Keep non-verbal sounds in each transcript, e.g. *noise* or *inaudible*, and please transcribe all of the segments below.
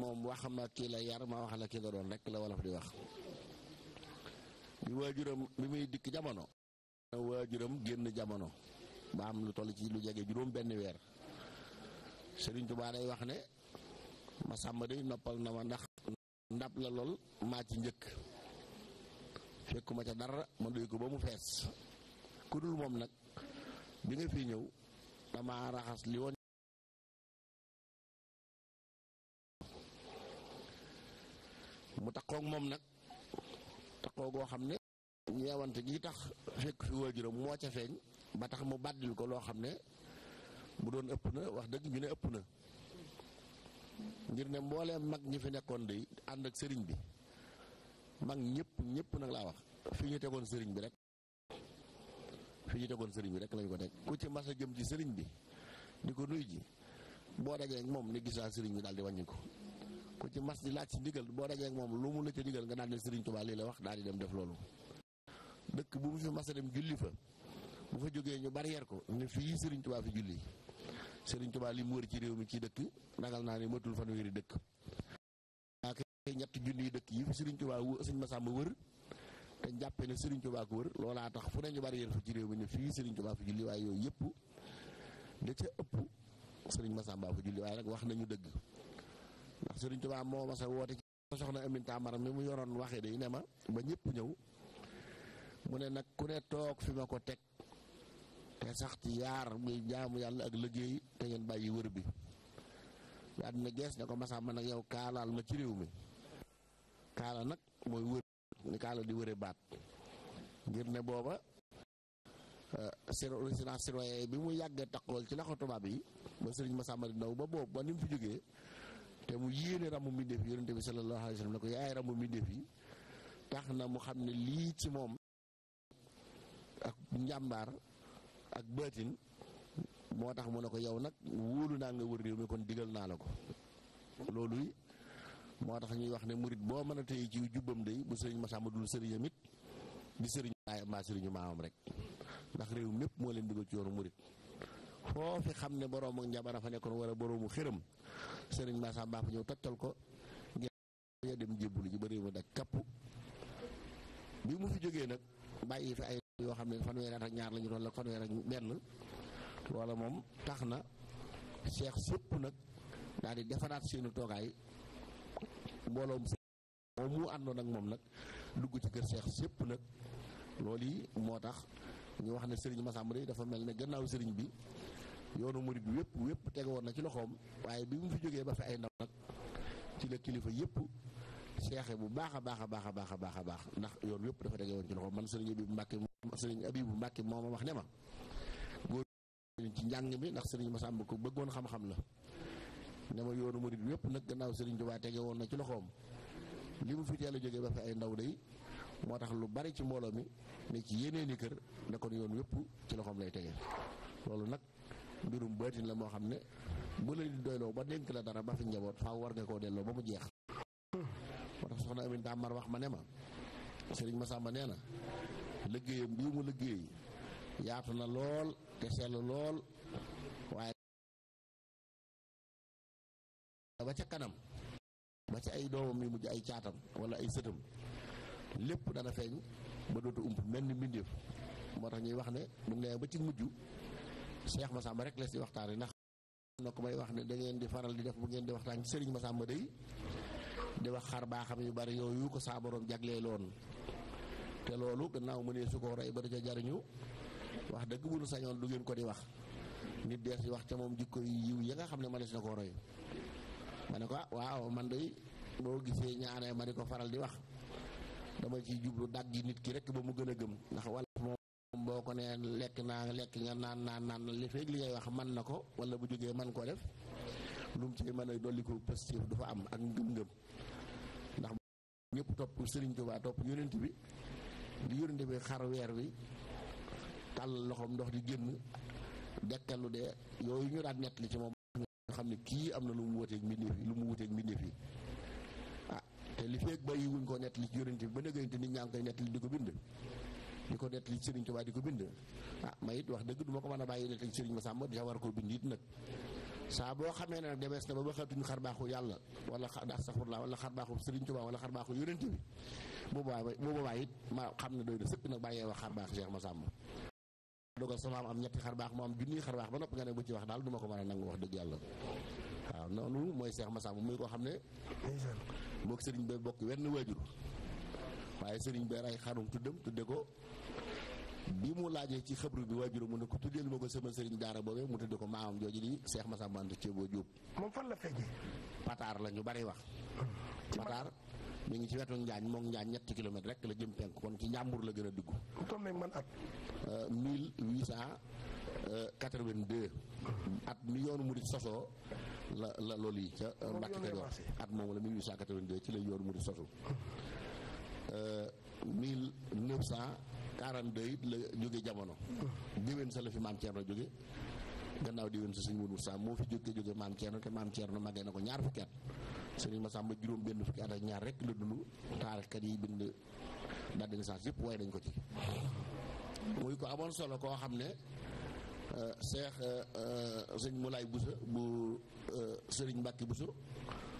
moom wax ma kii la yar ma wax la kii doon rek la wolof di wax bi waajuram bi muy dikk jamono génn jamono ba am lu toll ci lu jege juróom benn weer Sëriñ Tuubaa day wax ne ma sàmm day noppal na ma ndax ndab la lool maa ci njëkk fekkuma ca dara ma duy ko ba mu fees ku moom nag bi nga fi ñëw dama raxas li woon mu takkoog moom nag takkoo goo xam ne ñeewante gi tax fekk fi waajuram moo ca feeñ ba tax mu bàddil ko loo xam ne bu doon ëpp na wax dëgg ñu ne ëpp na ngir ne mbooleem mag ñi fi nekkoon day ànd ak sëriñ bi mag ñëpp ñëpp nag laa wax fi ñu tegoon sëriñ bi rek fi ñu tegoon sëriñ bi rek lañu ko teg ku ci mas jëm ci sëriñ bi di ko nuy ji boo dajee ak moom ni gisaa sëriñ bi daal di wàññi ko ko ci mas di laaj si ndigal boo dajee ak moom lu mu la ca digal nga naan leen Serigne Touba lii la wax daal di dem def loolu dëkk bu mu fi mas a dem julli fa bu fa jógee ñu barrière ko ne fii Serigne Touba fi julli Serigne Touba li mu wër ci réew mi ci dëkk nagal naa ne matul fanweeri dëkk. naa koy ñetti junniy dëkk yi fi Serigne Touba wu Sëñ Massamba wër te jàppee ne Serigne Touba ko wër loolaa tax fu ne ñu barrière fa ci réew mi ne fii Serigne Touba fi julli waaye yooyu yëpp da ca ëpp Serigne Massamba fa julli waaye nag wax nañu dëgg. ndax Sëriñ Tuubaa moo mas a woote ci soxna Aminta Maram mi mu yoroon waxe day ne ma ba ñëpp ñëw mu ne nag ku ne toog fi ma ko teg te sax ci yaar muy jaamu yàlla ak liggéey te ngeen bàyyi wër bi daal dina gees ko masaa man nag yow kaalaal ma ci réew mi kaala nag mooy wër kaala di wëre baat ngir ne booba eh, résidence surveillée bi mu yàggee a takkool ci loxo tubaab yi ba sëriñ Massamba di naw ba boobu ba ni fi jógee te mu yéene ramu mbindéef yi yonente bi sallallahu alayhi wa sallam ne ko yaay ramu mbindéef yi tax na mu xam ne lii ci moom ak njàmbaar ak bëtin moo tax mu ne ko yow nag wóolu naa nga wër réew mi kon digal naa la ko loolu moo tax ñuy wax ne murit boo mën a téye ci jubbam day bu sëriñ Masamba dul sëriñam it di sëriñ baayam mbaa sëriñu maamam rek ndax réew mépp moo leen dugal ci yoonu murit foo xam ne boroom ak njabara fa nekkoon wala boroomu xërëm sëriñ Massamba fa ñëw tottal ko ngeen dem jébbalu ji ba réew ma bi mu fi jógee nag bàyyi fi ay yoo xam ne fanweeri at ak ñaar lañu toll ak fanweeri ak benn loola moom tax na seex sëpp nag daal di defaraat seenu toogaay mbooloom moom mu àndoon ak moom nag dugg ci kër seex sëpp nag loolu yi moo tax ñu wax ne sëriñ Massamba dafa mel ne gannaaw sëriñ bi yoonu murid bi wépp wépp tege woon na ci loxoom waaye bi mu fi jógee ba fi ay ndaw nag ci la kilifa yépp seexe bu baax a baax a baax a baax a baax a baax ndax yoon wépp dafa tege ci loxoom man sëriñ Abibu Mbàkke sëriñ Abibu Mbàkke moo ma wax ne ma góor ci njàng mi ndax sëriñ Masamba ko bëggoon xam-xam la ne ma yoonu murid bi wépp nag gannaaw sëriñ Tuubaa tege woon na ci loxoom li mu fi teel a jógee ba ay ndaw day moo tax lu bari ci mbooloo mi ne ci yeneeni kër ne kon yoon wépp ci loxoom lay tege loolu nag mbirum baatin la moo xam ne bu la nit doyloo ba denk la dara ba fi njaboot faaw war nga koo delloo ba mu jeex moo tax soxna Amin Daamar wax ma ne ma sëriñ Masamba nee na liggéeyam bii mu liggéey yaatu na lool te seetlu lool waaye ba ca kanam ba ci ay doomam yu mujj ay caatam wala ay sëtam lépp dana feeñ ba dootu ump mel ni moo tax ñuy wax ne bu ñu ba ci mujj Cheikh Massamba rek lees di waxtaane ndax na ku may wax ne da ngeen di faral di def bu ngeen di waxtaan ci Serigne Massamba day di wax xar baaxam yu bari yooyu ko saa borom jagleeloon te loolu gannaaw mu ne su ko rey ba ca jariñu wax dëgg bu sañoon du ngeen ko di wax nit dees di wax ca moom jikko yi yiw ya nga xam ne mënees na koo roy ma ne ko ah, waaw man day boo gisee ñaaree ma di ko faral di wax dama ciy jublu dagg nit ki rek ba mu gën a gëm ndax boo ko nee lekk naa lekk nga naan naan naan li fekk li ngay wax man na ko wala bu jógee man koo def lu ci man a dolli ko positif du fa am ak ngëm-ngëm ndax ñëpp topp Sëriñ Tuubaa topp yonent bi li yonent bi xar weer wi tàllal loxoom ndox di génn dekkalu de yooyu ñu daan nett li ci moom xam ne kii am na lu mu wuteeg mbindeef yi lu mu wuteeg mbindeef yi ah te li fekk bàyyi wuñ ko nett li ci yonent bi ba nëgante nit ñaa ngi koy nett di ko bind di ko nettali ci Serigne di ko bind ah ma it wax dëgg duma ko man a bàyyi nettali Serigne Massamba di war koo bind it nag ne nag demees na ba waxatuñu xar baaxu yàlla wala astaxfirullah wala xar baaxu Serigne Touba wala xar baaxu yonent bi bu boobaa it ma xam ne doy na sëkk nag bàyyee wax xar baax Cheikh Massamba dogal sama am ñetti xar baax mu am junniy xar baax ba noppi nga ne wax daal du ma ko mën a nangu wax dëgg yàlla waaw noonu mooy Cheikh Massamba koo xam ne mook Serigne ba bokk wenn waajur waaye sëriñ bi ray xarum tuddam tudde ko bi mu laajee ci xëbru bi waajuru mu ne ko tuddeel ma ko sama sëriñ daara boobee mu tudde ko maamam jooju di Seex Masamba Anta Ceebo Jóob moom fan la fekkee pataar la bari wax pataar mu ngi ci wetu Njaañ moom Njaañ ñetti kilomètre rek la jëm penk kon ci njàmbur la gën a dugg tombé man at 1882 euh, euh, at mi yoonu murit sosoo la la loolu yi ca euh, Mbàkke Kajoor at moom la 1882 ci la yoonu murit sosu Euh, mille neuf cent quarante deux it la jóge jamono déwén sa la fi maam Thierno jóge gannaaw déwén sa sëñ Modou Moussa moo fi jóge jóge maam Thierno te maam Thierno magee na ko ñaar fukki at sëñ Massamba juróom benn fukki at ak ñaar rek la dund taarixkat yi bind date de naissance yëpp waaye dañ ko ci muy ko amoon solo koo xam ne seex euh, euh, sëñ Moulay Bousso bu sëriñ Mbacke Bousso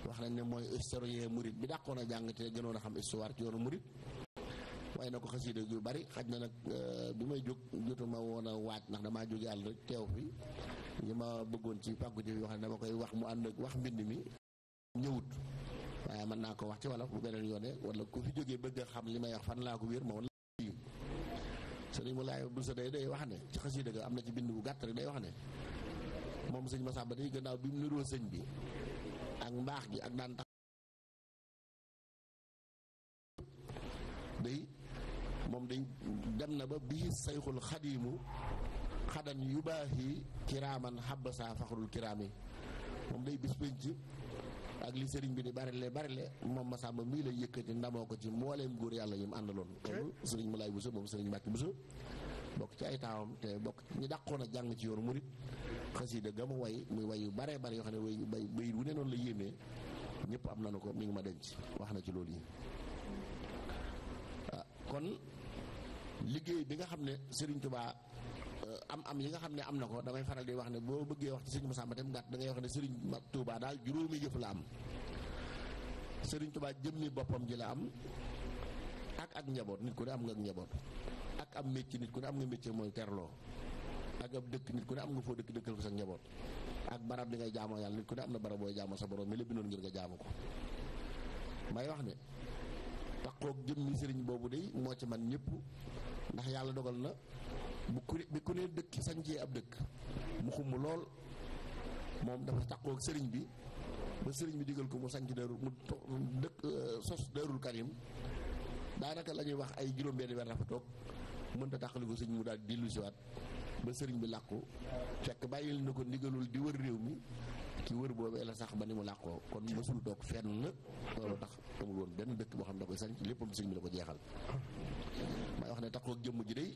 wax nañ ne mooy historien murit bi dàqoon a jàng te gënoon a xam histoire ci yoonu murit waaye na ko xasida yu bari xaj na nag euh, bi may jóg jotuma woon a waaj ndax damaa jóge àll rek teew fi li ma bëggoon ci pàggu ji wax ne dama koy wax mu ànd wax mbind mi ñëwut waaye mën naa ko wax ci walla bu beneen yoone walla ku fi jógee bëgg a xam li may wax fan laa ko wér ma walla yu sëriñ mu laay bu sa day wax ne ci xasida ga am na ci bind bu gàtt day wax ne moom sëñ Massamba day gannaaw bi mu niroo sëñ bi ak mbaax gi ak daan tax moom dañ dem na ba bii sayxul xadiimu xadan yu baax yi kiraaman saa faxarul kiraam yi moom day bis pénc ak li sëriñ bi di bari barile barile moom Masamba mii lay yëkkati ndamoo ko ci mbooleem góor yàlla yi mu àndaloon loolu sëriñ Malaay Buso moom sëriñ Mbàkke Buso bokk ci ay taawam te bokk ñu dàqoon a jàng ci yoonu murit xasida ga gamu way muy way yu baree bare yoo xam ne way bay bay wu ne noonu la yéemee ñëpp am na nanu ko mi ngi ma denc wax na ci loolu yi ah, kon liggéey bi nga xam ne sëriñ tubaa euh, am am yi nga xam ne am na ko damay faral di wax ne boo bëggee wax ci Serigne Massamba tam gàtt da ngay wax ne Serigne Touba daal juróomi yëf la am sëriñ tubaa Touba jëmmi boppam ji la am ak ak njaboot nit ko ne am nga ak njaboot ak am métier nit ku ne mooy terloo ak dëkk nit ku ne am nga foo dëkk dëkkal fa sa njaboot ak barab bi ngay jaamoo yàlla nit ku ne am na barab booy jaamoo sa borom mi la bindoon ngir nga jaamu ko may wax ne taqoog jëmmi sëriñ boobu de moo ci man ñëpp ndax yàlla dogal na bu ku bi ku ne dëkk sañcee ab dëkk mu xumb lool moom dafa taqoog sëriñ bi ba sëriñ bi digal ko mu sañc darul mu dëkk euh, sos darul karim daanaka la lañuy wax ay juróom-benn weer dafa toog mënta tàqali ko sëñ mu daal di dellusiwaat ba sëriñ bi làqu fekk bàyyil na ko ndigalul di wër réew mi ci wër boobee la sax ba ni mu làqoo kon mësul doog fenn loolu tax amul woon benn dëkk boo xam ne da koy sañ léppam sëriñ la ko jeexal may wax ne taxoo jëmm ji day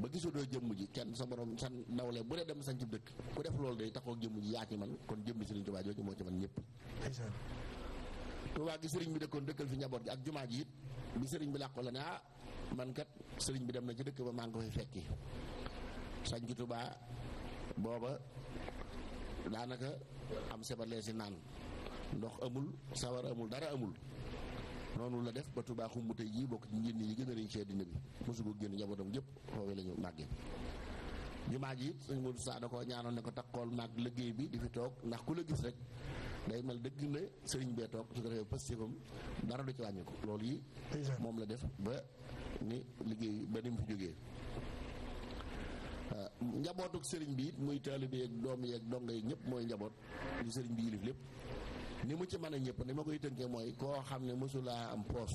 ba gisu doo jëmm ji kenn sa borom san nawle bu dee dem sañ ci dëkk ku def loolu day taxoo jëmm ji yaa ci man kon jëmm sëriñ Tuubaa jooju moo ci man ñëpp Tuubaa gi sëriñ bi dëkkoon dëkkal fi njaboot gi ak jumaa ji it bi sëriñ bi làqoo la ne ah man kat sëriñ bi dem na ci dëkk ba maa ngi ko fekki sañc Tuubaa booba daanaka am sebale si naan ndox amul sawar amul dara amul noonu la def ba tubaa xumb tey jii bokk ci njënd yi gën a riñ ci àddina bi mosu ko génn njabootam gépp foofee la ñu màggee jumaa ji it sëñ Modou Sa da ko ñaanoon ne ko takkool maag liggéey bi di fi toog ndax ku la gis rek day mel dëgg la sëriñ bee toog su ko defee pastéefam dara du ci wàññi ko loolu yi moom la def ba ni liggéey ba ni mu fi jógee njabootuk sëriñ bi it muy taalibe doom yeeg donga yi ñëpp mooy njaboot li sëriñ bii yilif lépp ni mu ci mën a ñëpp ni ma koy tënkee mooy koo xam ne mosulaa am poos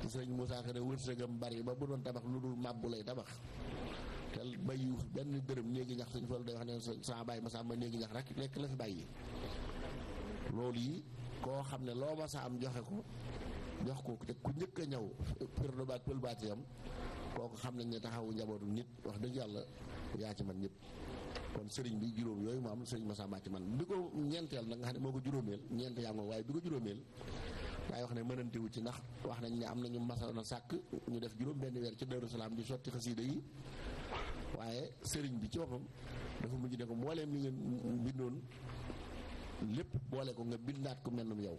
ci sëriñ Moussa Ka ne wërsëgam bari ba bu doon tabax lu dul màbbu lay tabax te bayu benn dërëm néegi ñax suñ fol day wax ne sa bàyyi ma sàmba néegi ñax rek lekk la fi bàyyi loolu yi koo xam ne loo ma sa am joxe ko jox ko te ku njëkk a ñaw pirdu baak pël baatiyam kooku xam nañ ne taxawu njabootu nit wax dëgg yàlla yaa ci man ñëpp kon sëriñ bi juróom yooyu mu am sëriñ Massamba ci man bi ko ñeenteel nag nga xam ne moo ko juróomeel ñeent yaa ngoo waaye bi ko juróomeel daay wax ne mënantewu ci ndax wax nañ ne am nañu masoon a sàkk ñu def juróom benn weer ci Daaru Salaam di sotti xasiida yi waaye sëriñ bi ci boppam dafa mujj ne ko mbooleem mi ngeen bindoon lépp boole ko nga bindaat ko melnum yow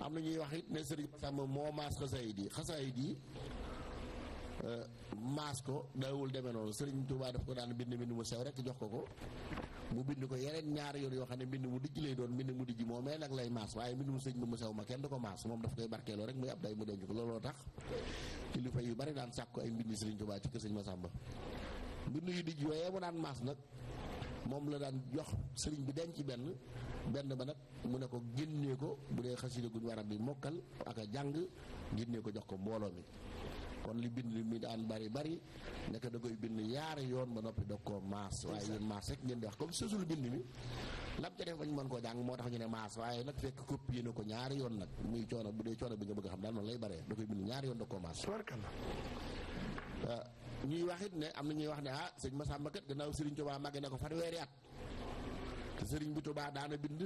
am na ñuy wax it ne sëriñ Massamba moo maas xasaayid yi xasaayid yi Euh, maas ko daawul demee noonu Serigne Touba daf ko daan bind mbind mu sew rek jox ko ko mu bind ko yeneen ñaari yoon yoo xam ne mbind mu dijj lay doon mbind mu dijj moomee nag lay maas waaye mbind mu sëñ bi mu sew ma kenn du ko maas moom daf koy barkeeloo rek muy ab day mu denc ko looloo yu bari daan sàkk ay mbind Serigne Touba ci kër Serigne Massamba mbind yu dijj yooyee mu daan maas nag moom la daan jox sëriñ bi denc benn benn ba nag mu ne ko génnee ko bu dee xasida guñ war a bi mokkal ak jàng génnee ko jox ko mbooloo mi kon li bind li mi daan bari bari nekk da koy bind yaari yoon ba noppi dog koo maas waaye yéen maas rek ngeen di wax comme susul bind mi lam ca def bañ jàng moo tax ñu ne maas waaye nag fekk copié ko ñaari yoon nag muy coono bu dee coono bi nga bëgg xam daal noonu lay baree da koy bind euh, ñuy wax it ne am na ñuy wax ne ah sëñ Massamba kat gannaaw sëriñ Tuubaa màgg ne ko fanweeri at te sëriñ bi Tuubaa daana bind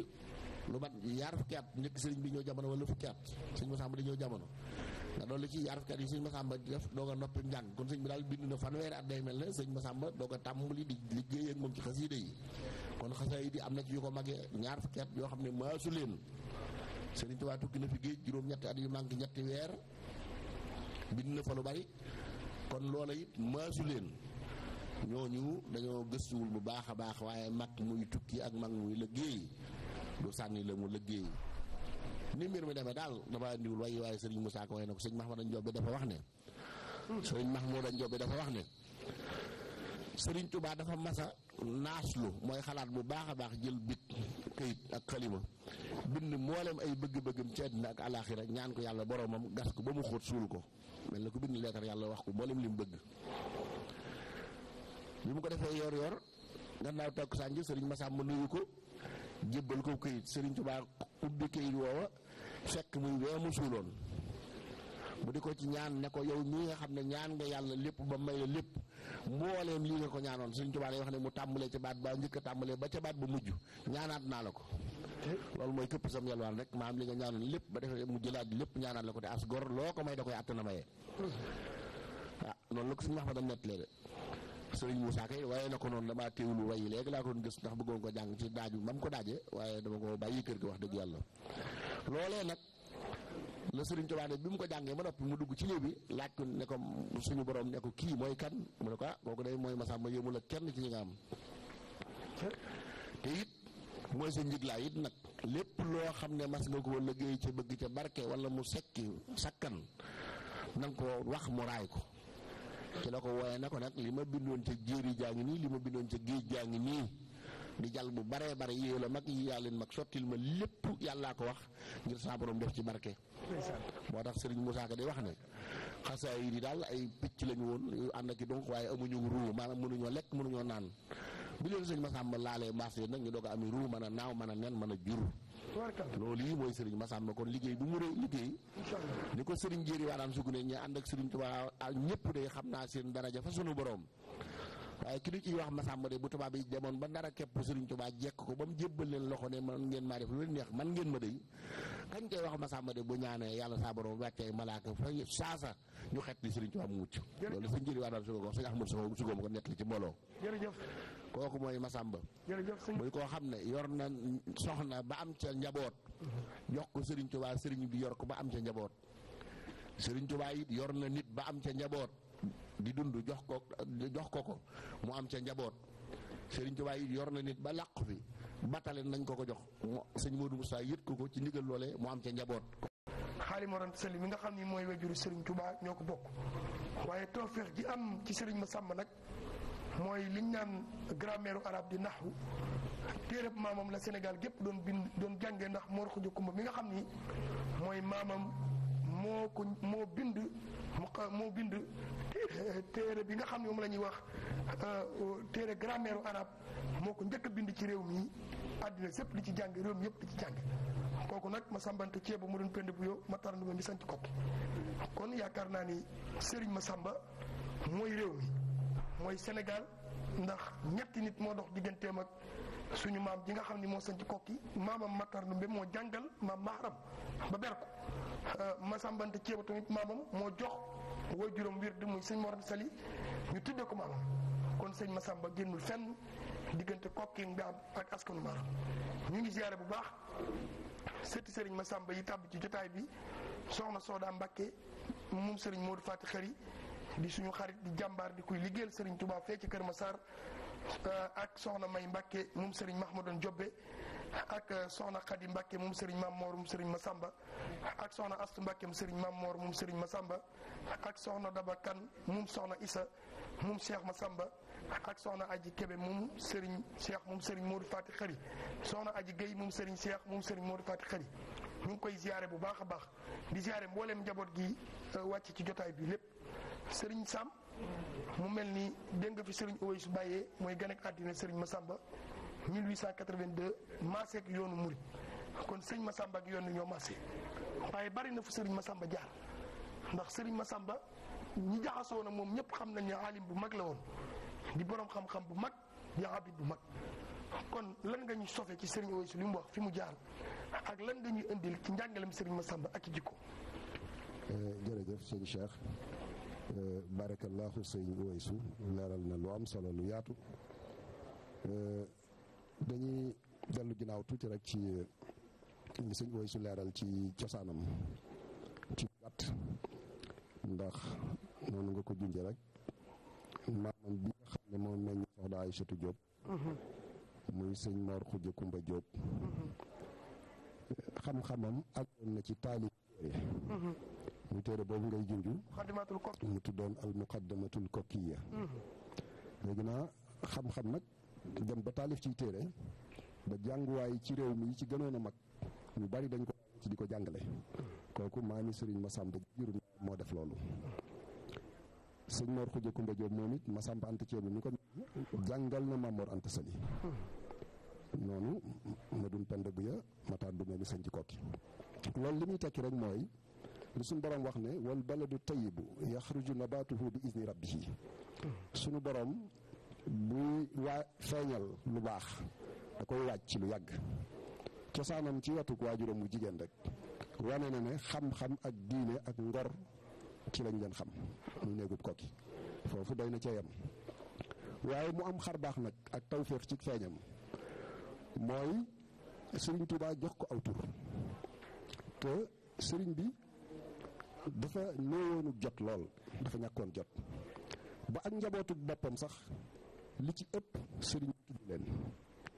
lu mat yaar fukki at njëkk sëriñ bi ñëw jamono wala fukki at sëñ Massamba di ñëw jamono ndax loolu la ci arafkat yi sëñ Masamba def doog a noppi njàng kon sëñ bi daal bind na fanweeri at day mel ne sëñ Masamba doog a tàmbali di liggéey ak moom ci xasiida yi kon xasiida yi am na ci yu ko magee ñaar fukki yoo xam ne maasu leen Sëriñ Tuubaa tukki na fi géej juróom-ñetti at yu manqué na fa lu bari kon loola it maasu leen ñooñu dañoo gëstuwul bu baax a baax waaye mag muy tukki ak mag muy liggéey lu sànni la mu liggéey ni mbir mi demee daal damaa indiwul waaye waaye sëriñ Moussa Ka way na ko sëriñ Mahmoudan Diop dafa wax ne sëriñ Mahmoudan Diop dafa wax ne sëriñ Touba dafa masa naaslu mooy xalaat bu baax a baax jël bit këyit ak xalima bind mboolem ay bëgg-bëggam ci àddina ak alaaxira ñaan ko yàlla boromam gas ko ba mu xóot suul ko mel na ko bind leetar yàlla wax ko mboolem li mu bëgg mu ko defee yor yor gannaaw toog sànj sëriñ Masamba nuyu ko jébbal ko këyit sëriñ tubaa ubbi këyit woowa fekk muy wee mu suuloon mu di ko ci ñaan ne ko yow mii nga xam ne ñaan nga yàlla lépp ba may la lépp mbooleem lii nga ko ñaanoon suñ tubaab yi wax ne mu tàmbalee ca baat ba njëkk a ba ca baat ba mujj ñaanaat naa la ko loolu mooy képp sam yalwaan rek maam li nga ñaanoon lépp ba defee mu jëlaat lépp ñaanaat la ko te as gor loo ko may da koy àtt na maye hmm. ah noonu la ko suñu Mahmada nettalee de sëriñ Moussa kay waaye na ko noonu damaa teewlu wayi léegi laa ko doon gës ndax bëggoon ko jàng ci daaj bi ma ko daajee waaye dama ko bàyyi kër gi wax dëgg yàlla loolee nag la Sëriñ Tuubaa bi mu ko jàngee ba noppi mu dugg ci néeg bi laaj ne ko suñu borom ne ko kii mooy kan mu ne ko ah kooku day mooy Masamba yéemu la kenn ci ñi nga am te it mooy sa njiglaay it nag lépp loo xam ne mas nga ko liggéey ca bëgg ca barke wala mu sekki sakkan na ko wax mu raay ko ci la ko wooyee na ko nag li ma bindoon ca jéeri jaa ngi nii li ma bindoon ca géej jaa ngi nii di jàll bu baree bare yéen la mag yi yàlla leen mag sottil ma lépp yàllaa ko wax ngir saa def ci barke. moo tax Serigne Moussa Ka di wax ne xasaa yi daal ay picc lañu woon yu ànd ak i donc waaye amuñu ruu maanaam mënuñoo lekk mënuñoo naan bi leen sëñ Massamba laalee mbaas yi ñu doog a ami naaw mën a nen a jur. loolu yi mooy Serigne Massamba kon liggéey bu mu rëy ko Serigne Jéeri waanaan sugu ne ñi ànd ak Serigne ñëpp day xam naa seen daraja fa sunu boroom waaye ki nu ciy wax Masamba de bu tubaab yi demoon ba nar a Sëriñ Tuubaa jekk ko ba mu jébbal leen loxo ne man ngeen maa def lu neex man ngeen ma koy wax Masamba de bu ñaanee yàlla saa borom wàccee malaaka fa saasa ñu xet li Sëriñ Tuubaa mu mucc loolu sëñ jëri waa daal suko ko ko nettali ci mbooloo jërëjëf kooku koo xam ne yor na soxna ba am ca njaboot jox ko Sëriñ Tuubaa sëriñ bi yor ko ba am ca njaboot Sëriñ Tuubaa it yor na nit ba am ca njaboot di dund jox ko jox ko ko mu am ca njaboot sëriñ Touba yi yor na nit ba làqu fi batale nañ ko ko jox mu sëñ Modou saa yët ko ko ci ndigal loole mu am ca njaboot. xaalis Mor Anta Sali nga xam ni mooy wajuru Serigne Touba ñoo ko bokk waaye toofeex ji am ci Serigne Massamba nag mooy liñ naan grammaire arabe di naxwu téereb maamam la Sénégal gépp doon bind doon jàngee ndax Mor Khoudia Kumba mi nga xam ni mooy maamam moo ko moo bind. moo bind téere bi nga xam ne moom la ñuy wax euh, téere grammaire arabe moo ko njëkk a bind ci réew mi àddina sépp li ci jàng réew mi yëpp li ci jàng kooku nag ma sambante ceeba mu doon pend bu yow ma tarandu ma mi sanc kokki kon yaakaar naa ni sëriñ ma sàmba mooy réew mi mooy Sénégal ndax ñetti nit moo dox digganteem ak suñu maam ji nga xam ni moo sanc kokki maamam Matar Ndumbe moo jàngal maam Maharam ba ber ko euh, Masambante Ceeba maamam moo jox woy juróom wird muy sëñ Mor Sali ñu tuddee ko maamam kon sëñ Masamba génnul fenn diggante kokki mbaam ak askanu Maharam ñu ngi ziyaare bu baax sëtti sëriñ Masamba yi tàbb ci jotaay bi soxna Sooda Mbàkke moom sëriñ moo Modou Fati Xëri di suñu xarit di jàmbaar di kuy liggéeyal sëriñ Tuubaa fee ci Kër ma Massar Euh, ak soxna May Mbacke moom Serigne Mahmadoune Diobbe ak euh, soxna Khady Mbacke moom Serigne Mam Mor moom ma Massamba ak soxna Astu Mbacke moom Serigne Mam Mor moom Serigne ma ak soxna Daba Kan moom soxna Issa moom Cheikh Massamba ak soxna Aji Kebe moom Serigne Cheikh moom Serigne Modou Fati Khari soxna aj Gueye moom Serigne Cheikh moom Serigne Modou Fati Khari mu ngi koy ziare bu baax a baax di ziare mboolem njaboot gi euh, wàcc ci jotaay bi lépp Serigne Sam. mu mel ni dégg nga fi Serigne Oweysu bàyyee mooy gane ak àddina Serigne Massamba 1882 maase ak yoonu Mouride kon Serigne Massamba ak yoon ñoo maase waaye bari na fu ma Massamba jaar ndax sëriñ ma Massamba ñi jaxasoo na moom ñëpp xam nañ ne alim bu mag la woon di boroom xam-xam bu mag di abid bu mag. kon lan nga ñu sofe ci Serigne Oweysu li mu wax fi mu jaar ak lan nga ñuy indil ci njàngalem ma Massamba ak ci jikko. Euh, jërëjëf sëñ Eh, barakallahu sëñ Uwaysu leeral na lu am solo lu yaatu eh, dañuy dellu ginnaaw tuuti rek ci li sëñ Uwaysu leeral ci cosaanam ci gàtt ndax noonu nga ko junje rek maamam bi nga xam ne moom meññ soxna Aysatu Jóob mm-hmm. muy sëñ Mor Xuja Kumba Jóob xam-xamam ak na ci taalib muy téere boobu ngay junj. muqaddamatul kokki mu tuddoon al muqaddamatul kokkiya. léegi naa xam-xam nag dem ba taalif ciy téere ba jànguwaay ci réew mi ci gënoon a mag ñu bari dañ ko di ko jàngale. kooku maami Serigne Massamba jurum moo def loolu. sëñ Mor Khoudia Koumba Diop moom it Massamba Anta Ceebu mi ko jàngal na Mamor Anta Sali. noonu ma dun pend bu ya ma du moom i sëñ ci kokki loolu li muy tekki rek mooy. lu suñu borom wax ne wal baladu tayyibu yaxruju nabaatuhu bi izni rabbihi suñu borom buy waa feeñal lu baax da koy waaj ci lu yàgg cosaanam ci wetu waajuram mu jigéen rek wane na ne xam-xam ak diine ak ngor ci lañ leen xam muy néegub kokki foofu doy na ca waaye mu am xar baax nag ak tawféex ci feeñam mooy sëriñ Tuubaa jox ko aw tur te sëriñ bi dafa néewoonu jot lool dafa ñàkkoon jot ba ak njabootu boppam sax li ci ëpp sëriñ tudd leen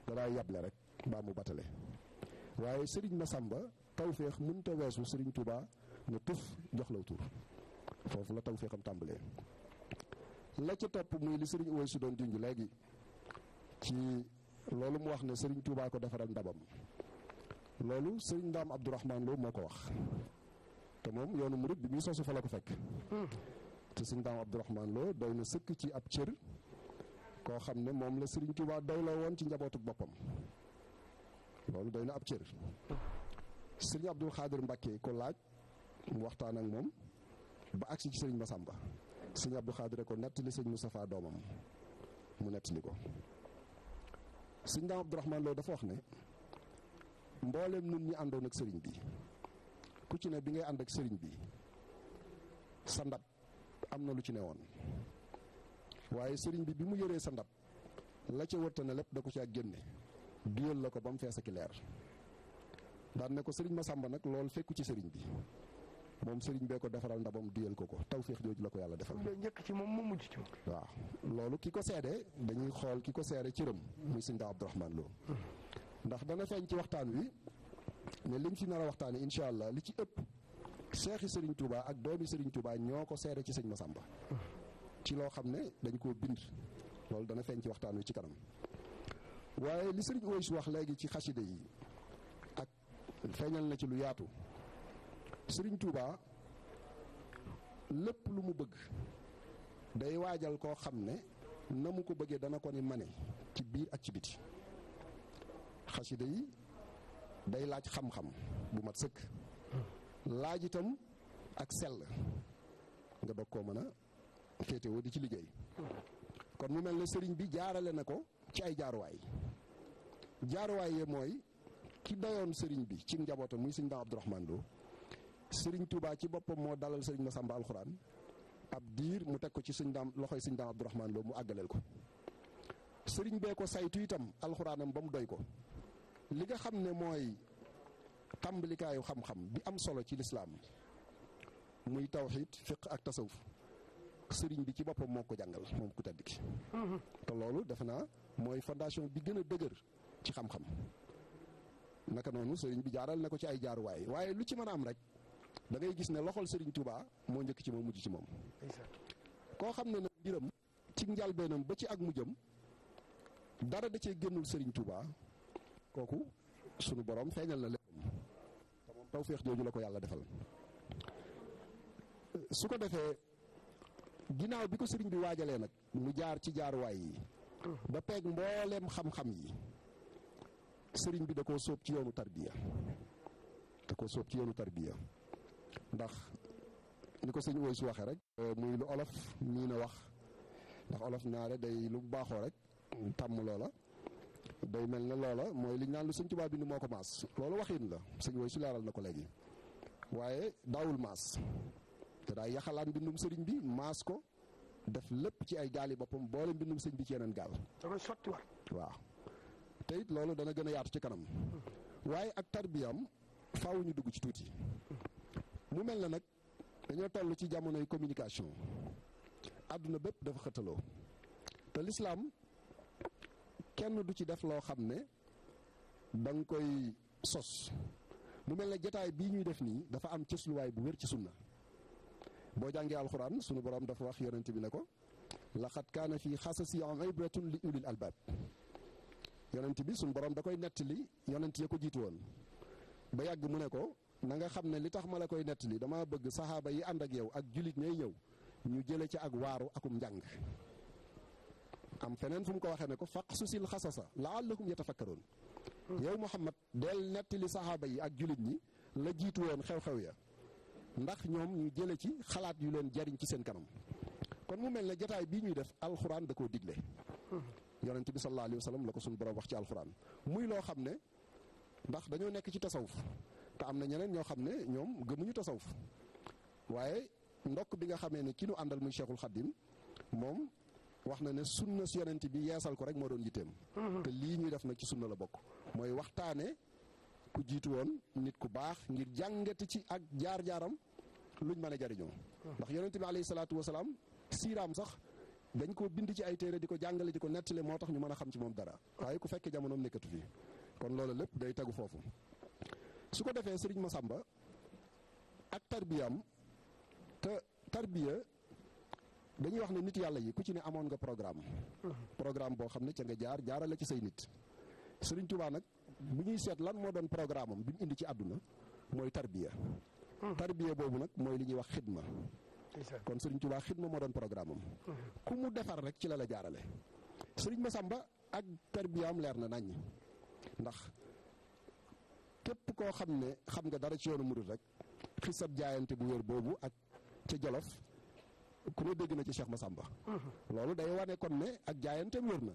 danaa yable rek mbaa mu batale waaye sëriñ Masamba tawféex mënta weesu sëriñ Touba ne tuf jox law tur foofu la tawféexam tàmbalee la ca topp muy li sëriñ Uway su doon junj léegi ci loolu mu wax ne sëriñ Touba ko defaral ndabam loolu sëriñ Ndaam Abdourahman Lo moo ko wax te moom yoonu murit bi muy sosu fa la ko fekk te sëñ daam Abdourahman Lo doy na sëkk ci ab cër koo xam ne moom la Sëriñ Tuubaa doy la woon ci njabootuk boppam loolu doy na ab cër sëriñ Abdul Xaadir Mbàkke ko laaj mu waxtaan ak moom ba agsi ci sëriñ Masamba sëriñ Abdul Xaadir ko nettali sëriñ Moustapha doomam mu nettali ko sëriñ daam Abdourahman Lo dafa wax ne mboolem nun ñi àndoon ak sëriñ bi ku ci ne bi ngay ànd ak sëriñ bi sa ndab am na lu ci ne woon waaye sëriñ bi bi mu yëree sa ndab la ca wërta ne lépp da ko ci ak génne duyal la ko ba mu fees ak leer daan ne ko sëriñ Masamba nag loolu fekku ci sëriñ bi moom sëriñ bee ko defaral ndabam duyal ko ko tawféex jooju la ko yàlla defal. njëkk ci moom mu waaw loolu ki ko seede dañuy xool ki ko seede cëram muy sëriñ Abdourahmane Lo hmm. ndax dana feeñ ci waxtaan wi. ne liñ si nar a waxtaanee incha allah li ci ëpp seexi Serigne Touba ak doomi Serigne Touba ñoo ko seere ci sëñ Massamba ci loo xam ne dañ koo bind loolu dana feeñ ci waxtaan wi ci kanam waaye li Serigne Oys wax léegi ci xaside yi ak feeñal na ci lu yaatu Serigne Touba lépp lu mu bëgg day waajal koo xam ne na mu ko bëggee dana ko ni mane ci biir ak ci biti xaside yi. day laaj xam-xam bu mat sëkk laaj itam ak sell nga bëgg koo mën a féetewoo di ci liggéey kon mu mel ne sëriñ bi jaarale na ko ci ay jaaruwaay jaaruwaay yee mooy ki dayoon sëriñ bi ci njabootam muy sëñ Ba Abdourahmane sëriñ Touba ci boppam moo dalal sëriñ Massamba alxuraan ab diir mu teg ko ci sëñ daam loxoy sëñ daam Abdourahmane mu àggaleel ko sëriñ bee ko saytu itam alxuraanam ba mu doy ko li nga xam ne mooy tàmbalikaayu xam-xam bi am solo ci lislaam muy tawxiid fiq ak tasawuf sëriñ bi ci boppam moo ko jàngal moom ku tedd te loolu defe naa mooy fondation bi gën a dëgër ci xam-xam naka noonu sëriñ bi jaaral na ko ci ay jaaruwaay waaye lu ci mën a am rek da ngay gis ne loxol sëriñ Touba moo njëkk ci moom mujj ci moom koo xam ne nag mbiram ci njalbeenam ba ci ak mujjam dara da cee génnul sëriñ Touba kooku sunu boroom feeñal na léppam te moom tawféex jooju la ko yàlla defal su ko defee ginnaaw bi ko sëriñ bi waajalee nag mu jaar ci jaaruwaay yi ba peeg mbooleem xam-xam yi sëriñ bi da koo sóob ci yoonu tarbiya da koo sóob ci yoonu tarbiya ndax ni ko sëñ Oysu waxee rek muy lu olof nii na wax ndax olof ñaare day lu baaxoo rek tàmm loola day mel na loola mooy liñ naan lu sëñ bi bind moo ko maas loolu waxin la sëñ way su leeral na ko léegi waaye daawul maas te daa yaxalaan bindum sëriñ bi maas ko def lépp ci ay gaal yi boppam boole mbindum sëñ bi ci yeneen gaal. da koy sotti war waaw te loolu dana gën a yaatu ci kanam. waaye ak tarbiyaam faaw ñu dugg ci tuuti. mu mel na nag dañoo toll ci jamonoy communication àdduna bépp dafa xëtaloo te lislaam kenn du ci def loo xam ne da koy sos mu mel ne jataay bii ñuy def nii dafa am cësluwaay bu wér ci na boo jàngee alxuraan sunu borom dafa wax yonent bi ne ko laxat kaana fii xasasiyan ibratun li ulil albaab yonent bi sunu borom da koy nettali yonent ya ko jiitu woon ba yàgg mu ne ko na nga xam ne li tax ma la koy nettali dama bëgg saxaaba yi ànd ak yow ak jullit ñay ñëw ñu jële ci ak waaru akum njàng am feneen fu mu ko waxee ne ko faqsusil xasasa laallahum yatafakkaroon yow Muhammad del nettali saxaaba yi ak jullit ñi la jiitu woon xew-xew ya ndax ñoom ñu jële ci xalaat yu leen jariñ ci seen kanam kon mu mel ne jataay bii ñuy def alxuraan da koo digle yonent bi sallallahu alayhi wa sallam la ko suñu borom wax ci alxuraan muy loo xam ne ndax dañoo nekk ci tasawuf te am na ñeneen ñoo xam ne ñoom gëmuñu tasawuf waaye ndokk bi nga xamee ne ki nu àndal muy cheikhul xaddim moom wax na ne sunna si yonent bi yeesal ko rek moo doon yitteem. Mhm. te lii ñuy def nag ci sunna la bokk. mooy waxtaane ku jiitu woon nit ku baax ngir jàngati ci ak jaar-jaaram luñ mën a jariñoo. Mhm. ndax yonent bi alayhi salaatu wa salaam siiraam sax dañ ko bind ci ay téere di ko jàngale di ko nettali moo tax ñu mën a xam ci moom dara. waaye ku fekkee jamonoom nekkatu fi kon loolu lépp day tegu foofu. su ko defee sëriñ Masamba ak tarbiyaam te tarbiya dañuy wax ne nit yàlla yi ku ci ne amoon nga programme. programme boo xam ne ca nga jaar jaarale ci say nit. Sëriñ Tuubaa nag bu ñuy seet lan moo doon programme am bi mu indi ci àdduna mooy tarbiya. tarbiya boobu nag mooy li ñuy wax xidma. kon Sëriñ Tuubaa xidma moo doon programme am. ku mu defar rek ci la la jaarale. Sëriñ Masamba ak tarbiyaam leer na naññ ndax képp koo xam ne xam nga dara ci yoonu murid rek xisab jaayante bu wér boobu ak ca Jolof. ku ne dégg na ci ma Massamba loolu day wane kon ne ak jaayanteem wér na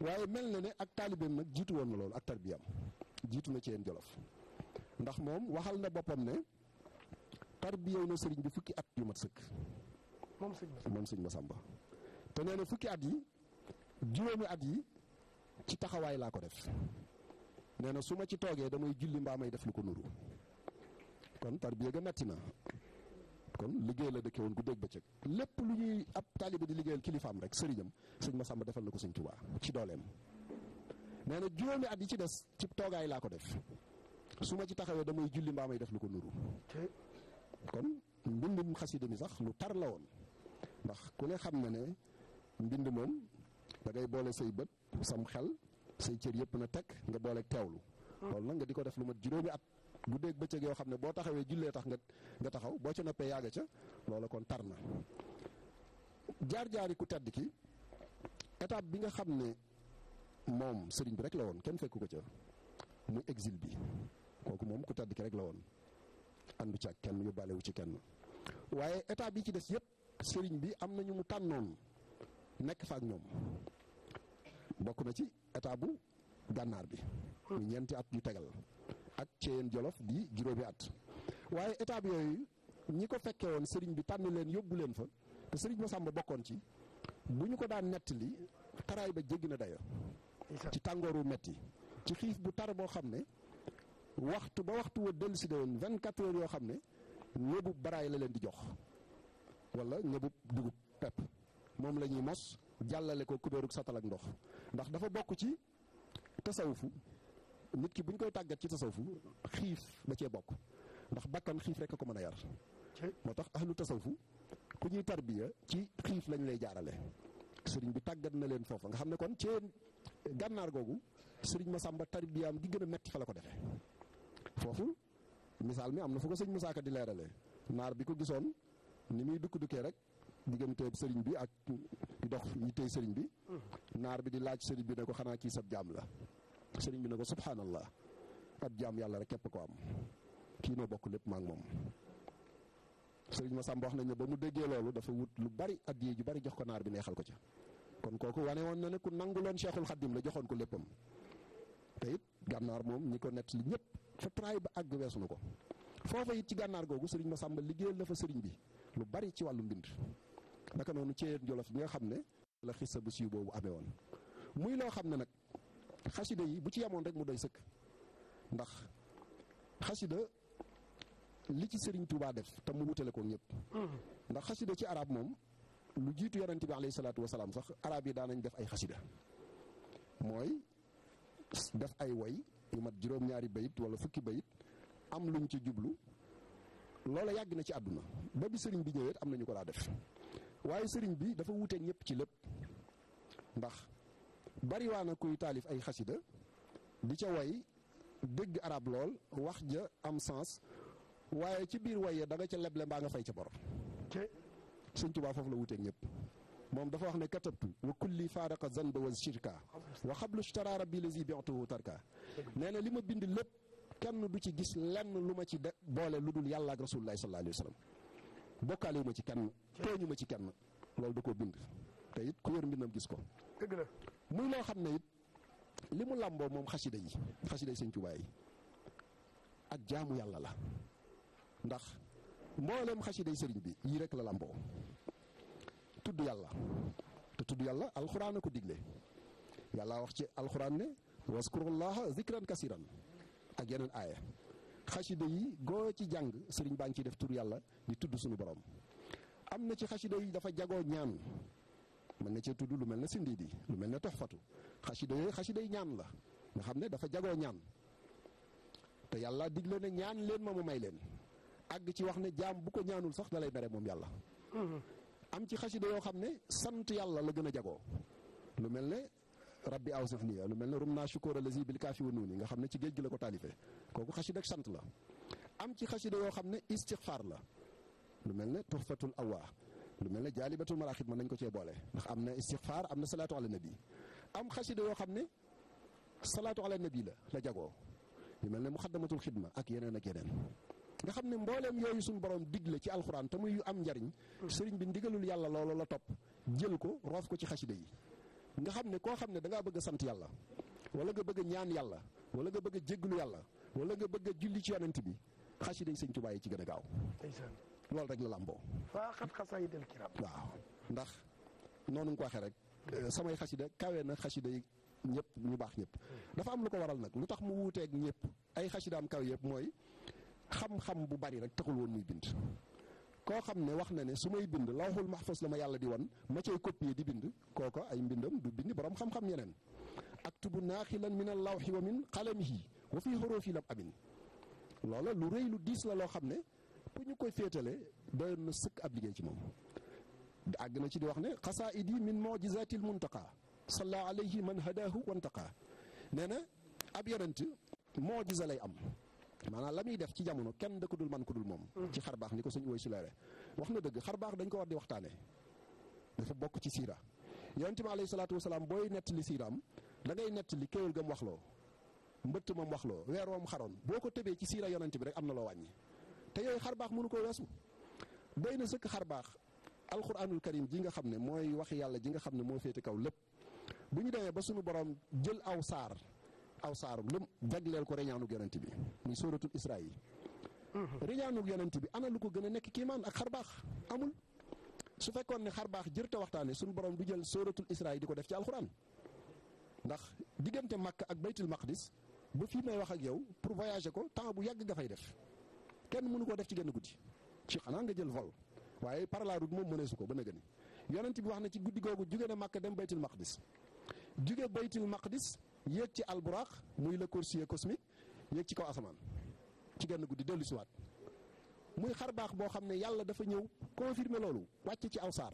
waaye mel na ne ak taalibeem nag jiitu woon na loolu ak tarbiyam jiitu na ci yéen jolof ndax moom waxal na boppam ne tarbiyew na sëriñ bi fukki at yu ma sëkk moom sëriñ Massamba te nee na fukki at yi juróomi at yi ci taxawaay laa ko def nee na su ma ci toogee damay julli mbaa may def lu ko nuru kon tarbiya ga metti na kon liggéey la dëkke woon guddeeg bëccëg lépp lu ñuy ab taalibe di liggéeyal kilifaam rek sëriñam sëñ Massamba defal na ko sëñ Tuubaa ci dooleem nee na juróomi at yi ci des ci toogaay laa ko def su ma ci taxawee damay julli mbaa may def lu ko nuru kon mbindum xasida mi sax lu tar la woon ndax ku ne xam na ne mbind moom da ngay boole say bët sam xel say cër yëpp na teg nga boole teewlu mm. loolu na nga di ko def lu ma juróomi at guddeeg bëccëg yoo xam ne boo taxawee jullee tax nga nga taxaw boo ca noppee yàgg ca loola kon tar na jaar-jaari ku tedd ki étape bi nga xam ne moom sëriñ bi rek la woon kenn fekku ko ca mu exil bi kooku moom ku tedd ki rek la woon àndu ca kenn yóbbaalewu ci kenn waaye étape yi ci des yëpp sëriñ bi am na ñu mu tànnoon nekk fa ak ñoom bokk na ci étape bu gànnaar bi. muy ñeenti at yu tegal. ak Ceyeen Jolof di juróomi at waaye étape yooyu ñi ko fekke woon sëriñ bi tànn leen yóbbu leen fa te sëriñ Masamba bokkoon ci bu ñu ko daan nettali taraay ba jéggi na dayo ci tàngooru metti ci xiif bu tar boo xam ne waxtu ba waxtu wa dellu si de woon vingt yoo xam ne ñëbub baraay la leen di jox wala ñëbub dugub pepp moom lañuy mos jàllale ko kubéerug satal ak ndox ndax dafa bokk ci tasawufu nit ki bu ñu koy tàggat ci tasawuf xiif da cee bokk ndax bakkan xiif rek a ko mën a yar moo tax ahlu tasawuf ku ñuy tarbiya ci xiif lañ lay jaarale sëriñ bi tàggat na leen foofu nga xam ne kon ci gànnaar googu sëriñ ma Masamba tarbiyaam gi gën a metti fa la ko defee foofu misaal mi am na foo ko sëñ Musaa Ka di leerale naar bi ko gisoon ni muy dukk dukkee rek diggante sëriñ bi ak dox yi tey sëriñ bi mm. naar bi di laaj sëriñ bi ne ko xanaa kii sab jaam la sëriñ bi na ko subhanallah ab jaam yàlla rek képp ko am kii noo bokk lépp maa ngi moom. sëriñ Masamba wax nañ ne ba mu déggee loolu dafa wut lu bari addiya ju bari jox ko naar bi neexal ko ca kon kooku wane woon na ne ku nangu loon Cheikhul Khadim la joxoon ko léppam te it gànnaar moom ñi ko nett li ñëpp fa traay ba àgg weesu na ko foofa it ci gànnaar googu sëriñ Masamba liggéeyal na fa sëriñ bi lu bari ci wàllu mbind naka noonu ceeyeen jolof bi nga xam ne la xissa bu siiw boobu amee woon muy xasida yi bu ci yemoon rek mu doy sëkk ndax xasida li ci sëriñ tuubaa def te mu wutale ko ñëpp. ndax xasida ci arab moom lu jiitu yonent bi alayhi salaatu wa sax arab yi daan nañ def ay xasida mooy def ay woy yu mat juróom-ñaari bayit wala fukki bayit am luñ ci jublu loola yàgg na ci àdduna ba bi sëriñ bi ñëwee am na ñu ko daa def waaye sëriñ bi dafa wuute ñëpp ci lépp ndax. bariwaana waa na kuy taalif ay xasida di ca way dégg arab lool wax ja am sens waaye ci biir waye da nga ca leble mbaa nga fay ca borom sëñ waa foofu la wuteeg ñëpp moom dafa wax ne katabtu wa kulli faaraqa zanba wa shirka wa xablu shtaraara bi nee na li ma bind lépp kenn du ci gis lenn lu ma ci de boole lu dul yàlla ak rasulullahi sallallahu alayhi ma ci kenn tooñu ma ci kenn loolu da koo bind te it ku wér mbindam gis ko. dëgg la muy loo xam ne it li mu làmboo moom xasida yi xasida yi sëñ Tuubaa ak jaamu yàlla la ndax mbooleem xasida yi sëriñ bi yii rekk la làmboo tudd yàlla te tudd yàlla alxuraan a ko digle yàlla wax ci alxuraan ne waskurullaha zikran kasiran ak yeneen aaya xasida yi goo ci jàng sëriñ baa ngi ciy def tur yàlla di tudd suñu borom am na ci xasida yi dafa jagoo ñaan mën na cee tudd lu mel ne sindiidi lu mel ne toxfatu xasida yooyu xasida yi ñaan la nga xam ne dafa jagoo ñaan te yàlla digle ne ñaan leen ma mu may leen àgg ci wax ne jaam bu ko ñaanul sax da lay mere moom yàlla mm-hmm. am ci xasida yoo xam ne sant yàlla la gën a jagoo lu mel ne rabbi awsif nii lu mel ne rum naa shukoor alazi bil kaafi wa nuuni nga xam ne ci géej gi la ko taalifee kooku xasida ak sant la am ci xasida yoo xam ne istixfaar la lu mel ne tuxfatul awaa lu mel ne jaalibatul maraaxib mën nañ ko cee boole ndax am na istixfaar am na salaatu ala nabi am xasida yoo xam ne salaatu ala yi la la jagoo lu mel ne muxaddamatul xidma ak yeneen ak yeneen. nga xam ne mbooleem yooyu suñu borom la ci alxuraan te muy yu am njariñ sëriñ bi ndigalul yàlla loolu la topp jël ko roos ko ci xasida yi nga xam ne koo xam ne da ngaa bëgg sant yàlla wala nga bëgg ñaan yàlla wala nga bëgg a jégglu yàlla wala nga bëgg a ci yonent bi xasida yi sëñ Tuubaa yi ci gën loolu rek la làmboo. waaw xat xasaayidal kiram ndax noonu nga ko waxee rek euh, samay xasida kawe na xasida yi ñëpp ñu baax ñëpp. dafa am lu ko waral nag lu tax mu wuuteeg ñëpp ay xasidaam kaw yëpp mooy xam-xam bu bari rek taxul woon muy bind. koo xam ne wax na ne su may bind lawxul maxfus la ma yàlla di wan ma cay di bind kooko ay mbindam du bind borom xam-xam yeneen aktubu naaxilan min al lawxi wa min qalamihi wa fi xurufi lam amin loola lu rëy lu diis la loo xam ne fu ñu koy féetale doyoon na sëkk ab liggéey ci moom àgg na ci di wax ne xasaayid yi min mojisaatil muntaqa salla alayhi man hadahu wantaqa nee na ab yonent mojisa lay am maanaam la muy def ci jamono kenn da ko dul man ko dul moom mm-hmm. ci xar baax ni ko suñu woy si leere wax na dëgg xar baax dañ ko war di waxtaane dafa bokk ci siira yonent mi alayhi salaatu wasalaam booy nett li siiraam da ngay nett li kéwél gam waxloo mbëtt moom waxloo weer woom xaroon boo ko tëbee ci siira yonent bi rek am na loo wàññi te yooyu xar baax mënu ko weesu doy na sëkk xar baax alquranul karim ji nga xam ne mooy wax yàlla ji nga xam ne moo féete kaw lépp bu ñu demee ba suñu borom jël aw saar aw saarum lëm jagleel ko reñaanu yonent bi muy sóoratul isra yi reñaanug yonent bi ana lu ko gën a nekk kiimaan ak xar baax amul su fekkoon ne xar baax jër te waxtaane suñu borom du jël sooratul isra yi di ko def ci alquran ndax diggante makk ak baytul maqdis ba fii may wax ak yow pour voyager ko temps bu yàgg nga fay def kenn mënu koo def ci genn guddi ci xanaa nga jël vol waaye par la route moom mëneesu ko ba nëgëni yonent bi wax na ci guddi googu jóge na Makka dem baytul maqdis jóge baytul maqdis yéeg ci alburaq muy le coursier cosmique yéeg ci kaw asamaan ci genn guddi dellu siwaat muy xar baax boo xam ne yàlla dafa ñëw confirmer loolu wàcce ci aw saar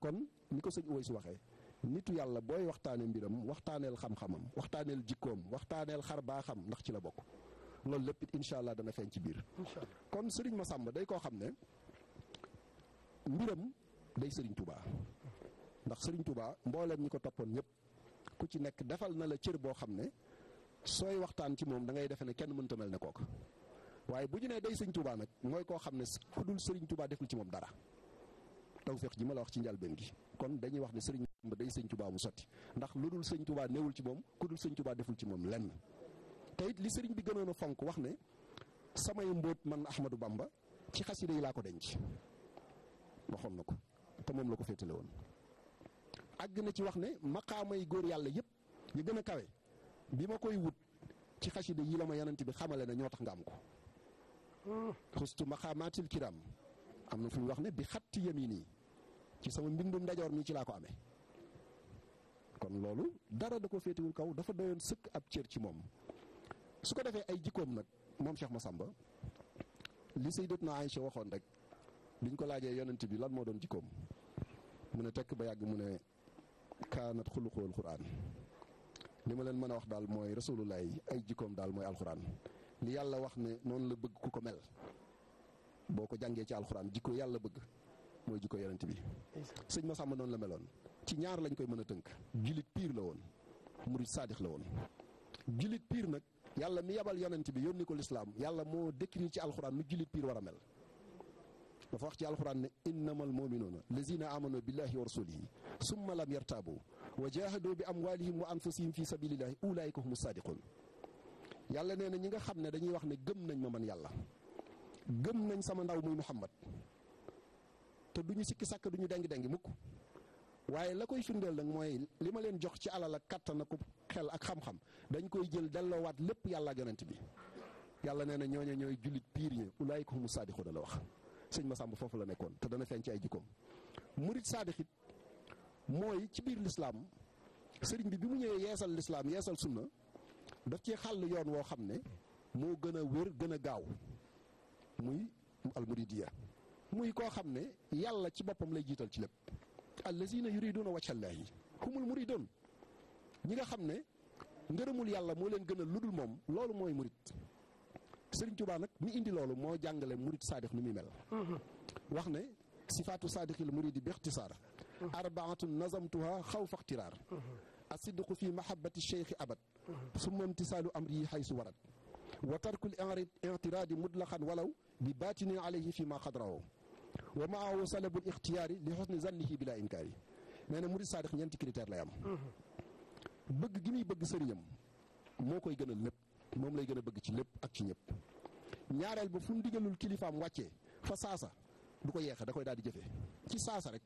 kon ni ko sëñ Uway si waxee nitu yàlla booy waxtaane mbiram waxtaaneel xam-xamam waxtaaneel jikkoom waxtaaneel xar baaxam ndax ci la bokk loolu lépp it allah dana feeñ ci biir. kon ma Massamba day koo xam ne mbiram day sëriñ Touba ndax Serigne Touba mbooleem ñi ko toppoon ñëpp ku ci nekk defal na la cër boo xam ne sooy waxtaan ci moom da ngay defe ne kenn mënta mel ne kooku waaye bu ñu nee day sëñ Touba nag mooy koo xam ne ku dul sëriñ Touba deful ci moom dara. tawféex ji ma la wax ci njalbeen gi kon dañuy wax ne sëriñ Massamba day sëñ Tuubaa mu sotti ndax lu dul sëñ Tuubaa néewul ci moom ku dul sëñ deful ci moom lenn te li sëriñ bi gënoon a fonk wax ne samay mbóot man Ahmadou Bamba ci xasida yi laa ko denc waxoon na ko te moom la ko féetale woon àgg na ci wax ne maqaamay góor yàlla yëpp yi gën a kawe bi ma koy wut ci xasida yi la ma bi xamale na ñoo tax nga am ko xustu maqaamaatil kiram am na fu ñu wax ne bi yi nii ci sama mbindum ndajoor mi ci laa ko ame kon loolu dara da ko féetewul kaw dafa doyoon sëkk ab cër ci moom su ko defee ay jikkoom nag moom seex Cheikh Massamba li Sayyidatuna si waxoon rek biñ ko laajee yonent bi lan moo doon jikkoom mu ne tekk ba yàgg mu ne kaanat xuluqul alquran li ma leen mën a wax daal mooy rasulullah ay jikkoom daal mooy alquran yàlla wax ne noonu la bëgg ku ko mel boo ko jàngee ci alquran jikko yàlla bëgg mooy jikko yonent bi sëñ ma Massamba noonu la meloon ci ñaar lañ koy mën a tënk jullit piir la woon murid saadix la woon jullit piir nag yàlla mi yabal yonent bi yónni ko lislaam yàlla moo décrit ci alxuraan nu jullit piir war a mel dafa wax ci alxuraan ne innamal muminuuna lazina amanu billahi wa rasulihi summa lam yartaabu wa jahadu bi amwalihim wa anfusihim fi sabilillahi ulaayika humu saadiqun yàlla nee na ñi nga xam ne dañuy wax ne gëm nañ ma man yàlla gëm nañ sama ndaw muy muhammad te duñu sikki sàkk duñu dengi dengi mukk waaye la koy firndeel nag mooy li ma leen jox ci alal ak kàttan ak xel ak xam-xam dañ koy jël delloowaat lépp yàlla ak bi yàlla nee na ñooñu ñooy jullit piir ñi ulaayika humu saadixuuna la wax sëñ Massamba foofu la nekkoon te dana feeñ ci ay jikkoom. murit saadixit mooy ci biir lislaam sëriñ bi bi mu ñëwee yeesal lislaam yeesal sunna daf ci xàll yoon woo xam ne moo gën a wér gën a gaaw muy almuridiya muy koo xam ne yàlla ci boppam lay jiital ci lépp allazina yuriduna wajhallahi humul muridun ñi nga xam ne ngërëmul yàlla moo leen gën a ludul moom loolu mooy murit Sëriñ Tuubaa nag mi indi loolu moo jàngale murit saadix nu muy mel wax ne sifaatu saadixil muridi bi ixtisaar arbaatun nazamtuha xaw fa ixtiraar asidqu fi mahabbati cheikhi abad summa imtisaalu amri yi xaysu warat wa tarkul intiraadi mutlaqan walaw bi baatini alayhi fi ma xadrawo wa maahu salabul ixtiyaari li xusni zannihi bila inkaari nee na murit saadix ñeenti critère lay am bëgg gi muy bëgg sëriñam moo koy gënal lépp moom lay gën a bëgg ci lépp ak ci ñëpp ñaareel ba fu mu digalul kilifaam wàccee fa saasa du ko yeexe da koy daal di jëfee ci saasa rek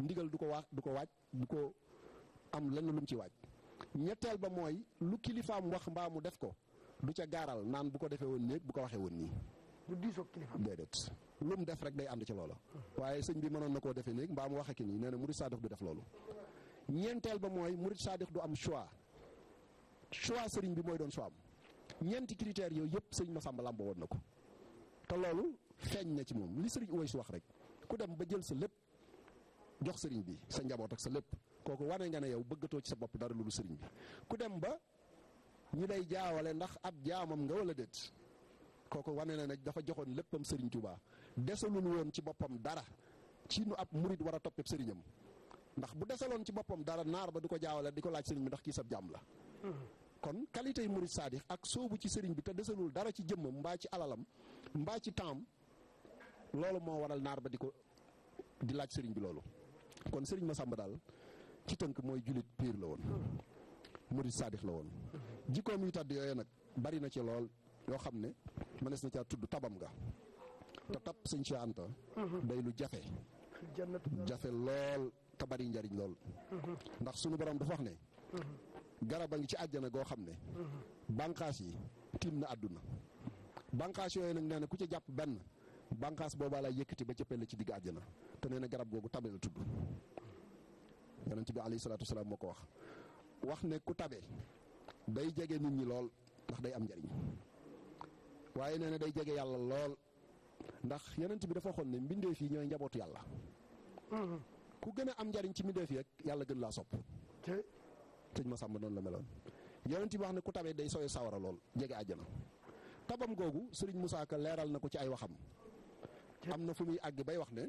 ndigal du ko waa du ko waaj du ko am lenn lu ci waaj ñetteel ba mooy lu kilifaam wax mbaa mu def ko du ca gaaral naan bu ko defee woon néeg bu ko waxee woon nii. du diisoo kilifaam déedéet lu mu def rek day ànd ci loola. waaye sëñ bi mënoon na koo defee néeg mbaa mu wax ki nii nee na saa def du ñeenteel ba mooy murid sadiq du am choix choix sëriñ bi mooy doon su am ñeenti critères yooyu yëpp sëriñ Massamba Lambo woon na ko te loolu feeñ na ci moom li sëriñ Uways wax rek ku dem ba jël sa lépp jox sëriñ bi sa njaboot sa lépp kooku wane nga ne yow bëggatoo ci sa bopp dara lu sëriñ bi ku dem ba ñu lay jaawale ndax ab jaamam nga a déet kooku wane na ne dafa joxoon léppam sëriñ Tuubaa desalul woon ci boppam dara ci nu ab murid war a toppee sëriñam. ndax bu desaloon ci boppam dara naar ba du ko jaawale di ko laaj sëriñ bi ndax kii sab jaam la kon qualité yi saadix ak soobu ci sëriñ bi te desalul dara ci jëmmam mbaa ci alalam mbaa ci taam loolu moo waral naar ba di ko di laaj sëriñ bi loolu kon sëriñ ma Massamba daal ci tënk mooy julit piir la woon murid saadix la woon jikkoom yu tàdd yooyu nag bari na ci lool yoo xam ne mënees na caa tudd tabam nga te tab sëñ si Anta mhm. day lu jafe jafe lool te bari njariñ lool. Mm-hmm. ndax sunu borom dafa wax ne. Mm-hmm. garab a ngi ci àjjana goo xam ne. Mm-hmm. bànqaas yi tiim na àdduna. bànqaas yooyu nag nee na ku ca jàpp benn bànqaas boobaa lay yëkkati ba cëppee ci digg àjjana te nee garab googu tabe la tudd. yonent bi alayhi salaatu wasalaam moo ko wax wax ne ku tabe day jege nit ñi lool ndax day am njariñ waaye nee na day jege yàlla lool ndax yonent bi dafa waxoon ne mbindeef yi ñooy njabootu yàlla. ku gën a am njariñ ci mbindeef yi rek yàlla gën laa sopp sëñ Masamba noonu la meloon yonent bi wax ne ku tabee day sooy sawara lool jege àjjana tabam googu sëriñ Moussa leeral na ko ci ay waxam am na fu muy àgg bay wax ne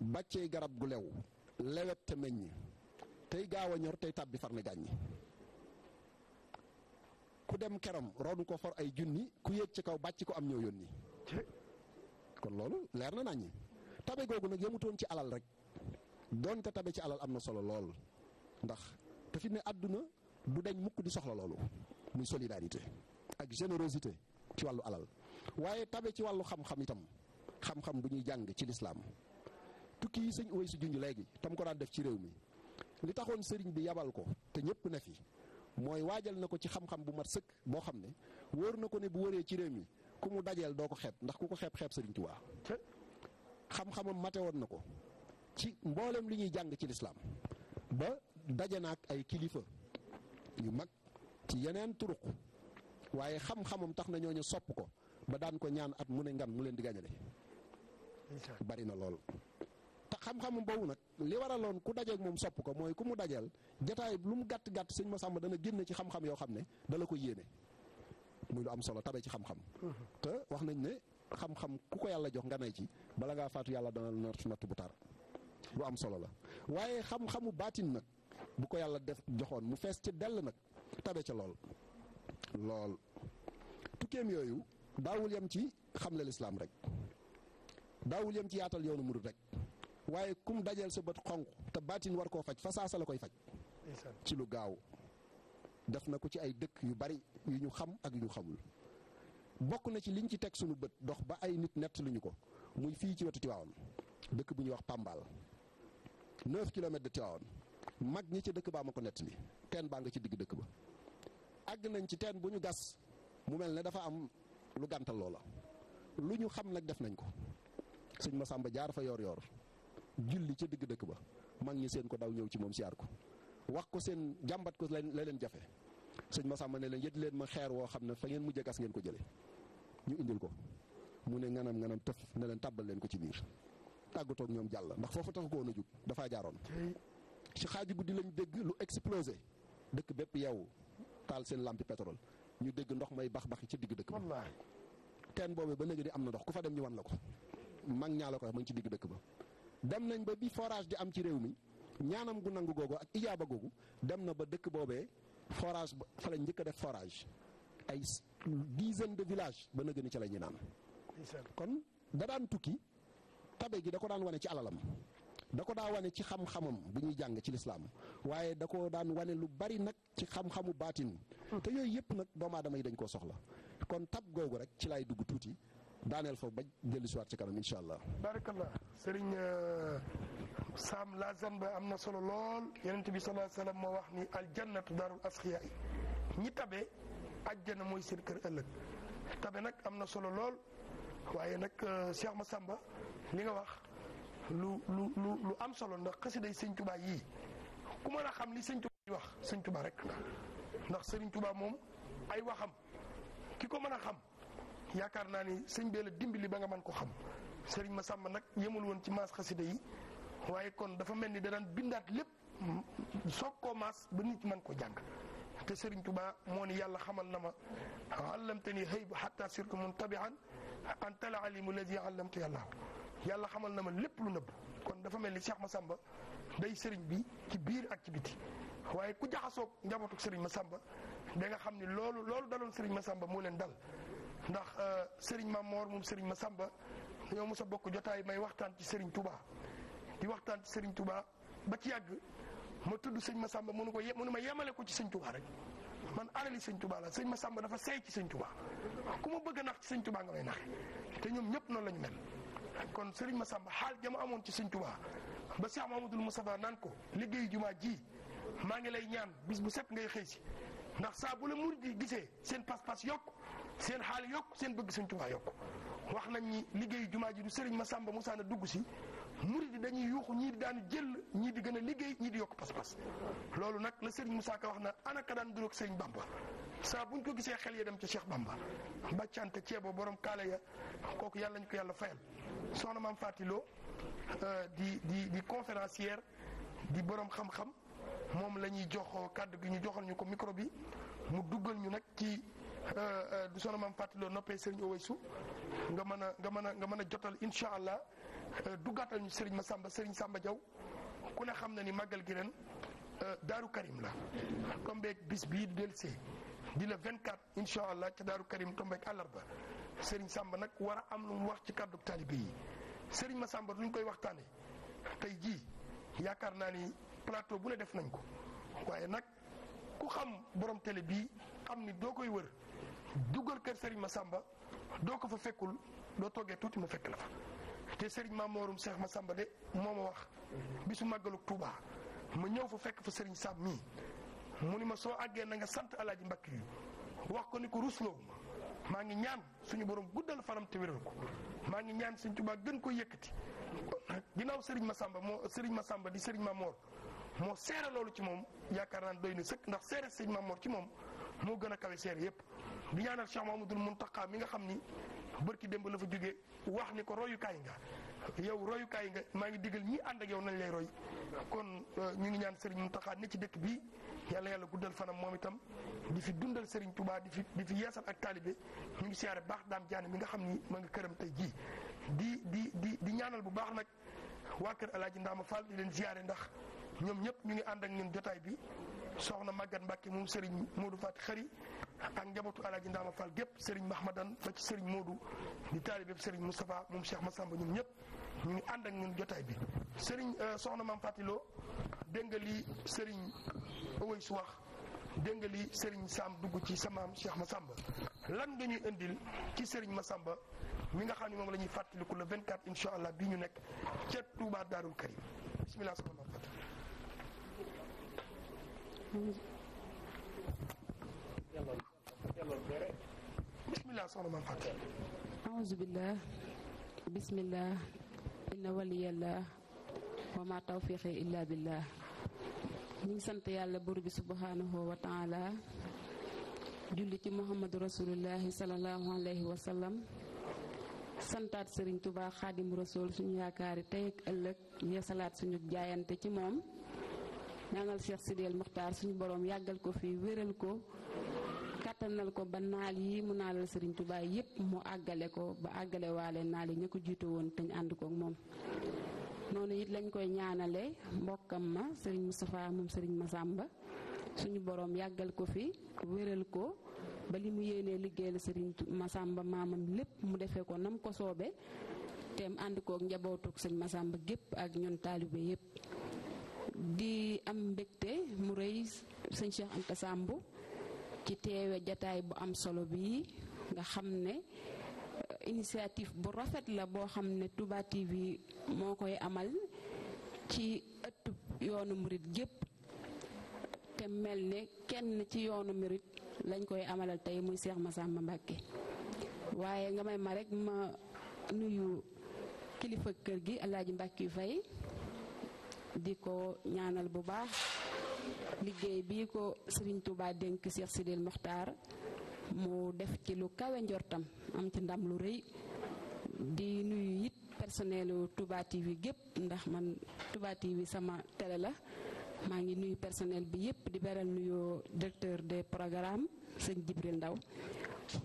bàccee garab gu lew lewet te meññ tey gaaw a ñor tey tab bi far ne gàññi ku dem keroom roonu ko for ay junni ku yéeg ci kaw bàcc ko am ñëw yónni kon loolu leer na naññi tabe googu nag yemutoon ci alal rek doonte tabe ci alal am na solo lool ndax te fi ne àdduna bu dañ mukk di soxla loolu muy solidarité ak générosité ci wàllu alal waaye tabe ci wàllu xam-xam itam xam-xam bu ñuy jàng ci lislaam tukki yi sëñ Uwaysu junj léegi tam ko daan def ci réew mi li taxoon sëriñ bi yabal ko te ñëpp ne fi mooy waajal na ko ci xam-xam bu mat sëkk boo xam ne wóor na ko ne bu wëree ci réew mi ku mu dajeel doo ko xeet ndax ku ko xeeb xeeb sëriñ Tuubaa xam-xamam mate woon na ko ci mbooleem li ñuy jàng ci lislaam ba daje naag ay kilifa yu mag ci yeneen turuq waaye xam-xamam tax na ñooñu sopp ko ba daan ko ñaan at mu ne ngan mu leen di gañale bari na lool te xam-xamam boobu nag li waraloon ku dajeeg moom sopp ko mooy ku mu dajeel jataay lu mu gàtt gàtt sëñ sàmm dana génn ci xam-xam yoo xam ne dala ko yéene muy lu am solo tabe ci xam-xam mm-hmm. te wax nañ ne xam-xam ku ko yàlla jox nga nay ci bala ngaa faatu yàlla dana la nattu natt bu tar lu am solo la waaye xam-xamu baatin nag bu ko yàlla def joxoon mu fees ci dell nag tabe ca lool lool tukkeem yooyu daawul yem ci xamle lislaam rek daawul yem ci yaatal yoonu murid rek waaye kum dajeel sa bët xonq te baatin war koo faj fasaasa la koy faj ci lu gaaw def na ko ci ay dëkk yu bari yu ñu xam ak yu ñu xamul bokk na ci liñ ci teg suñu bët dox ba ay nit nett luñu ko muy fii ci wetu Tiwaawan dëkk bu ñuy wax Pambal 9 kilomètres de Tiwaawan mag ñi ci dëkk baa ma ko nett ni teen baa nga ci digg dëkk ba àgg nañ ci teen bu ñu gas mu mel ne dafa am lu gàntal loola lu ñu xam nag def nañ ko sëñ Masamba jaar fa yor yor julli ca digg dëkk ba mag ñi seen ko daw ñëw ci moom siyaar ko wax ko seen jàmbat ko la leen jafe sëñ Masamba ne leen yët ma xeer woo xam ne fa ngeen mujj gas ngeen ko jële ñu indil ko mu ne nganam nganam tëf ne leen tàbbal leen ko ci biir tàggatoo ñoom jàll ndax foofu taxu ko woon a jug dafaa jaaroon. ci xaaju guddi lañ dégg lu explosé dëkk bépp yow taal seen lampi pétrole ñu dégg ndox may bax baxi ci digg dëkk ba. wallaahi teen boobu ba léegi ni am na ndox ku fa dem ñu wan la ko. mag ñaa ko wax ma ci digg dëkk ba dem nañ ba bi forage di am ci réew mi ñaanam gu nangu googu ak ijaaba googu dem na ba dëkk boobee forage ba fa la njëkk def forage ay dizaine de village ba nëgëni ca la ñuy naan. kon da daan tukki tabe gi da ko daan wane ci alalam. da ko daa wane ci xam-xamam bu ñuy jàng ci lislaam waaye da ko daan wane lu bari nag ci xam-xamu baatin te yooyu yëpp nag doomaadama yi dañ koo soxla kon tab googu rek ci laay dugg tuuti daaneel foofu ba dellu siwaat ci kanam insha allah barakallah sëriñ euh, saam lazan ba am na solo lool yonent bi sallallahu alayhi wasallam moo wax ni aljannatu daarul asxiyaa yi ñi tabe àjjana mooy seen kër ëllëg tabe nag am na solo lool waaye nag euh, ma sàmba li nga wax lu lu lu lu am solo ndax xasiday sëñ Tuubaa yii ku mën a xam li sëñ Tuubaa yi wax sëñ Tuubaa rek ndax sëriñ Tuubaa moom ay waxam ki ko mën a xam yaakaar naa ni sëñ bee la dimbali ba nga mën ko xam sëriñ Massamba nag yemul woon ci maas xasida yi waaye kon dafa mel ni da daan bindaat lépp soog koo maas ba nit mën koo jàng te Serigne Touba moo ni yàlla xamal na ma allamtani hayba hatta sirtu muntabihan anta al-alimu allazi allamta yàlla yàlla xamal na ma lépp lu nëbb kon dafa mel ni ma samba day Serigne bi ci biir ak ci waaye ku jaxasoog njabootu Serigne ma samba danga xam ni loolu loolu daloon ma samba moo leen dal ndax ma moor Mamor moom ma samba dañoo mos a bokk jotaay may waxtaan ci Serigne Touba di waxtaan ci Serigne Touba ba ci yàgg. ma tudd sëñ ma Masamba mënu ko ye mënu ma yemale ko ci sëñ Touba rek man alali sëñ Touba la sëñ Masamba dafa seey ci sëñ Touba ku ma bëgg a nax ci sëñ Touba nga may naxe te ñoom ñëpp noonu la ñu mel. kon sëriñ Masamba xaal jama amoon ci sëñ Touba ba Cheikh Mamadou Moustapha naan ko liggéey jumaa ji maa ngi lay ñaan bis bu set ngay xëy si ndax saa bu la murid yi gisee seen pas yokk seen xaal yokk seen bëgg sëñ Touba yokk wax nañ ni liggéey jumaa ji du sëriñ Masamba Moussa na dugg si murid yi dañuy yuuxu ñii di daan jël ñii di gën a liggéey ñii di yokk pas-pas loolu nag la sëriñ Moussa Ka wax na anaka daan duróog sëriñ Bamba saa ñu ko gisee xel ya dem ci Cheikh Bamba bàccante ceeboo borom kaala ya kooku yàlla ñu ko yàlla fayal soxna maam Fatiloo euh, di di di conférencière di borom xam-xam moom la ñuy jox kàddu gi ñu joxal ñu ko micro bi mu duggal ñu nag ci du euh, euh, soxna maam Fatiloo noppee sëriñ Oweysu nga mën a nga mën a nga mën a jotal incha allah Euh, duggaatal ñu ma Massamba Serigne sàmba Diaw ku ne xam na ni màggal gi ren euh, Daaru Karim la tombeek bis bii di dellusee di la 24 incha allah ca Daaru Karim tombeek àllarba Serigne sàmba nag war a am lu mu wax ci kàddu taalibe yi sëriñ ma lu ñu koy waxtaane tey jii yaakaar naa ni plateau bu ne def nañ ko waaye nag ku xam borom tele bii am ni doo koy wër duggal kër ma Massamba doo ko fa fekkul doo toogee tuuti mu fekk la fa. te Serigne Mamoorum ma Massamba de moo ma wax bi su màggalu Touba ma ñëw fa fekk fa Serigne Sam mii mu ni ma soo àggee na nga sant alaaji mbakk yi wax ko ni ko rusloo maa ngi ñaan suñu borom guddal faram te wéral ko maa ngi ñaan Serigne tubaa gën ko yëkkati ginnaaw ma Massamba moo ma Massamba di Serigne Mamoor moo seere loolu ci moom yaakaar naan doy na sëkk ndax seere ma Mamoor ci moom moo gën a kawe seere yépp di ñaanal Cheikh Mamadou Mountakha mi nga xam ni ki démb la fa jógee wax ni ko royukaay nga yow royukaay nga maa ngi digal ñii ànd ak yow nañ lay roy kon euh, ñu ngi ñaan Serigne Mountakha ne ci dëkk bi yàlla yàlla guddal fanam moom itam di fi dundal Serigne Touba di fi di fi yeesal ak taalibe ñu ngi siyaare baax daam jaane mi nga xam ni ma nga këram tey jii di di di di ñaanal bu baax nag waa kër Alaaji ma Fall di leen siyaare ndax ñoom ñëpp ñu ngi ànd ak ñun jotaay bi soxna Maguette Mbacke moom Serigne Modou Faty Khary ak njabootu alaaji ma Fall gépp sëriñ Mahmadan ba ci sëriñ Modou di taalibe bépp sëriñ Moustapha moom ma Massamba ñoom ñëpp ñu ngi ànd ak ñun jotaay bi sëriñ euh, soxna maam fàttiloo dégg sëriñ Owoy su dégg nga li sëriñ Sam dugg ci samaam ma Massamba lan nga ñuy indil ci sëriñ ma Massamba mi nga xam ne moom la ñuy fàttaliku vingt 24 incha allah bi ñu nekk ca Touba Daarul Karim bisimilah soxna maam Fatiloo bismillah soxna billah bismillah inna waliyallah wa ma tawfiqi illa billah ñu ngi sant yàlla buur bi subhanahu wa julli ci muhammadu rasulullahi salallahu alayhi wa santaat sëriñ tubaa xaadim rasul suñu yaakaari tey ak ëllëg yeesalaat suñu jaayante ci moom ñaanal cheikh sideel muxtaar suñu borom yàggal ko fii wéral ko kàttanal ko ba naal yi mu naalal Serigne Touba yépp mu àggale ko ba àggale waale naal yi ña ko jiite woon te ñu ànd koog moom. noonu it lañ koy ñaanale mbokkam ma sëriñ Moustapha moom Serigne Massamba suñu boroom yàggal ko fi wéral ko ba li mu yéenee liggéeyal Serigne Massamba maamam lépp mu defee ko nam ko soobe te mu ànd koog njabootuk sëñ Massamba gépp ak ñun taalibe yépp di am mbégte mu rëy sëñ Cheikh Anta Samb ci teewe jataay bu am solo bii nga xam ne euh, initiative bu rafet la boo xam ne Touba TV moo koy amal ci ëttub yoonu murit gépp te mel ne kenn ci yoonu murit lañ koy amalal tey muy Cheikh Massamba Mbacké waaye nga may ma rek ma nuyu kilifa kër gi Alaaji Mbacké Faye di ko ñaanal bu baax liggéey bi ko Serigne Touba dénk Cheikh Sidil Mokhtar mu def ci lu kawe njortam am ci ndam lu rëy di nuyu it personnelu Touba TV gépp ndax man Touba TV sama télé la maa ngi nuyu personnel bi yépp di beral nuyoo directeur de programmes sëñ Jibril Ndaw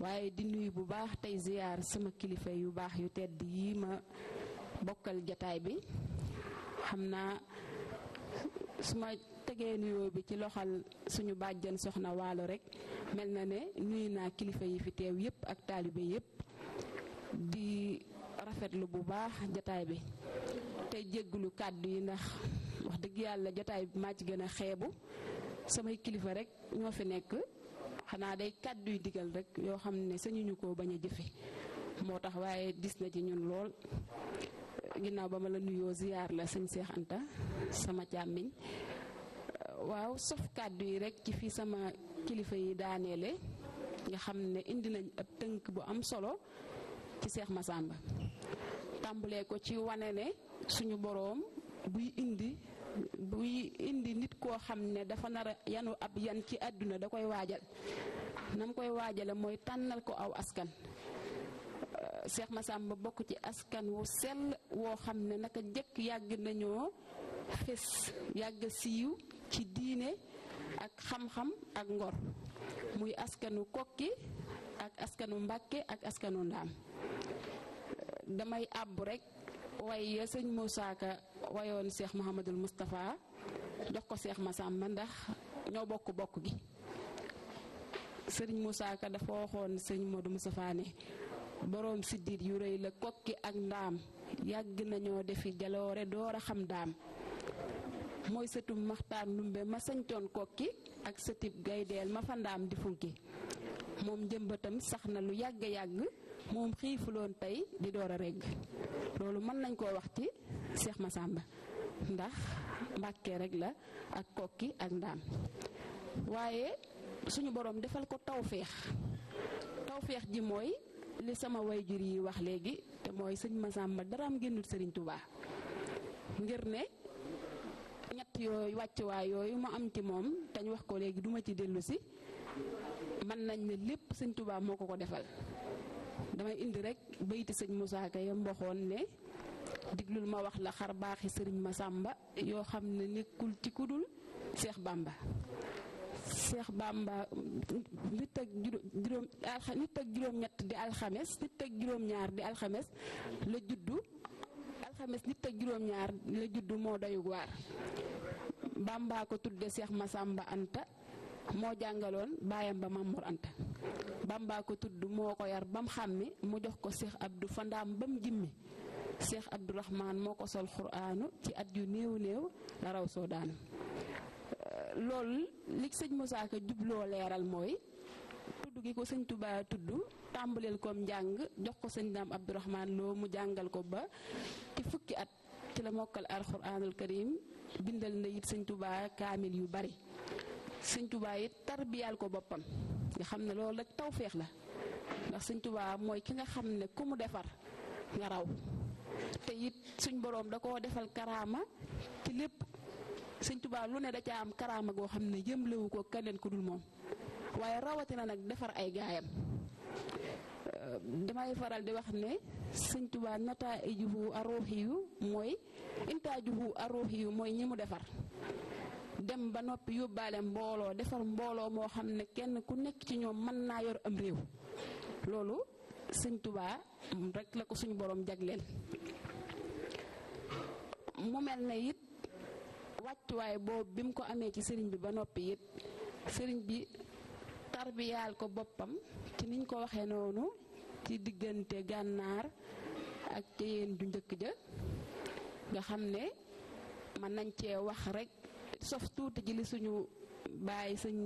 waaye di nuyu bu baax tey ziyaar sama kilifa yu baax yu tedd yi ma bokkal jataay bi xam naa su ma tegee nuyoo bi ci loxal suñu bàjjan soxna waalo rek mel na ne nuyu naa kilifa yi fi teew yépp ak taalibe yépp di rafetlu bu baax jataay bi te jégglu kàddu yi ndax wax dëgg yàlla jataay bi maa ci gën a xeebu samay kilifa rek ñoo fi nekk xanaa day kàddu yu digal rek yoo xam ne sañuñu ko bañ a jëfe moo tax waaye dis na ci ñun lool ginnaaw ba ma la nuyoo ziyaar la sëñ seexanta sama càmmiñ waaw sof kàddu yi rek ci fi sama kilifa yi daaneele nga xam ne indi nañ ab tënk bu am solo ci Seex ba tàmbulee ko ci wane ne suñu boroom buy indi buy indi nit koo xam ne dafa nara yanu ab yan ci àdduna da koy waajal nam koy waajale mooy tànnal ko aw askan Seex euh, Masamba bokk ci askan wu sell woo xam ne naka jëkk yàgg nañoo fés yàgg siiw ci diine ak xam-xam ak ngor muy askanu kokki ak askanu mbàkke ak askanu ndaam damay àbb rekk waaye ya sëñ Moussa Ka wayoon Cheikh Mouhamadul Moustapha ko Cheikh Massamba ndax ñoo bokk bokk gi sëriñ Moussa Ka dafa waxoon sëñ Modou Moustapha ne boroom siddiit yu rëy la kokki ak ndaam yàgg nañoo defi jaloore door a xam ndaam mooy sëtu Maxtaar Ndumbe ma sañtoon kokki ak sëtib gaydeel ma fandaam di funki moom njëmbatam sax na lu yàgg yàgg moom xiifuloon tey di door a regg loolu mën nañ koo wax ci Seex Masàmba ndax Mbàkke rek la ak kokki ak ndaam waaye suñu boroom defal ko tawféex tawféex ji mooy li sama wayjur yi wax léegi te mooy sëñ Masàmba daraam génnul Sëriñ Tuubaa ngir ne yooyu wàccuwaay yooyu ma am ci moom te ñu wax ko léegi duma ci dellu si mën nañ ne lépp sëñ Tuubaa moo ko ko defal damay indi rek bayti sëñ Moussa Ka ya mboxoon ne diglul ma wax la xar baaxi sëriñ ma Masamba yoo xam ne nekkul ci kudul Seex Bàmba Seex Bàmba nit ak juróom nit ak juróom di alxames nit ak ñaar di alxames la juddu alxames nit ak juróom-ñaar la juddu moo doyug waar Bamba ko tudde Seex Masamba Anta moo jàngaloon baayam ba Mamour ko tudd moo ko yar ba mu mu jox ko Seex Abdu Fandaam ba mu jimmi Seex Abdurahmaan moo ko sol xuraanu ci at yu néew néew la raw soo daanu euh, loolu li sëñ Moussa Ka jubloo mooy tudd gi ko sëñ Touba tudd tàmbaleel koom njàng jox ko sëñ Daam Abdurahmaan loo mu jàngal ko ba ci fukki at ci la mokkal alxuraanul karim bindal na it sëñ Touba kaamil yu bari sëñ Touba it tarbiyaal ko boppam nga xam ne loolu rek tawféex la ndax sëñ Touba mooy ki nga xam ne ku mu defar nga raw te it suñ boroom da koo defal karaama ci lépp sëñ Touba lu ne da ca am karaama goo xam ne yëmlewu ko keneen ku dul moom waaye rawatina nag defar ay gaayam damay faral di wax ne sëñ Tuubaa nataa ijuhu aruuxi yu mooy intaa juhu aruuxi yu mooy ñi mu defar dem ba noppi yóbbaale mbooloo defar mbooloo moo xam ne kenn ku nekk ci ñoom mën naa yor am réew loolu sëñ Tuubaa rek la ko suñu boroom jagleel mu mel ne it wàccuwaay boobu bim ko amee ci sëriñ bi ba noppi it sëriñ bi tarbiyaal ko boppam ci niñ ko waxee noonu ci diggante gànnaar ak ceyeen ju njëkk ja nga xam ne mën nañ cee wax rekk sof tuuti ji li suñu bàyyi sëñ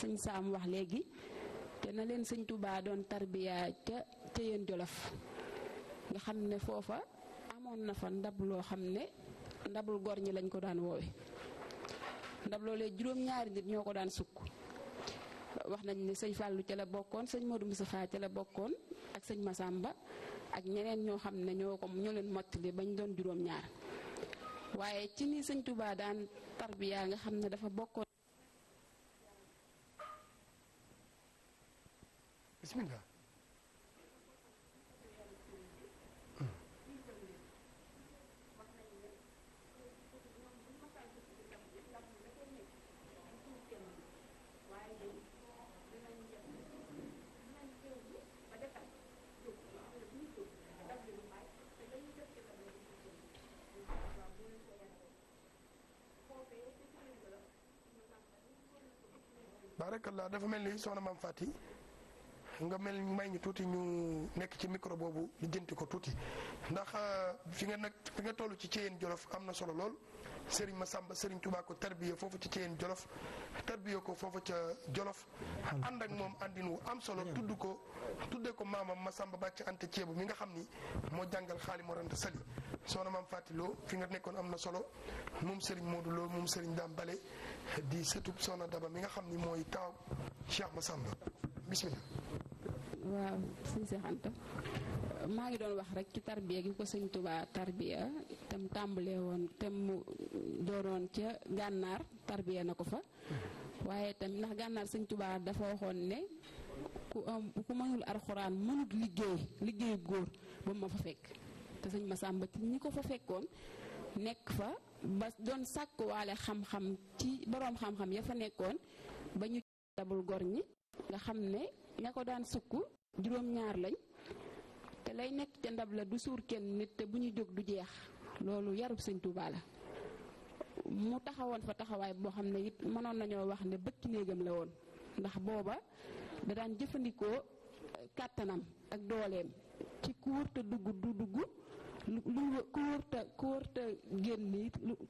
sëñ saam wax léegi te na leen sëñ Tuubaa doon tarbiyaa ca ceyeen jolof nga xam ne foofa amoon na fa ndab loo xam ne ndabul gor ñi lañ ko daan woowe ndab loolee juróom-ñaari nit ñoo ko daan sukk wax nañ ne sëñ Fallou ca la bokkoon sëñ Modou Moustapha ca la bokkoon ak sëñ Massamba ak ñeneen ñoo xam ne ñoo ko ñoo leen mottali bañ doon juróom-ñaar waaye ci ni sëñ Touba daan tarbiya nga xam ne dafa bokkoon. bismillah. tabarakallah dafa mel ni soxna maam Fati nga mel may ñu tuuti ñu nekk ci micro boobu lijjanti ko tuuti ndax euh, fi nga nag fi nga toll ci Thiéyène Jolof am na solo lool. sëriñ Masamba sëriñ Touba ko tarbiya foofu ca Ceyeen Jolof tarbiya ko foofu ca Jolof ànd ak moom àndin wu am solo tudd ko tuddee ko maamam ma Masamba Bàcc Anta Ceebu mi nga xam ni moo jàngal xaali Mor Anta Sali soxna maam fi nga nekkoon am na solo moom sëriñ Modou Lo moom sëriñ Daam Bale di sëtub soxna Daba mi nga xam ni mooy taaw Cheikh Masamba bismillah waaw sëñ Seex maa ngi doon wax rek ci tarbiya gi ko sëñ Touba tarbiya tam tàmbalee woon tem doonoon ca gànnaar tarbiya na ko fa waaye tamit ndax gànnaar sëñ Tuubaa dafa waxoon ne ku am ku mënul alxuraan mënut liggéey liggéeyu góor ba ma fa fekk te sëñ Masamba ci ñi ko fa fekkoon nekk fa ba doon sàkkuwaale xam-xam ci boroom xam-xam ya fa nekkoon ba ñu tabul gor ñi nga xam ne ña ko daan sukk juróom-ñaar lañ te lay nekk ca ndab la du suur kenn nit te bu ñu jóg du jeex loolu yarub sëñ Tuubaa la mu taxawoon fa taxawaay boo xam ne it mënoon nañoo wax ne bëkk néegam la woon ndax booba da daan jëfandikoo euh, kàttanam ak dooleem ci ku wërta dugg du dugg lu ku ku wërta génn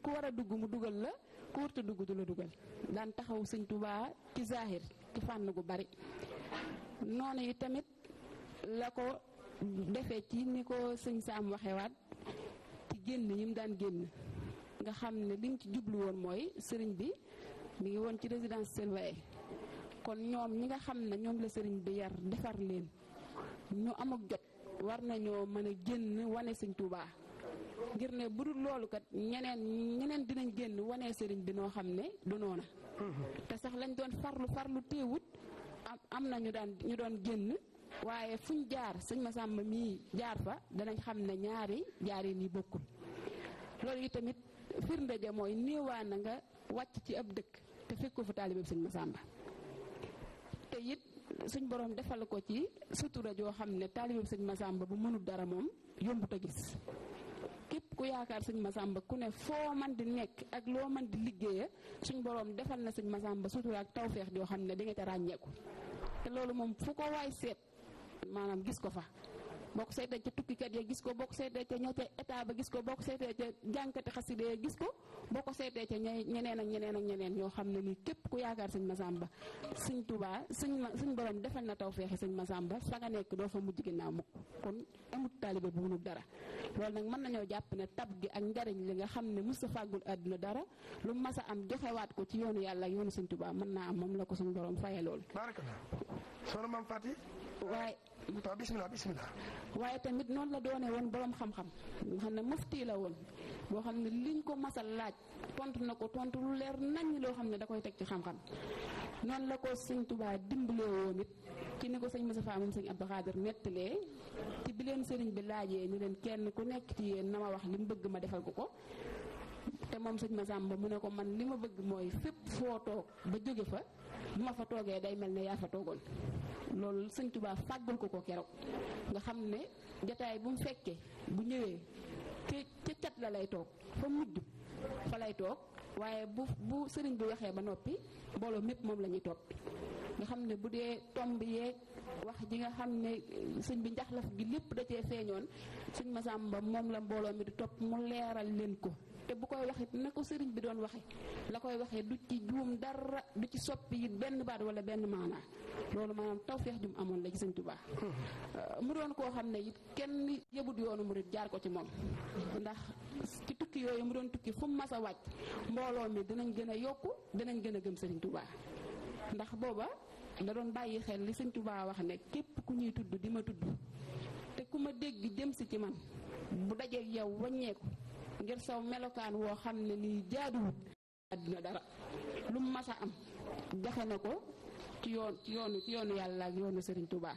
ku war a dugg mu dugal la ku wërta dugg du la dugal daan taxaw sëñ Tuubaa ci zaahir ci fànn gu bari noonu yi tamit la ko defee ci ni ko sëñ am waxewaat ci génn yi mu daan génn nga xam ne liñ ci jublu woon mooy sëriñ bi mi ngi woon ci résidence surveillée kon ñoom ñi nga xam ne ñoom la sëriñ bi yar defar leen ñu am ak jot war nañoo mën a génn wane sëñ Tuuba ngir ne bu loolu kat ñeneen dinañ génn wane sëriñ bi noo xam ne du noona te sax lañ doon farlu farlu téewut am am na ñu daan ñu doon génn waaye fuñ jaar sëñ ma Masamba mii jaar fa danañ xam ne ñaari jaar yi bokkul loolu yi firnde ja mooy néewaana nga wàcc ci ab dëkk te ko fa taalibeeb sëñ Masamba te it suñ borom defal ko ci sutura joo xam ne taalibeeb sëñ Masamba bu mënul dara moom yombut a gis képp ku yaakaar sëñ Masamba ku ne foo man di nekk ak loo man di liggéeya suñ borom defal na sëñ Masamba sutura ak tawféex joo xam ne dinga nga ca ràññeeku te loolu moom fu ko waay seet maanaam gis ko fa boo ko seetee ca tukkikat ya gis ko boo ko seetee ca ña ca état ba gis ko boo ko seetee ca jànkati xaside ya gis ko boo ko seetee ca ñay ñeneen ak ñeneen ak ñeneen ñoo xam ne nii képp ku yaakaar sëñ Masamba sëñ Tuubaa sëñ sëñ borom defal na taw feexi sëñ Masamba fa nga nekk doo fa mujj ginnaaw mukk kon amut taalibe bu munul dara loolu nag mën nañoo jàpp ne tab gi ak njariñ li nga xam ne mus sa fàggul àdduna dara lu mas a am joxewaat ko ci yoonu yàlla ak yoonu sëñ Tuubaa mën naa am moom la ko suñ borom faye loolu waaw bisimilah bisimilah. waaye tamit noonu la doone woon borom xam-xam nga xam ne mufti la woon boo xam ne liñ ko masal laaj tontu na ko tontu lu leer nañ loo xam ne da koy teg ci xam-xam noonu la ko sëñ Tuubaa dimbalee woon it ci ni ko sëñ Moussa Fall moom sëñ Abdou Khadir nettalee ci bi leen sëriñ bi laajee ni leen kenn ku nekk ci yéen na ma wax li mu bëgg ma defal ko ko. te moom sëñ Masamba mu ne ko man li ma bëgg mooy fépp foo toog ba jóge fa bu ma fa toogee day mel ne yaa fa toogoon. loolu sëñ Touba fàggul ko ko keroog nga xam ne jataay bu mu fekkee bu ñëwee te ca cat la lay toog fa mujj fa lay toog waaye bu bu sëriñ bi waxee ba noppi mbooloo mépp moom la ñuy topp nga xam ne bu dee tomb yeeg wax ji nga xam ne sëñ bi njaxlaf gi lépp da cee feeñoon sëñ Masamba moom la mbooloo mi di topp mu leeral leen ko te bu koy waxit na ko sëriñ bi doon waxe la koy waxee du ci juum dara du ci soppi it benn baat wala benn maanaa loolu maanaam tawfeex jum amoon la ci sëñ Tuubaa euh, mu doon koo xam ne it kenn yëbut yoonu murit jaar ko ci moom ndax ci tukki yooyu ma doon tukki fu mas a wàcc mbooloo mi dinañ gën a yokku dinañ gën a gëm sëriñ Tuubaa ndax booba da doon bàyyi xel li sëñ Tuubaa wax ne képp ku ñuy tudd di ma tudd te ku ma dégg jëm si ci man bu dajeeg yow waññeeku ngir saw melokaan woo xam ne lii jaaduwut àdduna dara lu mas a am joxe na ko ci yoon yoonu ci yoonu yàlla ak yoonu sëriñ Touba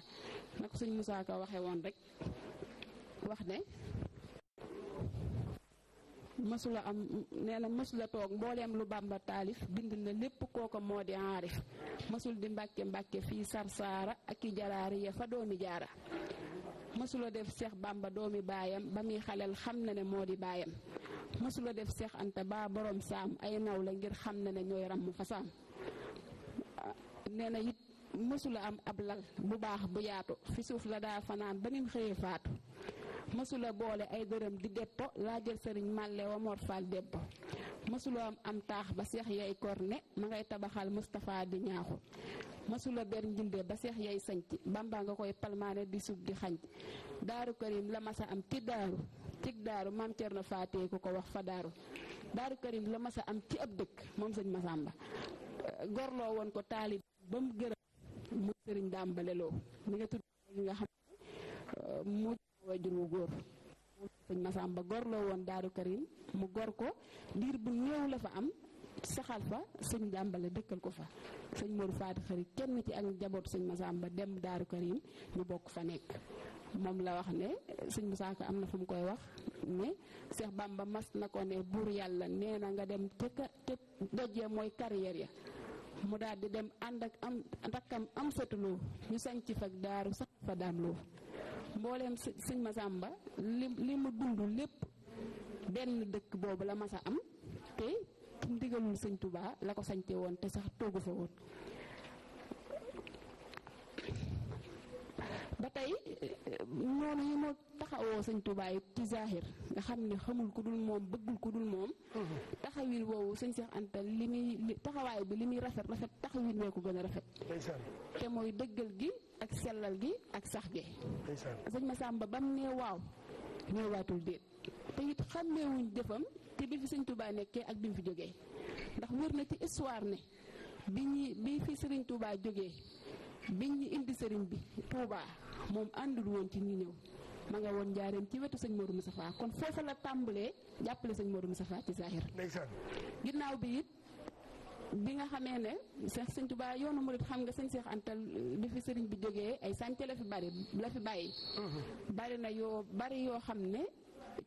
na ko sëñ Moussa Ka waxee woon rek wax ne mësula am nee na mësula toog mbooleem lu Bàmba taalif bind na lépp kooko moo di aarif mësul di mbàkke mbàkke fii sarsaara ak i jaraari ya fa doomi jaara mësula def Cheikh bàmba doomi baayam ba ngi xaleel xam na ne moo di baayam mësula def Cheikh Anta ba borom saam ay naw la ngir xam na ne ñooy ràmm fa saam nee na it mësula am ab lal bu baax bu yaatu fi suuf la daa fanaan ba nim xëyee faatu mësula boole ay dërëm di déppo laa jël sëriñ màlle wa Mor Fall déppo am taax ba Cheikh yay korne ma ngay tabaxal Moustapha di ñaaxu masula ber njinde ba seex yay sañc bamba nga koy palmaane di sub di xañ daaru karim la masa am ci daaru cig daaru maam Cerno faatee ku ko wax fa daaru daaru karim la masa am ci ab dëkk moom sëñ Masamba gorloo woon ko taalib ba mu gërëm mu sëriñ dàmbaleloo mi nga tudd nga xam uh, mu wajur wu góor sëñ gorloo woon daaru karim mu gor ko diir bu néew la fa am saxal fa sëñ jàmbale dëkkal ko fa sëñ Modou Fadi Xari kenn ci ak njaboot sëñ Masamba dem Daaru Karim ñu bokk fa nekk moom la wax ne sëñ Musaa Ka am na fu mu koy wax ne Cheikh Bamba mas na ko ne buur yàlla nee na nga dem te ka te dojee mooy carrière ya mu daal di dem ànd ak am rakkam am satuloo ñu sañ ci fa daaru sax fa daam mbooleem sëñ Masamba li li mu dund lépp benn dëkk boobu la mas a am te ndigalul sëñ tubaa la ko sañte woon te sax toogu fa woon ba tey noonu yi moo taxawoo sëñ tubaa yi ci zahir nga xam ne xamul ku dul moom bëggul ku dul moom taxawil woowu sëñ Seex Anta li muy taxawaay bi li muy rafet rafet taxawil wee ko gën a rafet te mooy dëggal gi ak sellal gi ak sax gi sëñ Masamba bam nee waaw ñëwaatul déet te it xàmmeewuñ jëfam diggante bi fi sëñ Touba nekkee ak bi mu fi jógee ndax wër na ci histoire ne bi ñi bi fi sëriñ Touba jógee biñ ñu indi sëriñ bi Touba moom àndul woon ci ñu ñëw ma nga woon njaareem ci wetu sëñ Modou Moustapha kon foofa la tàmbalee jàppale sëñ Modou Moustapha ci Zahir. ginnaaw bi it bi nga xamee ne sax sëñ Touba yoonu murit xam nga sëñ Seex Antal bi fi sëriñ bi jógee ay sànce la fi bari la fi bàyyi. bari na yoo bari yoo xam ne.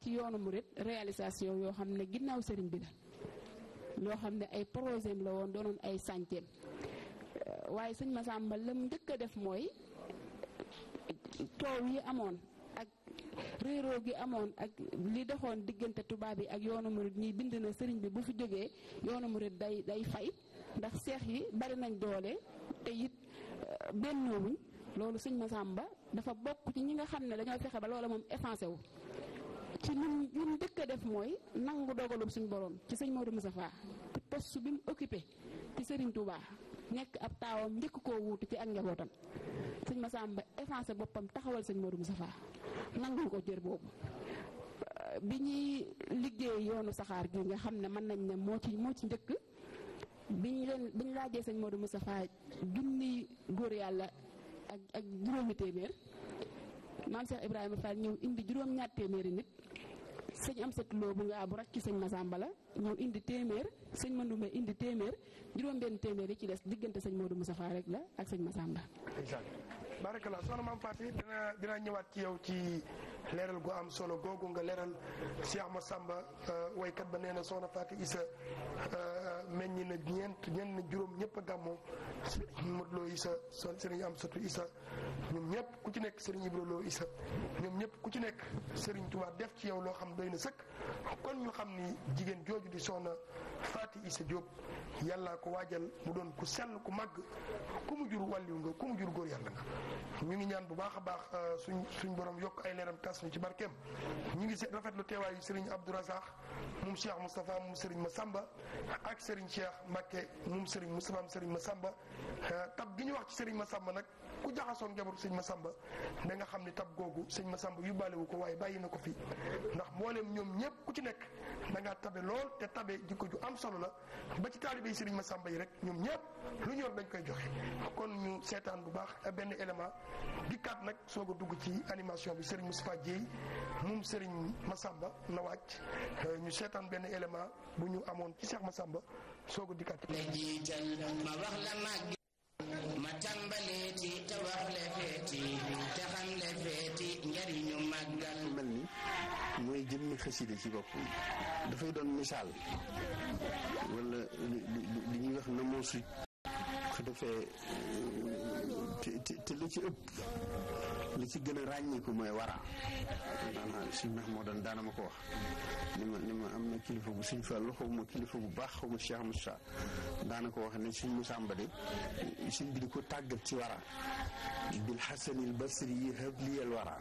ci yoonu murit réalisation yoo xam ne ginnaaw sëriñ bi la loo xam ne ay projet la woon doonoon ay sànceem euh, waaye sëñ Massamba lam njëkk a def mooy coow yi amoon ak réeroo gi amoon ak li doxoon diggante tubaab yi ak yoonu murit nii bind na sëriñ bi bu fi jógee yoonu murit day day fay ndax seex yi bari nañ doole te it euh, bennoowuñ loolu ma Massamba dafa bokk ci ñi nga xam ne dañoo fexe ba loola moom effacé wu ci lim lim dëkk a def mooy nangu dogalum suñu boroom ci sëñ Modou Moustapha ci poste bi mu occupé ci Serigne Touba nekk ab taawam njëkk koo wuutu ci ak njabootam sëñ Massamba effacé boppam taxawal sëñ Modou Moustapha nangul ko jër boobu. Euh, bi ñuy liggéey yoonu saxaar gi nga xam ne mën nañ ne moo ci moo ci njëkk biñ leen biñ laajee sëñ Modou Moustapha junni góor yàlla ak ak juróomi téeméer. maam Cheikh Ibrahima Fall ñëw indi juróom-ñaar téeméeri nit sëñ am sët loo bu ngaa bu rakk ci sëñ Masamba la ñëw indi téeméer sëñ Mandoumbe indi téeméer juróom-benn téeméer yi ci des diggante moo Modou Moustapha rek la ak sëñ Masamba. incha allah barakallah soxna maam Fatou dina dina ñëwaat ci yow ci. leeral gu am solo googu nga leeral si Cheikh sàmba euh, woykat ba nee na soxna isa Issa euh, meññ na ñeent ñenn juróom ñëpp a gàmmoo Modou Lo Issa sëriñ am satu isa ñoom ñëpp ku ci nekk sëriñ Ibra Lo Issa ñoom ñëpp ku ci nekk sëriñ Touba def ci yow loo xam doy na sëkk kon ñu xam ni jigéen jooju di soxna Fatou Issa Diop yàllaa ko waajal mu doon ku sell ku màgg ku mu jur wàlliw nga ku mu góor yàlla nga ñu ngi ñaan bu baax a baax euh, suñ suñ borom yokk ay leeram taas ñu ci barkeem ñu ngi seet rafetlu teewaayu Serigne Abdou Razak moom Cheikh Moustapha moom Serigne Massamba ak Serigne Cheikh Mbacke moom Serigne Moustapha moom Serigne Massamba eh, tab gi ñu wax ci Serigne Massamba nag ku jaxasoon njabootu sëñ ma da nga xam ni tab googu sëñ Masamba yóbbaale wu ko waaye bàyyi na ko fi ndax mboolem ñoom ñëpp ku ci nekk da ngaa tabe lool te tabe jikko ju am solo la ba ci taalibe yi sëriñ Masamba yi rek ñoom ñëpp lu ñor dañ koy joxe kon ñu seetaan bu baax benn élément dikkaat nag soog a dugg ci animation bi sëriñ Moustapha Dieye moom sëriñ Masamba na wàcc euh, ñu seetaan benn élément bu ñu amoon ci Cheikh Masamba soog a dikkaat ma tàmbaleeti te wax le feeti te xam le njariñu màggal mel ni mooy jëmmi xasida ci bopp dafay doon misaal wala li ñuy wax na moo su defee te ci ëpp li ci gën a ràññiku mooy wara maanaam suñ Mahmoudan daana ma ko wax ni ma am na kilifa bu si Fallu xaw ma kilifa bu baax xaw ma Cheikh Moussa daana ko wax di ko tàggat ci wara bil xasanil basri yi habliyal wara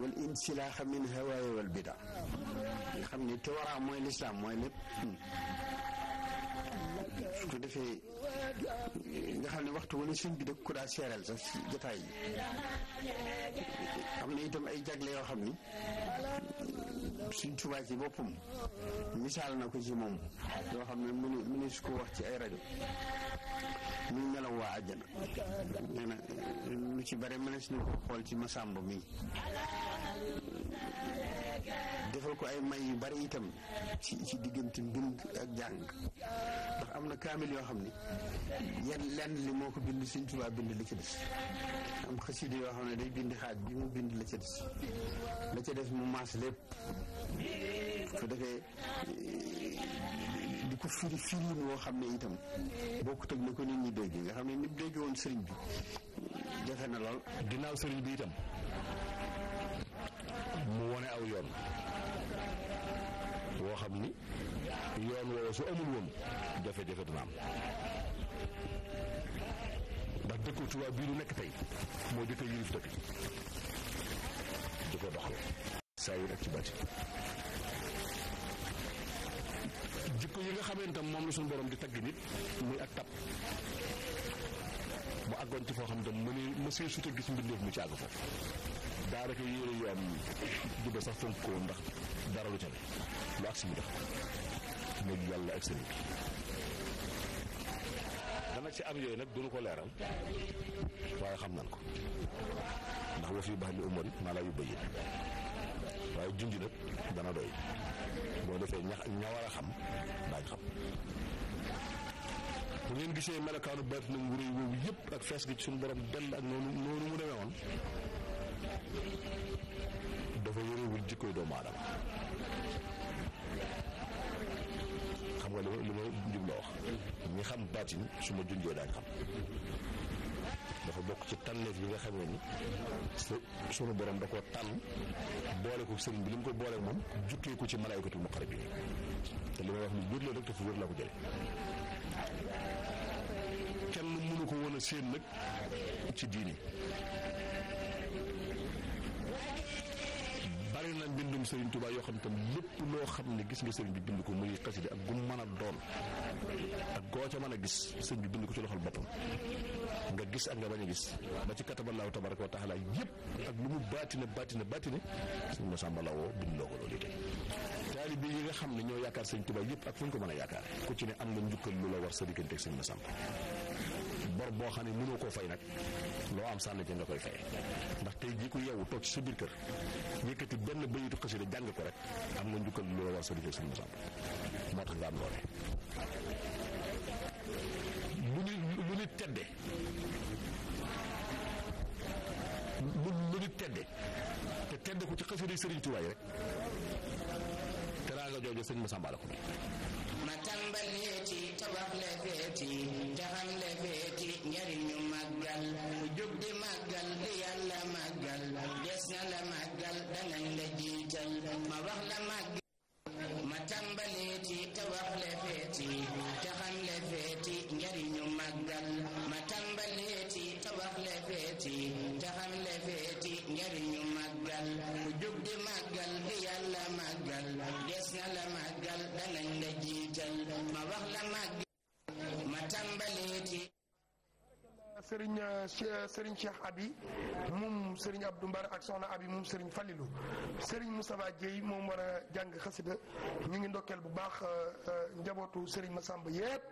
wal insilaaxa min hawaaya wal bida nga xam ne te wara mooy lislaam mooy lépp su ko defee nga xam ne waxtu wala suñ bi da ko daa seeral sax ci jotaay yi am na itam ay jagle yoo xam ni suñ Tuubaa ci boppam misaal na ko ci moom yoo xam ne mënu mënu su ko wax ci ay rajo muy melaw waa àjjana lu ci bare mënees na ko xool ci Masamba mi defal ko ay may yu bari itam ci diggante mbind ak jàng ndax am na kaamil yoo xam ne yan lenn li moo ko bind Sëñ Tuubaa bind la ca des am xasida yoo xam ne day bindi xaaj bi mu bind la ca des la ca des mu maas lépp su defee di ko firi firiin woo xam ne itam bokkut ak na ko nit ñi dégg nga xam ne nit dégg woon sëriñ bi jafe na lool ginnaaw sëriñ bi itam mu wone aw yoon woo xam ni yoon woowu su amul woon jafe-jafe dina am ndax dëkku Tuubaa bii lu nekk tey moo jëkk yilif du di dox doxal saa yi ak ci bati jikko yi nga xamee tam moom la suñu boroom di tagg nit muy ak tab mu àggoon ci foo xam tam mënee ma sut a gis mbindeef mu ci àgg fa daanaka yére yu am jubbe sax fonk ko ndax dara lu ca lu ak si yu tax muy yàlla ak sëriñ dana ci am yooyu nag duñu ko leeral waaye xam nan ko ndax wa fii baax li umar it maa laa yu bëyi waaye junj nag dana doy boo defee ñax ña war a xam daañ xam bu ngeen gisee melokaanu baat nag wuréy woowu yëpp ak fees gi ci suñu borom dell ak noonu noonu mu demee woon dafa yorewul jikkoy doomu aadama xam nga li ma li ma jub wax ñi xam baatin su ma junjee daañ xam dafa bokk ci tanleef bi nga xamee ni sunu borom da ko tànn boole ko sëriñ bi li mu ko boole moom jukkeeku ci malaaykatul muqarrabin te li may wax ni wér la rek te fu wér laa ko jële kenn mënu ko woon a séen nag ci diini na mbindum Serigne Touba yoo xam tam xam ne gis nga Serigne bi bind ko muy xasida ak gum mën a doon ak goo ca mën a gis sëñ bi ko ci loxol boppam nga gis ak nga bañ a gis ba ci kataballaahu tabaraka wa taala yëpp ak lu mu baatine baatine baatine sëñ Masamba Lawoo bind loo ko loolu itam taalibe yi nga xam ne ñoo yaakaar sëñ Touba yëpp ak fu ñu ko mën a yaakaar ku ci ne am na njukkal lu la war sa diggante ak sëñ Masamba bor boo xam ne mënoo koo fay nag loo am sànni ci nga koy fay ndax tey jii ku yeewu toog ci sa biir kër yëkkati benn bayitu xasida jàng ko rek am nga njukkal lu la war sa liggéey suñu am doole lu ni te tedde ko ci xasida Sëriñ rek te raa nga jooju sëñ Masamba la ko bi doxle feeti te xamle feeti njariñu màggal ku jug di màggal di yàlla màggal des na la màggal danañ la jiital ma wax la màggal ma tàmbaleeti te wax le feeti te xam le feeti njariñu màggal ma tàmbaleeti te wax le feeti te xam le feeti njariñu màggal ku jug di màggal tambali sëriñ euh, euh, sëriñ Cheikh Abi moom sëriñ Abdou Mbar ak soxna Abi moom sëriñ Falilou sëriñ Moustapha Dieye moom war a jàng xasida ñu ngi ndokkeel bu baax euh, njabootu sëriñ Massamba yëpp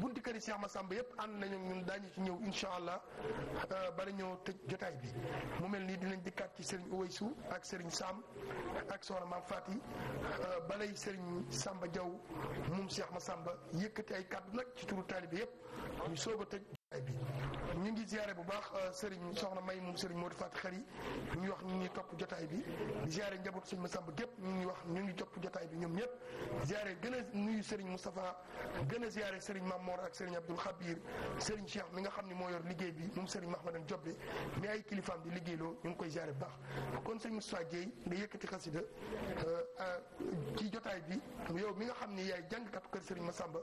bunti këri Cheikh Massamba yëpp ànd nañu ñun daañu ñëw incha allah bala ñëw tëj jotaay bi mu mel nii dinañ dikkaat ci sëriñ Uwaysu ak sëriñ Sam ak soxna Maam Fati balay sëriñ Samba Diaw moom Cheikh Massamba yëkkati ay kàddu nag ci turu taalibe yëpp ñu soog a tëj jotaay bi ñu ngi ziare bu baax euh, Serigne soxna May moom Serigne Modou Fatou Khari ñu ngi wax ñu ngi topp jotaay bi di ziare njaboot ma Massamba gépp ñu ngi wax ñu ngi topp jotaay bi ñoom ñëpp ziare gën a nuyu Serigne Moustapha gën a ziare Serigne Mamor ak Serigne Abdoul Khabir Serigne Cheikh mi nga xam ne moo yor liggéey bi moom Serigne Mahmadan Jobe mais ay kilifaam di liggéeyloo ñu ngi koy ziare bu baax kon Serigne Moustapha Guèye nga yëkkati xasida euh, euh, ci jotaay bi yow mi nga xam ni yaay jàngkatu kër ma Massamba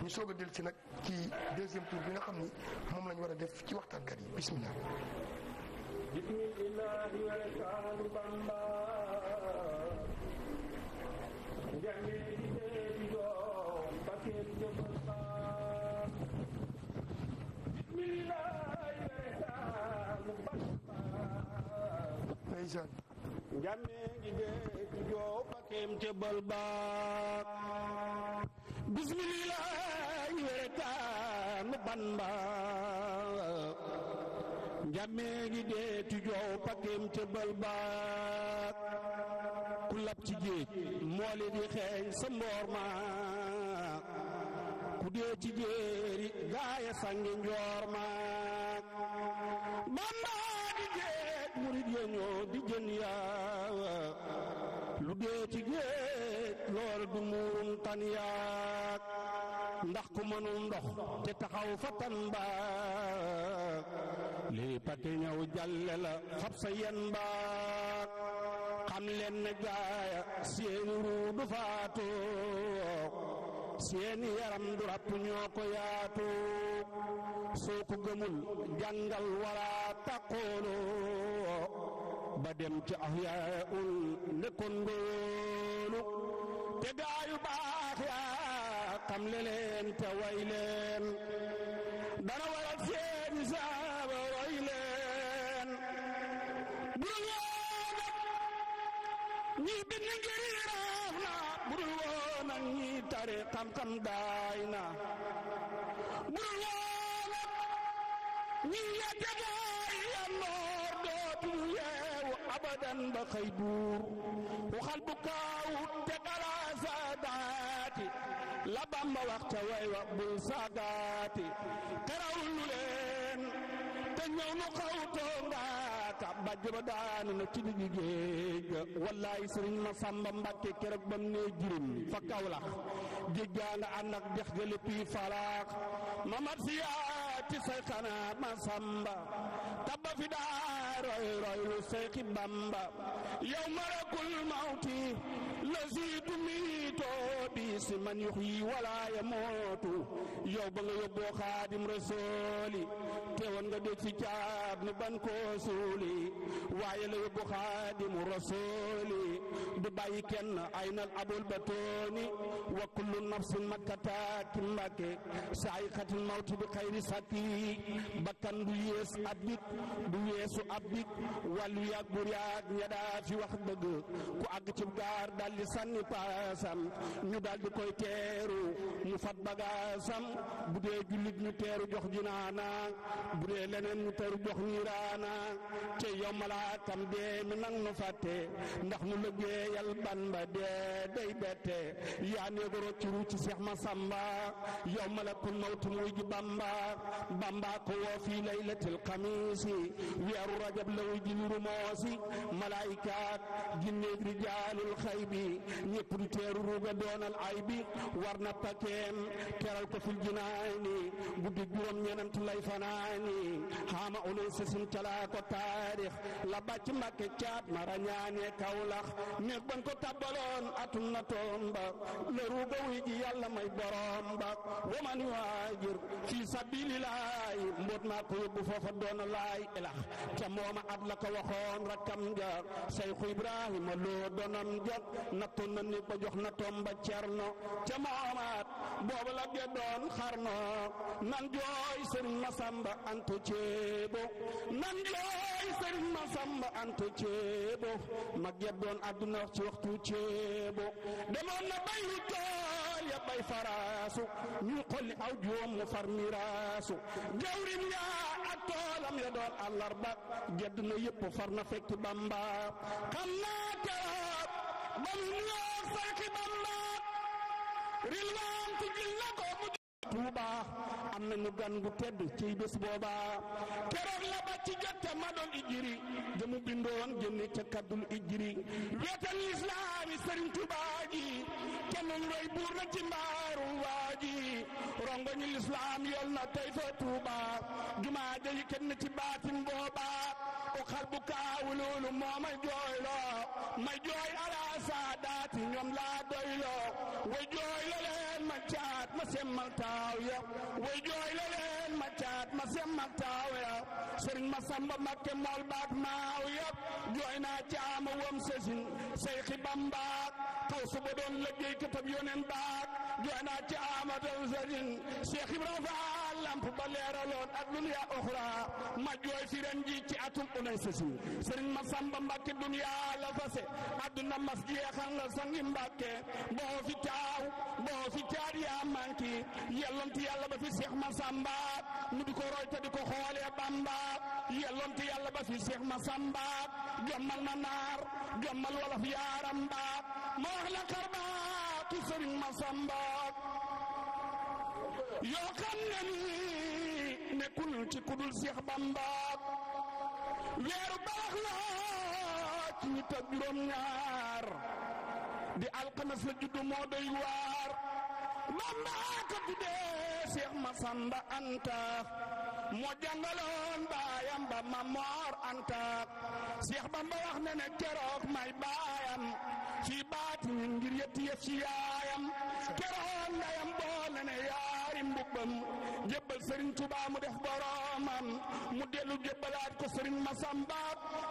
ñu soog a del si nag ci deuxième tour bi nga xam ni moom lañ war a def ci waxtaankat yi bismillah bismillahi walsaanu bamba njàngee di seedi doom bakeet jëfal baam bismillahi walsaanu bismillaahi weretaanu Bamba njamee ngi dee ci joow pakkeem ca bël baat ku lab ci géej mooli di xeeñ sa mboor ma ku dee ci jéeri gaaya sangi njoor ma Bamba di géej murit ya ñoo di jën yaa lu dee ci géej lool du muurum tan yaa mënul ndox te taxaw fa tan ba lii pati ñëw jàlle la fab sa yen ba xam leen ne gaaya seeni ruu du faatu seeni yaram du ràpp ñoo ko yaatu soo ko gëmul jàngal wala taqoolo ba dem ci ahyaa un nekkoon ngoolu te gaayu baax yaa xamle leen te way leen dara waral seeni saaba roy leen budul woon ak ñi bind ngir raaf na budul woon ak ñi tari xam-xam daay na budul woon ak ñi yàgg daay yannoor dootul yeewu abadan ba xëy buur waxal bu kaawut bamba waxta way wa bul saagaati xerawlu leen te ñëw nu xaw toongaa bàjj ba daanu na ci digg géej ga wallaay sëriñ ma sàmba mbàkke keroog bam nee jirim fa kawlax géej nga ànd dex ga lépp yi ma mat si say xanaat ma tabba fi daa roy roy lu seyxi bamba mawti la siitu miitoo bi man yux yi walaa mootu yow ba nga yóbboo xaadim rasooli teewoon nga dégg si caab ni ban koo suuli waaye la yóbbu xaadimu rasuuli du bàyyi kenn ay nal abul batooni wa kullu nafsin makkataaki mbàkke saayixatil mawti bi xayri sàkki bakkan du yées ab bik du weesu ab bik wàllu yaag buur yaag ña daa fi wax dëgg ku àgg ci gaar daldi sànni paasam ñu daldi koy teeru mu fat bagaasam bu dee jullit ñu teeru jox jinaana bu dee leneen ñu teeru jox niiraana yow malaatam dee mi nang nu fàtte ndax nu liggéeyal Bamba dee yaa néego roccuru ci Seex Masamba yow malakul mawtu muy ji Bamba Bamba ko woo fii laylatil xamiisi weeru rajab la wuy ji rumoosi malaayikaat ginneeg rijaalul xaybi ñépp di teeru ruuga doonal ay war na pakeem teral ko fil jinaani guddi juróom ñenant lay fanaani xaama ulay sasin calaa ko taarix la bàcc mbàkke caat mara ñaane kawlax néeg ban ko tabbaloon atum na tomba leru ba ji yàlla may borom ba waman waajir fi sabilillaay mbóot maa ko yóbbu foofa doona laay ilax te mooma at la waxoon rakkam ja sayxu ibrahima loo donam ja na néeg ba jox na tomba cerno ca moomaat booba la geddoon xarno nan jooy sëriñ masamba antu ceebo nan jooy sëriñ ma samba anta ceebo ma geddoon àdduna wax waxtu ceebo demoon na bayu tool ya bay faraasu ñu xolli aw joom mu far miraasu jawrim yaa ak toolam ya doon àllarba gedd na yëpp far na fekki bamba xam naa teraat ba mu ñoo fekki bamba rilwaan tijil na ko Touba am nañu gan gu tedd ci bés booba keroog la ba ci jotte ma doon ijiri jëmu bindoon génne ca kaddul ijiri wetal islaami sëriñ Touba ji kenn ñu roy buur na ci mbaaru waa rongoñu lislaam yool na tey fa Touba jumaa ja yi kenn ci baatin booba o xar bu kaawu loolu moo jooy alaa saadaati ñoom laa doyloo way jooyloo leen ma caat ma semmalta waaw ya way jooy la leen ma caat ma sem ma taaw ya sëriñ ma samba makke mool baak maaw yëpp jooy naa ci ama wam sësin seyxi bambaak xaw doon liggéey këtëb yonen baak jooy naa ci ama tam sësin Cheikh Ibrahima Fall lamp ba leeraloon ak ma jooy fi ren ji ci atum unay sësin sëriñ ma samba mbakke la fase adduna mas jeexal la sangi mbakke boo fi taaw boo yaa manki yellonti yàlla ba fi Cheikh ma samba ñu di ko roy di ko xoolee Bamba yelloon ci yàlla ba fi Seex Masamba jommal na naar jommal wolof yaaram ba ma wax la karba tu Sëriñ Masamba yoo xam ne ni ci kudul Seex Bamba weeru balax la ci ñett ak juróom ñaar di alxames la juddu moo doy waar Mamba ka tuddee Seex Masamba Anta moo jàngaloon baayam ba Mamor Anta Seex Bamba wax na ne may baayam ci baat ngir yëtti yëf ci yaayam keroog ndeyam bool na ne yaayam léppam jébbal sëriñ Tuubaa mu def boroomam mu dellu jébbalaat ko sëriñ Masamba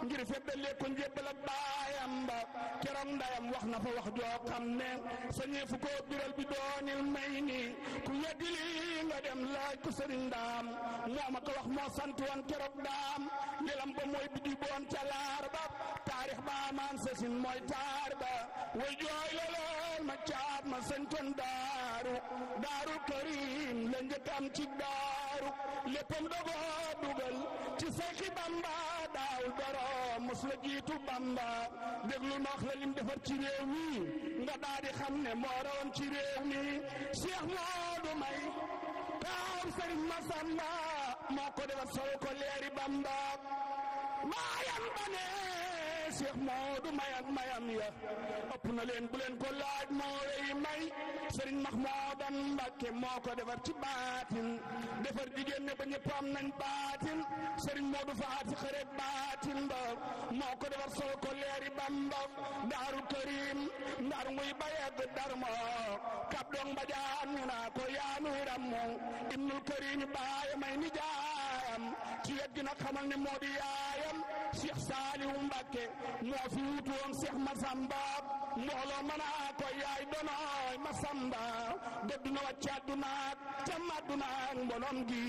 ngir feddale ko njébbal ak baayam ba keroog ndayam wax na fa wax joo xam ne sañee fu ko biral bi doonil may ku weddi nga dem laaj ko sëriñ daam moo ma wax moo sant woon daam yelam ba mooy bi di ca laar ba taarix ba maan sasin mooy taar ba way jooy ma caat ma sëñ daaru daaru karim la njëkk am ci daaru léppam dogo dugal ci seexi bamba daaw borom mos la jiitu bamba déglu ma la lim defar ci réew mi nga daa xam ne moo ci réew mi Seex Moodu May taaw sëriñ Masamba moo ko defar sol leeri bamba maayam ba ne waaye Cheikh Modou mayam mayam ya ëpp na leen bu leen ko laaj moo rëy may Serigne Mahmoudan Mbacke moo ko defar ci baatin defar jigéen ne ba ñëpp am nañ baatin Serigne Modou Faati xare baatin ba moo ko defar sol ko leeri Bamba Daaru Karim ndar muy bayeg darmo kab dong ba jaan naa ko yaanuy rammu Ibnul Karim baaya may ni ci wet gi nag xamal ne moo di yaayam Cheikh Saliou Mbacke moo fi wutu woon Cheikh Massamba mbooloo mën a ko yaay donooy Massamba dëdd na wàcc àdduna ak cam àdduna ak mbolom gi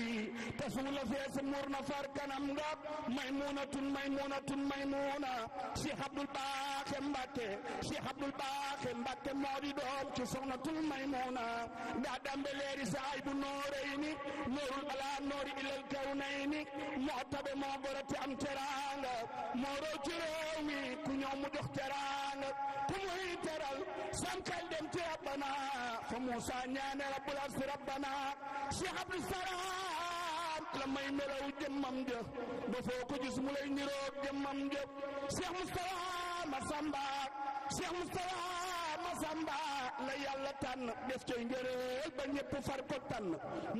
te suula fees muur na far kanam nga maymunatun maymunatun maymuna Cheikh Abdoul Baaxe Mbacke Cheikh Abdoul Baaxe moo di doom ci soxnatul maymuna daa dambe leeri saay bu nooreyni noorul ala noori ilal kawnayni moo tabe moo goro am teraanga moo roo réew mi ku ñëw mu jox teraanga ku muy teral sam xel dem ci rabbana fa Moussa ñaane rabbul arsi rabbana Cheikh Abdou Salaam la may melaw jëmmam ja dafoo ko gis mu lay niroog jëmmam ja Cheikh Moustapha Massamba Cheikh Moustapha Masamba la yàlla tànn def coy ngëreel ba ñëpp far ko tànn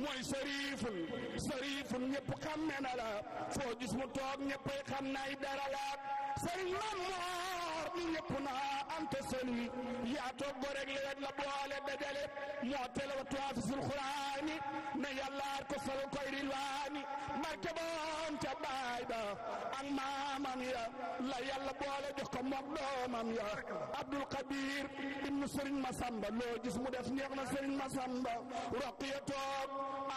mooy sëriifun sëriifun ñëpp xàmme na la foo gis mu toog ñëppay xam naay dara la sëriñ Maam xam ni ñëpp naa anta sëli yaa toog go rek lewet la boole dajale moo tele wa tuwaafisul xuraani na yàllaar ko sol koy rilwaani barke boom ca baay ba ak maamam ya la yàlla boole jox ko moom doomam ya abdul qadir ibnu sëriñ masamba loo gis mu def neex na sëriñ masamba roqiya toog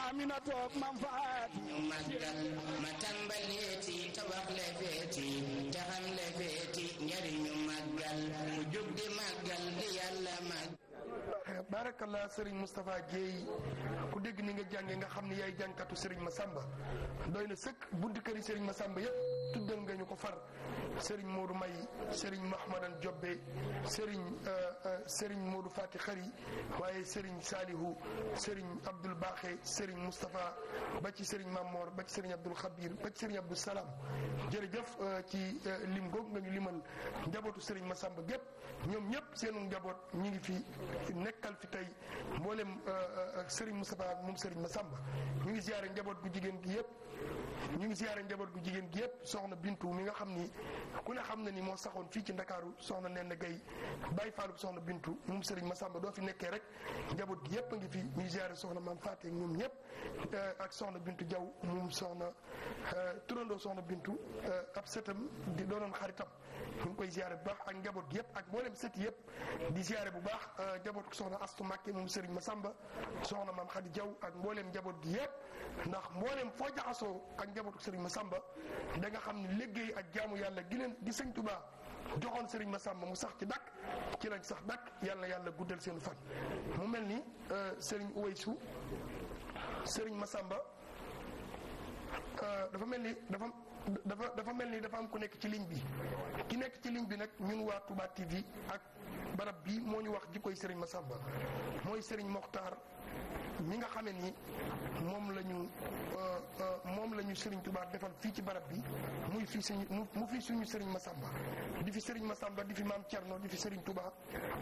amina toog mam faat ñu màggal ma tàmbalee ci tabax le feeti taxam le feeti njariñu màggal mu jóg di màggal barakallah sëriñ Moustapha Dieye ku dégg ni nga jànge nga xam ne yaay jàngkatu sëriñ Massamba doy na sëkk buntu këri sëriñ Massamba yëpp tuddal nga ñu ko far sëriñ Modou May sëriñ Mahmadan Jobbe euh, euh, sëriñ sëriñ Modou Fati Xari waaye sëriñ Salihu sëriñ Abdoul Baaxe sëriñ Moustapha ba ci sëriñ Mamor ba ci sëriñ ma Khabir ba ci sëriñ Abdoul Salam jërëjëf euh, ci lim googu limal njabootu sëriñ Massamba gépp ñoom ñëpp seenu njaboot ñi ngi fi nekk nekkal fi tey mboolem euh, euh, Serigne Moustapha moom Serigne Massamba ñu ngi ziare njaboot gu jigéen gi yëpp. ñu ngi ziare njaboot gu jigéen gi yëpp soxna Bintu mi nga xam ni ku ne xam na ni moo saxoon fii ci Ndakaaru soxna Nenn Gay bàyyi faalu soxna Bintu moom Serigne Massamba doo fi nekkee rek njaboot gi yëpp a ngi fi ñu ziare soxna Maam Faate ñoom ñëpp euh, ak soxna Bintu Jaw moom soxna turandoo soxna Bintu ab sëtam di doonoon xaritam. ñu ngi koy ziare bu baax ak njaboot gi yëpp ak mboolem sët yëpp di ziare bu baax euh, njaboot soxna Astu Mbàkke moom Serigne Massamba soxna maam Khady Diaw ak mboolem njaboot gi yëpp ndax mboolem foo jaxasoo ak njabootu Serigne Massamba da nga xam ne liggéey ak jaamu yàlla gi leen di baax Tuubaa joxoon Serigne Massamba mu sax ci dakk ci lañ sax dakk yàlla yàlla guddal seen fan mu mel ni euh, Serigne Uwaysu Serigne masamba euh, dafa mel ni dafa dafa dafa mel ni dafa am ku nekk ci ligne bi ki nekk ci ligne bi nag ñun waa Touba TV ak barab bi moo ñu wax jikko jikkoy sëriñ ma Massamba mooy sëriñ Mokhtar mi nga xamee ni moom la ñu euh, euh, moom la sëriñ tubaa defal fii ci barab bi muy fii suñu mu fii suñu sëriñ Massamba di fi sëriñ ma Massamba di fi maam Thierno di fi sëriñ tubaa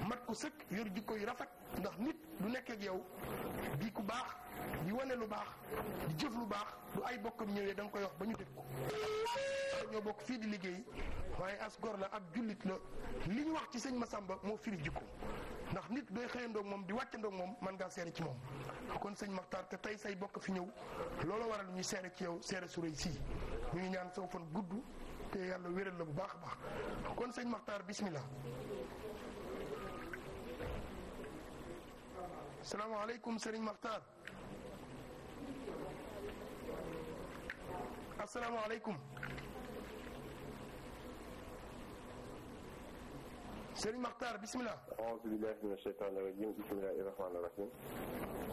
mat ko sëkk yor yu rafet ndax nit du nekk ak yow di ku baax. di wane lu baax di jëf lu baax du ay bokkam ñëwee da nga koy wax ba ñu dégg ko ñoo bokk fii di liggéey waaye as gor la ab jullit la li ñu wax ci sëñ Massamba moo firi jikko ndax nit doy xëyandoog moom di wàccandoog moom man ngaa seere ci moom kon sëñ Maxtaar te tey say bokk fi ñëw loolu waral ñu seere ci yow seere su rëy sii ñu ngi ñaan saw fan gudd te yàlla wéral la bu baax a baax kon sëñ Maxtaar bismillah salaamaaleykum sëriñ Maxtaar asalaamaaleykum Sëriñ Maxtaar bisimilah. aouzu billahi min asheytaani rajim bismillahi rahmaani rahim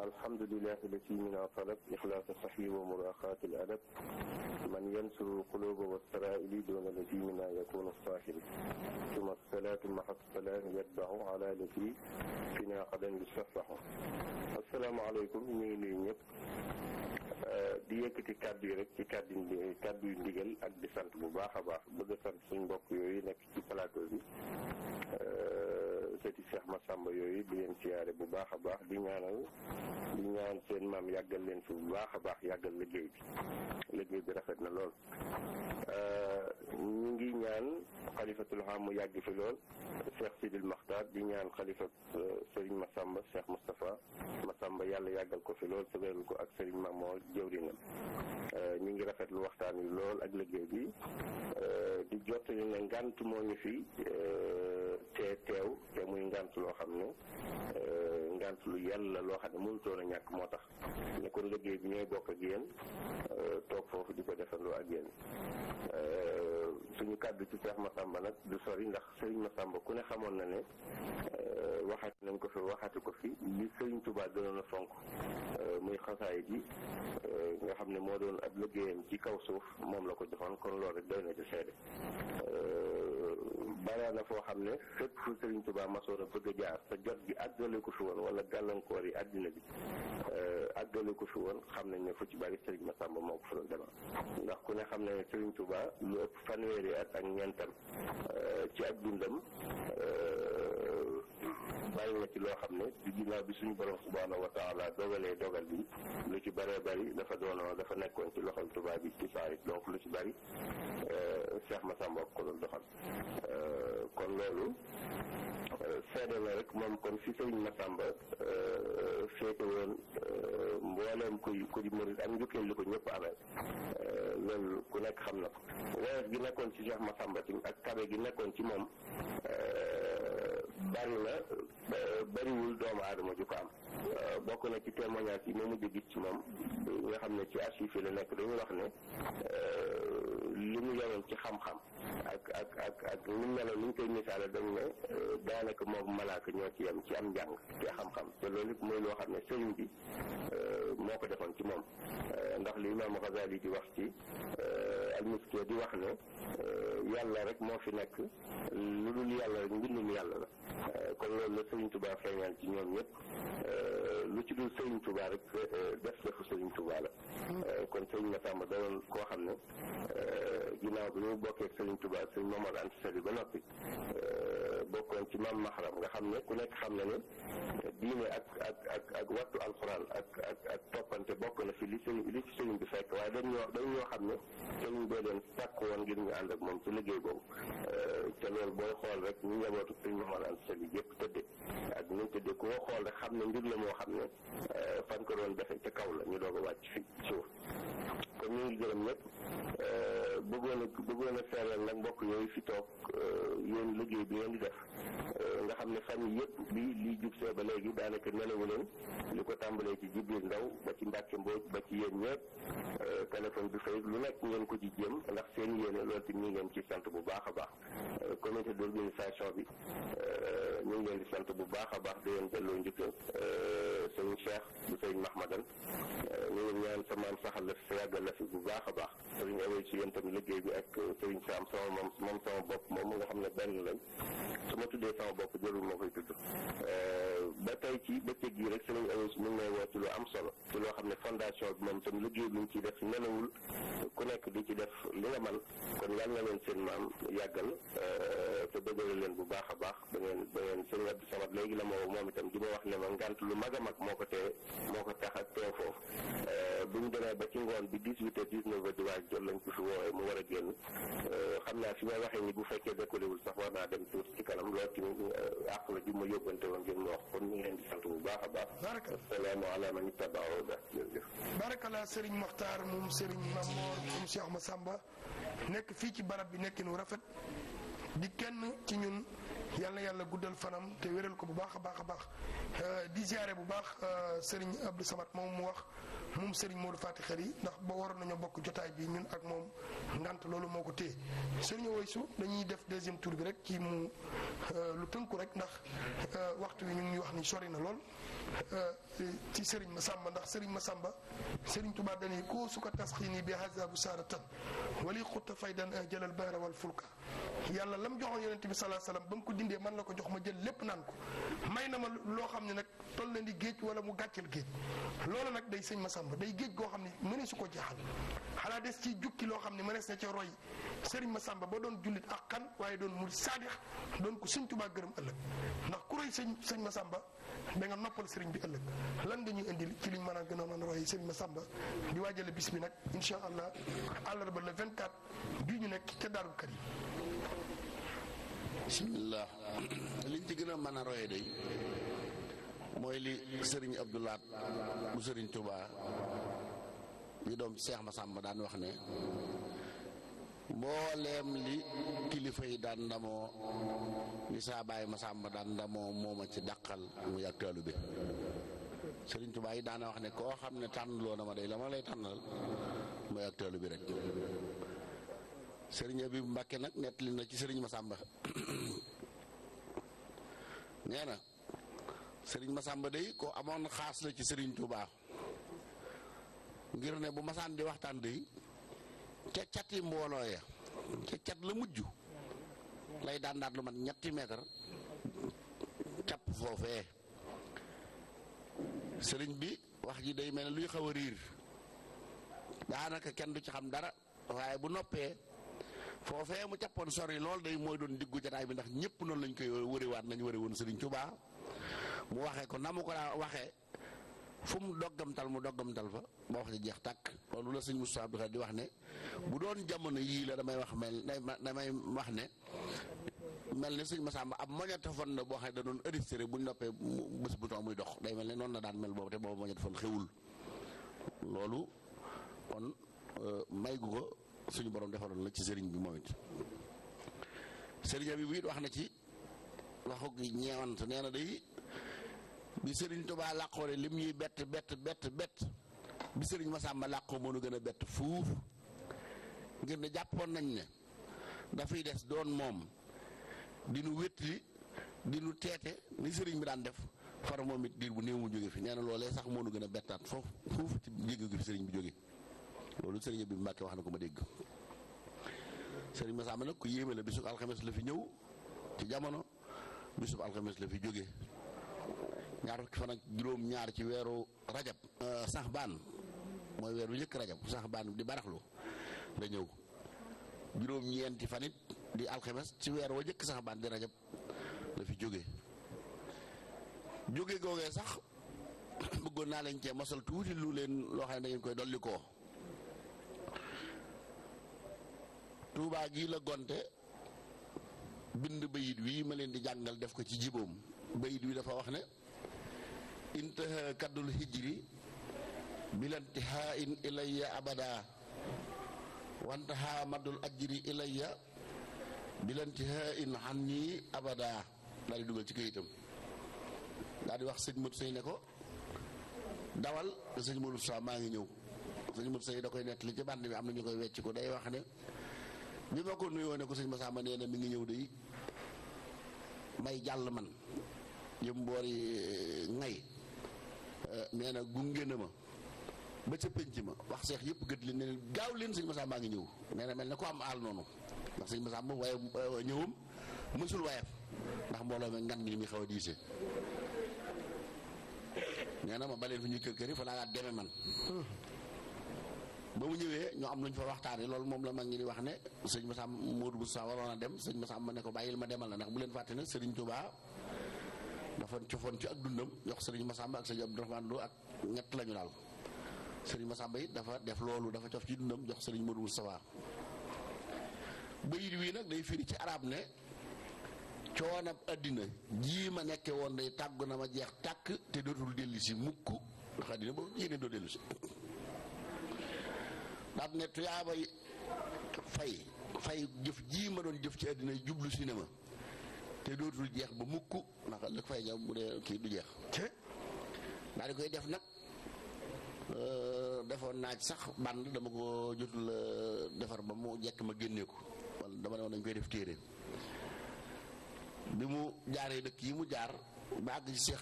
alhamdulilahi lati min atalab ixlaas saxi wa muraqaat al adab man yansuru lquluba wasaraili doona lati mina yakunu saaxiri suma salaatu maxa salaam yatbaxu ala lati fina qadan yusafaxu asalaamaaleykum ñu ngi nuyu ñëpp Euh, di yëkkati kàddu yi rek ci kàddu yi kàddu ndigal ak di sant bu baax a baax bëgg a sant suñ mbokk yooyu nekk ci plateau bi euh, sëti Cheikh Massamba yooyu di leen siyaare bu baax a baax di ñaanal di ñaan seen maam yàggal leen fi bu baax a baax yàggal liggéey bi liggéey bi rafet na lool euh, ñu ngi ñaan xalifatul xam mu yàgg fi lool Cheikh Sidil Maxtaar di ñaan xalifat Serigne Massamba Cheikh Moustapha Massamba yàlla yàggal ko fi lool sëgëral ko ak sëriñ Mamor jëwrinam euh, ñu ngi rafetlu waxtaan wi lool ak liggéey bi euh, di jot ñu ne ngant moo ñu fi euh, te teew te muy ngant loo xam ne ngant lu yàlla loo xam ne mënutoon a ñàkk moo tax ne kon liggéey bi ñooy bokk ak yéen toog foofu di ko defandoo ak yéen suñu kàddu ci Seex Masamba nag du sori ndax sëriñ Masamba ku ne xamoon na ne waxaat nañ ko fi waxaati ko fi li Sëriñ Tuubaa gënoon a fonk euh, muy xasaay ji euh, nga xam ne moo doon ab liggéeyam ci kaw suuf moom la ko joxoon kon loolu rek doy na ci seede euh, bare na foo xam ne fépp fu Sëriñ Tuubaa masoon bëgg jaar te jot gi àggale ko fi woon wala gàllankoor yi àddina bi àggale ko fi xam nañ ne fu ci bari Sëriñ Masamba moo ko fa doon ndax ku ne xam ne Sëriñ Tuubaa lu ëpp fanweeri at ak ñeentam ci ak dundam bàyyi nga ci loo xam ne ci ginnaaw bi suñu borom subhaanahu wa taala dogalee dogal bi lu ci bëree bëri dafa doono dafa nekkoon ci loxol tubaab bi ci Paris donc lu ci bëri euh, Cheikh Massamba ko doon doxal euh, kon loolu euh, seede na rek moom kon fi sëriñ Massamba féete woon ko ñëpp amee ku nekk xam na nekkoon ci Cheikh Massamba ak kabe gi nekkoon ci moom bari na euh, bariwul doomu aadama ju ko am euh, bokk na ci témoignage yi ma mujj gis ci moom nga xam ne ci archive la nekk dañuy wax ne euh, li mu yoroon ci xam-xam ak ak ak ak ni mu meloon ni ñu koy misaale dañ ne daanaka moom malaaka ñoo ci yem ci am njàng te xam-xam te loolu it mooy loo xam ne sëriñ bi moo ko defoon ci moom ndax li imaam Ghazali di wax ci almiskiya di wax ne euh, yàlla rek moo fi nekk lu dul yàlla rek mbindum yàlla la euh, kon loolu la Sëriñ Tuubaa feeñal ci ñoom ñëpp euh, lu ci dul Sëriñ Tuubaa rek def defu Sëriñ Tuubaa la kon Sëriñ Massamba danoon koo xam ne ginnaaw bi ñu bokkee Sëriñ Tuubaa Sëriñ Mamadou Anta Sali ba noppi bokkoon ci maam maxaram nga xam ne ku nekk xam na ne diine ak ak ak ak wattu alxuraan ak ak ak toppante bokk na fi li sëñ li ci sëñ bi fekk waaye dañ ñoo dañ xam ne sëñ boo leen sàkk woon ngir ñu ànd liggéey boobu euh, te loolu booy xool rek ñu njabootu sëñ Mamadou Anta Sall yëpp tëdde ak ñu tëdde ku ko xool rek xam ne mbir la moo xam ne euh, fan ko doon defee ca kaw la ñu doog a wàcc fi suuf kon ñu ngi gërëm ñëpp euh, bëggoon a bëggoon a seeral nag mbokk yooyu fi toog yéen liggéey bi ngeen di def euh, nga xam ne fan yi yëpp bi lii jub see ba léegi daanaka nelawu li ko tàmbalee ci Jibril Ndaw ba ci Mbàkke Mbooj ba ci yéen ñëpp euh, téléphone bi fay lu nekk ngeen ko ci jéem ndax seen yéene loolu tamit ñu ngi leen ci sant bu baax a baax euh, comité d'organisation bi ñu ngi leen di sant bu baax a baax di leen delloo njukkal sëñ Cheikh bu sëñ Mahmadan ñu ngi ñaan samaan saxal la fi sa yàggal la fi bu baax a baax sëriñ awee ci yéen tam liggéey bi ak sëriñ Sam sama moom moom sama bopp moom nga xam ne benn lañ su ma tuddee sama bopp jarul ma koy tudd euh, ba tey ci bëccëg yi rek sëriñ Amis mu ngi lay woo ci am solo ci loo xam ne fondation bi moom itam liggéey ñu ciy def nelawul ku nekk di ci def li nga kon yàlla na leen seen maam yàggal euh, te dëgëral leen bu baax a baax ba ba ngeen sëriñ Abdou léegi la ma woo moom itam di wax ne ma ngant lu mag a mag moo ko tee moo ko tax ak teew foofu euh, bu ñu demee ba ci ngoon bi dix-huit heures dix-neuf heures waaj jot lañ ko fi woowee mu war a génn xam naa fi may waxee ni bu fekkee dëkkalewul sax war naa dem tuuti ci kanam loolu tamit àq la juma yóbbante woon ma wax bu baax a baax. assalaamu alaa man ittabaa hudaa jërëjëf. barakallah Serigne Mokhtar moom Serigne nekk fii ci barab bi nekkin wu rafet di kenn ci ñun. yàlla yàlla guddal fanam te wéral ko bu baax a baax a baax euh, di ziare bu baax euh, Serigne Abdou Samad moom mu wax moom Serigne faati Faty yi ndax ba waroon nañoo bokk jotaay bi ñun ak moom ngant loolu moo ko téye Serigne Woysu dañuy def deuxième tour bi rek ci mu euh, lu tënku rek ndax euh, waxtu wi ñu ngi wax ni sori na lool euh, ci ma Massamba ndax sëriñ ma Massamba sëriñ Touba dañuy ko su ko tas xii nii bi hasabu saara tan wali xutta faydan jëlal bahra wal fulka yàlla lam joxoon yonente bi salaa salaam ba mu ko dindee man la ko jox ma jël lépp naan ko may na ma loo xam ne nag toll na ni géej wala mu gàcceel géej loolu nag day sëñ ma Massamba day géej goo xam ne mënees su ko jeexal xalaa des ci jukki loo xam ne mënees na ca roy sëriñ ma Massamba ba doon jullit ak kan waaye doon mu saadix doon ko sëñ Tuubaa gërëm ëllëg ndax ku roy sëñ sëñ Massamba da nga noppal sëriñ bi ëllëg lan nga indi ci liñ mën a gën a mën a roy sëriñ Massamba di waajale bis bi nag incha allah àllarba le 24 bii ñu nekk ca Daaru Karim bismillah liñ ci gën a mën a roye day mooy li sëriñ Abdoulaat mu sëriñ Touba bi doom Seex Masàmba daan wax ne mbooleem li kilifa yi daan ndamoo li saa baay Masàmba daan ndamoo mooma ci dàqal mu ak taalu bi sëriñ Touba yi daana wax ne koo xam ne tànn loo na ma day la ma lay tànnal mooy ak taalu bi rek sëriñ Abibu Mbàkke nag nettali na ci sëriñ Masàmba *coughs* nee na sëriñ Masamba day ko amoon xaas la ci sëriñ Touba ngir ne bu masaan di waxtaan day ca cat yi mbooloo ya ca cat la mujj lay daan daat lu man ñetti mètre capp foofee sëriñ bi wax ji day mel ne luy xaw a riir daanaka kenn du ci xam dara waaye bu noppee foofee mu cappoon sori lool day mooy doon diggu jataay bi ndax ñëpp noonu lañ koy wëriwaat nañ wëri woon sëriñ Touba mu waxee ko na mu ko daa waxee fu mu doggamtal mu doggamtal fa ba wax ci jeex takk loolu la suñ Moustapha Abdou Khadre di wax ne bu doon jamono yii la damay wax mel damay wax ne mel ne sëñ Massamba ab magnétophone la boo xam ne da doon bu ñu noppee bés bu muy dox day mel ne noon na daan mel boobu te boobu magnétophone xewul loolu kon euh, may borom defaloon la ci sëriñ bi moom it sëriñ it wax na ci waxu ñeewant nee na day bi sëriñ tubaa làqoo ne lim ñuy bett bett bett bett bi sëriñ Masamba làqoo mënu gën a bett fuuf ngir ne jàppoon nañ ne dafay des doon moom dinu nu wétli di nu teete ni sëriñ bi daan def far moom it diir bu néew mu jóge fi nee na loolee sax mënu gën a bettaat foofu fuuf ci jéggi gi fi sëriñ bi jóge loolu sëriñ bi Mbàkke wax na ko ma dégg sëriñ Masamba nag ku yéeme la bisub alxames la fi ñëw ci jamono bisub alxames la fi jóge ñaar fukki fan juróom-ñaar ci weeru rajab euh, sax baan mooy weer bu njëkk rajab sax baan di baraxlu la ñëw juróom-ñeenti fan di alxemes ci weer wa njëkk sax baan di rajab la jóge jóge googee sax *coughs* bëggoon naa leen cee mosal tuuti lu leen loo xam ne da koy dolli koo tuubaa gii la gonte bind bayit wii ma leen di jàngal def ko ci jiboom bayit wi dafa wax ne intaha kaddul hijri bilantihaa in ilayya abada wantaha maddul ajri ilayya bilantihaa in anni abada daal di dugal ci këyitam daal di wax sëñ Modou Seye ne ko dawal sëñ Modou Sa maa ngi ñëw sëñ Modou Seye da koy nettali ci bànd bi am na ñu koy wecc ko day wax ne bi ma ko nuyoo ne ko sëñ Massamba nee mi ngi ñëw day may jàll man jëm boori eh, ngay nee na gunge na ma ba ca penc ma wax seex yëpp gët leen ne gaaw leen sëñ Massa maa ngi ñëw nee na mel na ko am aal noonu ndax sëñ Massa moom waaye euh, ñëwam mësul waayaf ndax mbooloo ma ngan mi ni muy xaw a diise nee na ma baleen fu ñuy kër kër yi fa laa deme man ba mu ñëwee ñu am lu ñu fa waxtaanee loolu moom la ma ngi di wax ne sëñ Massa Modou Boussa waroon a dem sëñ Massa ma ne ko bàyyil ma demal la ndax bu leen fàtte ne Serigne Touba dafa cofoon ci ak dundam jox sëriñ ak sëriñ Abdou Rahman ak ñett lañu daal sëriñ Masamba it dafa def loolu dafa cof ci dundam jox sëriñ Modou Moustapha wii nag day firi ci arab ne coonab àddina jii ma nekke woon day tàggu na ma jeex tàkk te dootul dellu si mukk dellu si daat ne fay fay jëf jii ma doon jëf ci àddina jublu cinéma te dootul jeex ba mukk ndax la fay ñëw bu dee kii du jeex daal di koy def nag euh, defoon naaj sax bànd dama ko jotul euh, defar ba mu ma génnee ko dama dañ koy def téere bi mu jaaree dëkk yi mu jaar ba àgg ci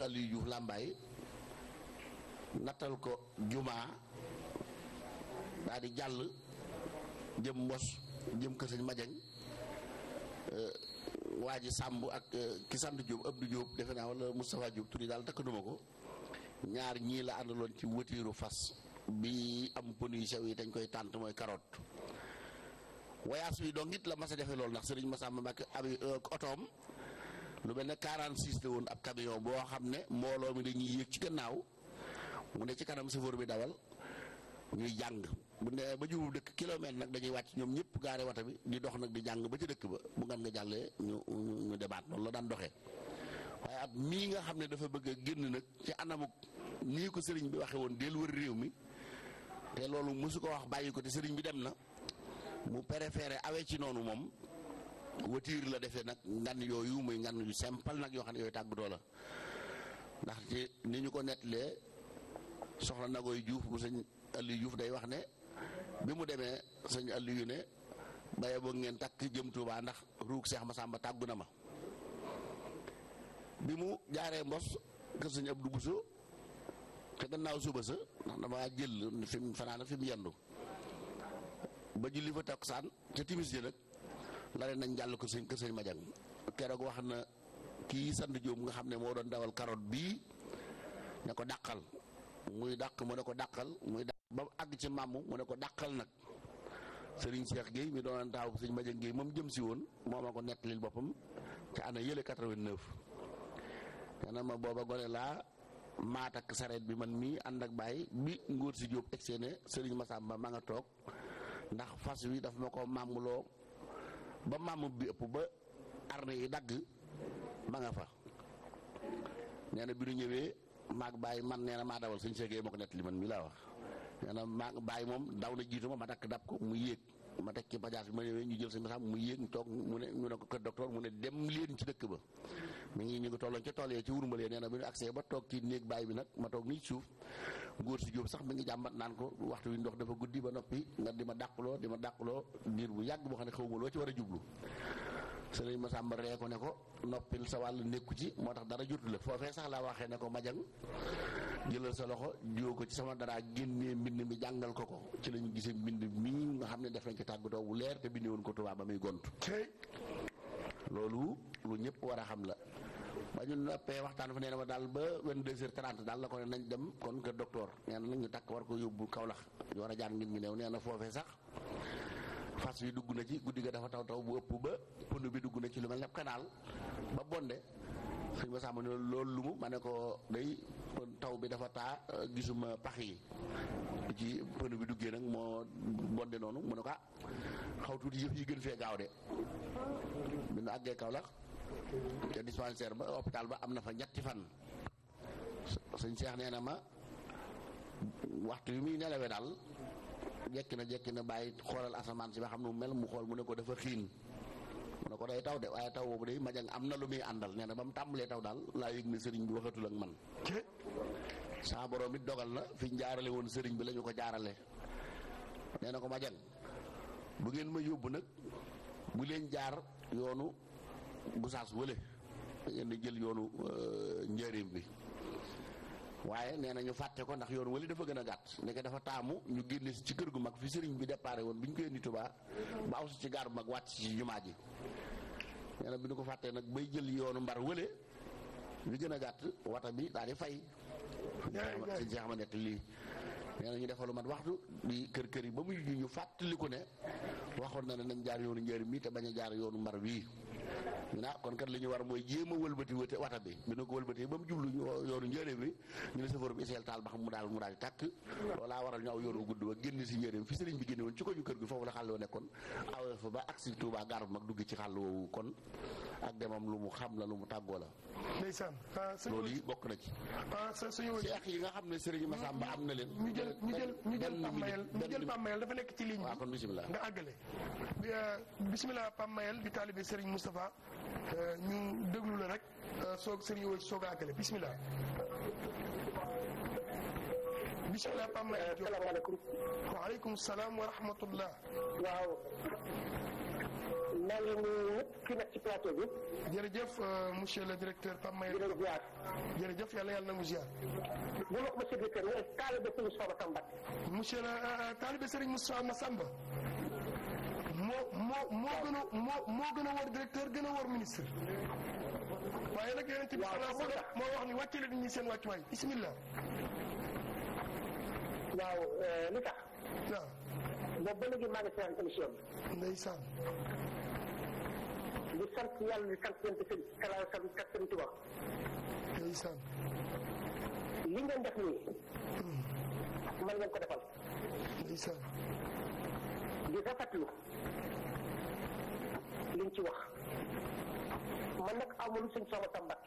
ko jumaa daal jàll jëm mbos jëm kër sëñ euh, waa ji sàmb ak euh, ki sant Diop Abdou Diop defe naa wala Moustapha Diop tur yi daal takk duma ko ñaar ñii la àndaloon ci wëtiiru fas bi am pënu sew yi dañ koy tànt mooy carotte voyage bi donc it la mas a defee loolu ndax Serigne Massamba Mbacké ab euh, otoom lu mel ne 46 la woon ab camion boo xam ne mbooloo mi dañuy yéeg ci gannaaw mu ne ci kanam chauffeur bi dawal ñuy jàng bu ndee ba jubub dëkk kilomètre nag dañuy wàcc ñoom ñëpp gaare wata bi di dox nag di jàng ba ci dëkk ba bu ngan nga jàllee ñu ñu débaat loolu la daan doxe waaye at mii nga xam ne dafa bëgg a génn nag ci anamuk nii ko sëriñ bi waxe woon del wër réew mi te loolu musu ko wax bàyyi ko te sëriñ bi dem na mu préféré awe ci noonu moom watiir la defee nag ngan yooyu muy ngan yu simple nag yoo xam ne yooyu tàggatoo la ndaxte ni ñu ko nettalee soxna Nagoy Diouf bu sëñ Aliou wax ne bi mu demee sëñ Aliou ne baye boog ngeen takk jëm Touba ndax ruug Seex Masamba tàggu na ma bi mu jaaree mbos kër sëñ Abdou Bousso te gannaaw suba sa ndax dama jël fi mu fanaana fi yendu ba julli fa takkusaan te timis ji la ne nañ jàll ko sëñ kër sëñ Madiang keroog wax na kii sant Jóob nga xam ne moo doon dawal carotte bii ne ko dàqal muy dàq mu ne ko dàqal muy ba àgg ci màmm mu ne ko dàqal nag sëriñ Cheikh Gueye mi doon taawu sëñ Madiène Gueye moom jëm si woon moo ma ko nettalil boppam ca ana yële 89. dana ma booba gone laa maat ak sareet bi man mii ànd ak bàyyi bi ngóor si Diop egsee ne sëriñ Massamba ma nga toog ndax fas wi daf ma ko màmmuloo ba màmm bi ëpp ba arne yi dagg ma nga fa nee bi ñu ñëwee maag bàyyi man nee na maa dawal sëñ Cheikh Gueye moo ko nettali man mii laa wax. nee na maa bàyyi moom daw na jiitu ma ma takk dab ko mu yéeg ma teg ci bi ma ñëwee ñu jël sa misaam mu yéeg toog mu ne ñu ne ko kër docteur mu ne dem leen ci dëkk ba mu ngi ñu ngi tolloon ca tool yee ci wurmbalee nee na bi ñu accès ba toog ci néeg baay bi nag ma toog nii suuf góor si sax mi ngi jàmbat naan ko waxtu wi ndox dafa guddi ba noppi nga di ma dàqloo di ma dàqloo diir bu yàgg boo xam ne xaw ma loo ci war a jublu sëriñ Masamba ree ko ne ko noppil sa wàll nekku ci moo tax dara jurtu la foofee sax la waxee ne ko majang jëlal sa loxo jóo ko ci sama dara génnee mbind mi jàngal ko ko ci lañu gisee mbind mii nga xam ne def nañ ci tàggatoo bu leer te bindee woon ko tubaab ba muy gont loolu lu ñëpp war a xam la ba ñu noppee waxtaan fa nee na ma daal ba 22h30 daal la ko ne nañ dem kon kër docteur nee na ñu takk war ko yóbbu Kaolack ñu war a jaan ngir mi néew nee na foofee sax fas yi dugg na ci guddi ga dafa taw taw bu ëpp ba pënd bi dugg na ci lu ma ne kanaal ba bonde sëñ ma sàmm ne loolu lu mu ma ne ko day taw bi dafa taa euh, gisuma pax yi ci pënd bi duggee nag moo bonde noonu mu ne ko ah xaw tuuti yëf yi gën fee gaaw de bi nu àggee Kaolack te dispensaire ba hôpital ba am na fa ñetti fan sëñ Seex nee na ma waxtu wi muy nelawee daal jekki na jekki na bàyyi xoolal asamaan si ba xam nu mel mu xool mu ne ko dafa xiin mu ne ko day taw de waaye taw boobu day majang am na lu muy àndal nee na ba mu tàmbalee taw daal laa yëg ne sëriñ bi waxatul ak man dogal na fi ñu woon sëriñ bi la ko jaarale nee na ko majang bu ngeen ma yóbbu nag bu leen jaar yoonu bu saas wële da ngeen di jël yoonu euh, njëriñ bi waaye nee na ñu fàtte ko ndax yoon wali dafa gën a gàtt ndeke dafa taamu ñu génne ci kër gu mag fi sëriñ bi déparé woon bi ñu koy indi Tuubaa ba aw si ci gaar bu mag wàcc ci jumaa ji nee bi ñu ko fàttee nag bay jël yoonu mbar wële bi gën a gàtt wata bi daal di fay sëñ Seex ma nett lii nee na ñu defal lu mat waxtu di kër kër yi ba muy ñu fàttaliku ne waxoon na ne nañ jaar yoonu njëriñ mi te bañ a jaar yoonu mbar wii ñu ne ah kon kat li war mooy jéem a wëlbati wate wata bi bi na ko wëlbati ba mu jublu ñu yoonu njëriñ bi ñu la xàll woo nekkoon la lu mu tàggoo la ndeysaan ah, yi na ci ah, seex yi nga xam ne sëriñ Masamba am na leen ñu jël ñu jël ñu jël Pape Mayel ñu jël Pape Mayel dafa nekk ci ligne bi waaw kon bisimilah nga àggale euh, bisimilah Pape di taalibe sëriñ Moustapha Moustapha euh, ñu déglu la rek euh, soog sëriñ woo ci soog a àggale bismillah bismillah Pape Mahi Diop salaamaaleykum waaleykum salaam wa rahmatullah waaw maa ngi nuyu ñëpp ki nekk ci plateau bi jërëjëf euh, monsieur le directeur Pape Mahi Diop jërëjëf yàlla yàlla na mu ziar bu wax monsieur directeur taalibe sëriñ Samba Tamba monsieur la taalibe sëriñ Moussa Massamba moo moo moo gën a moo moo gën a war directeur gën a war ministre waaye nag yonent bi sallallahu alayhi wa sallam moo wax ni wàcce leen ñi seen wàccuwaay bismillah waaw euh, li tax waaw boobu ba léegi maa ngi seetaan émission bi ndeysaan di sant yàlla di sant yéen seen kalaaw sam kat seen tuba ndeysaan li ngeen def nii man hmm. ngeen ko defal ndeysaan di rafetlu liñ ci wax man nag amul suñ sooma tambat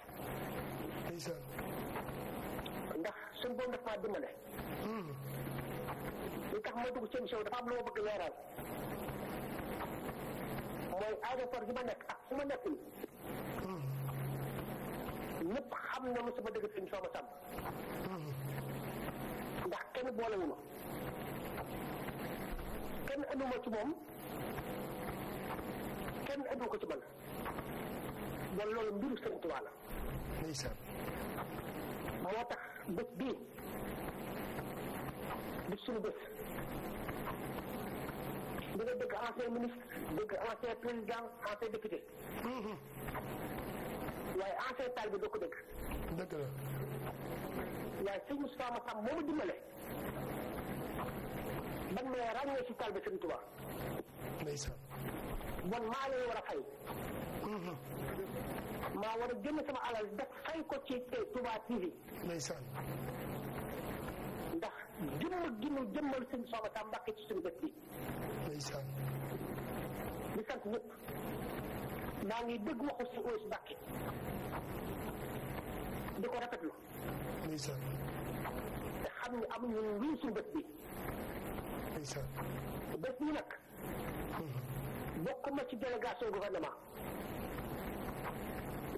ndax suñ boobu daf maa dimbale hmm. li tax ma dugg seen show dafa am lu ma bëgg leeral mooy aéroport ma nekk ak fu ma nekkul hmm. ñëpp xam na ma sama dëgg sëñ sooma sàmm ndax kenn boolewuma kenn ëndu ma ci kenn ëndu ko ci man loolu mbiru Sëriñ Tuubaa la. ndeysaan. moo tax bés bii di suñu bés di nga dëkk ancien ministre dëkk ancien président ancien député. waaye mhm. ancien taal bi doo ko dëkk. dëgg la. waaye sëñ Moustapha Massam moo dañ may ràññee ci talbe Sëriñ Tuubaa. ndeysaan. man maa lay war a fay. Mm-hmm. maa war a génn sama alal def fay ko ci Touba TV. ndeysaan. ndax jëmm gi mu jëmmal sëñ Sooba Sam Mbàkke ci suñu bët bi. ndeysaan. di sant ñëpp. maa ngi dégg waxu si Ousseyn Mbàkke. di ko rafetlu. ndeysaan. te xam ne amuñu luñ suñu bët bi. bët mu nag bokk ma ci délégation gouvernement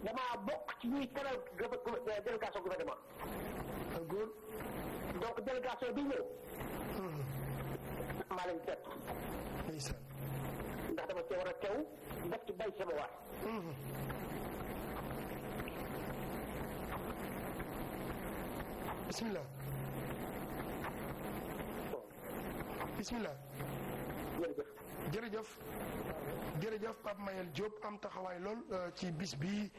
damaa bokk ci ñuy teral euh, délégation gouvernement donc délégation bi ñëw maa ndax dama cee war a teew def bay sama mhm. bismillah bismillah jërëjëf jërëjëf jërëjëf Pape Mayel am taxawaay lool euh, ci bis bi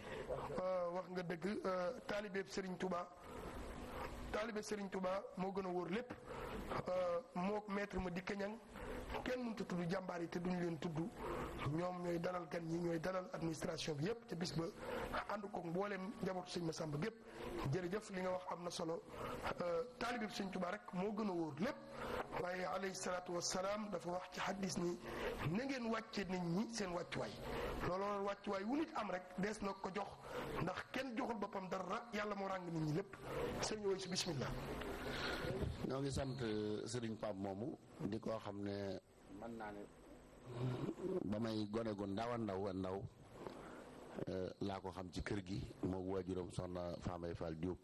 euh, wax nga dëgg euh, taalibeeb Serigne Touba taalibeeb Serigne Touba moo gën a wóor lépp moo maître ma di keñang kenn mënut a tudd jàmbaar yi te duñu leen tudd ñoom ñooy dalal gan yi ñooy dalal administration bi yëpp ca bis ba ànd koog mbooleem njabootu sëñ Massamba gépp jërëjëf li nga wax am na solo euh, taalibe bi sëñ Tuubaa rek moo gën a wóor lépp waaye alayhi salaatu wassalaam dafa wax ci xaddis ni na ngeen wàcce nit ñi seen wàccuwaay looloo wàccuwaay wu nit am rek dees na ko jox ndax kenn joxul boppam dara yàlla moo ràng nit ñi lépp sëñ Oys bismillah ñoo ngi sant euh, Serigne Pape moomu di ko xam ne mën naa ne ba may gone gu ndaw a ndaw a ndaw eh, laa ko xam ci kër gi moo waajuram soxna Famay Fall Diop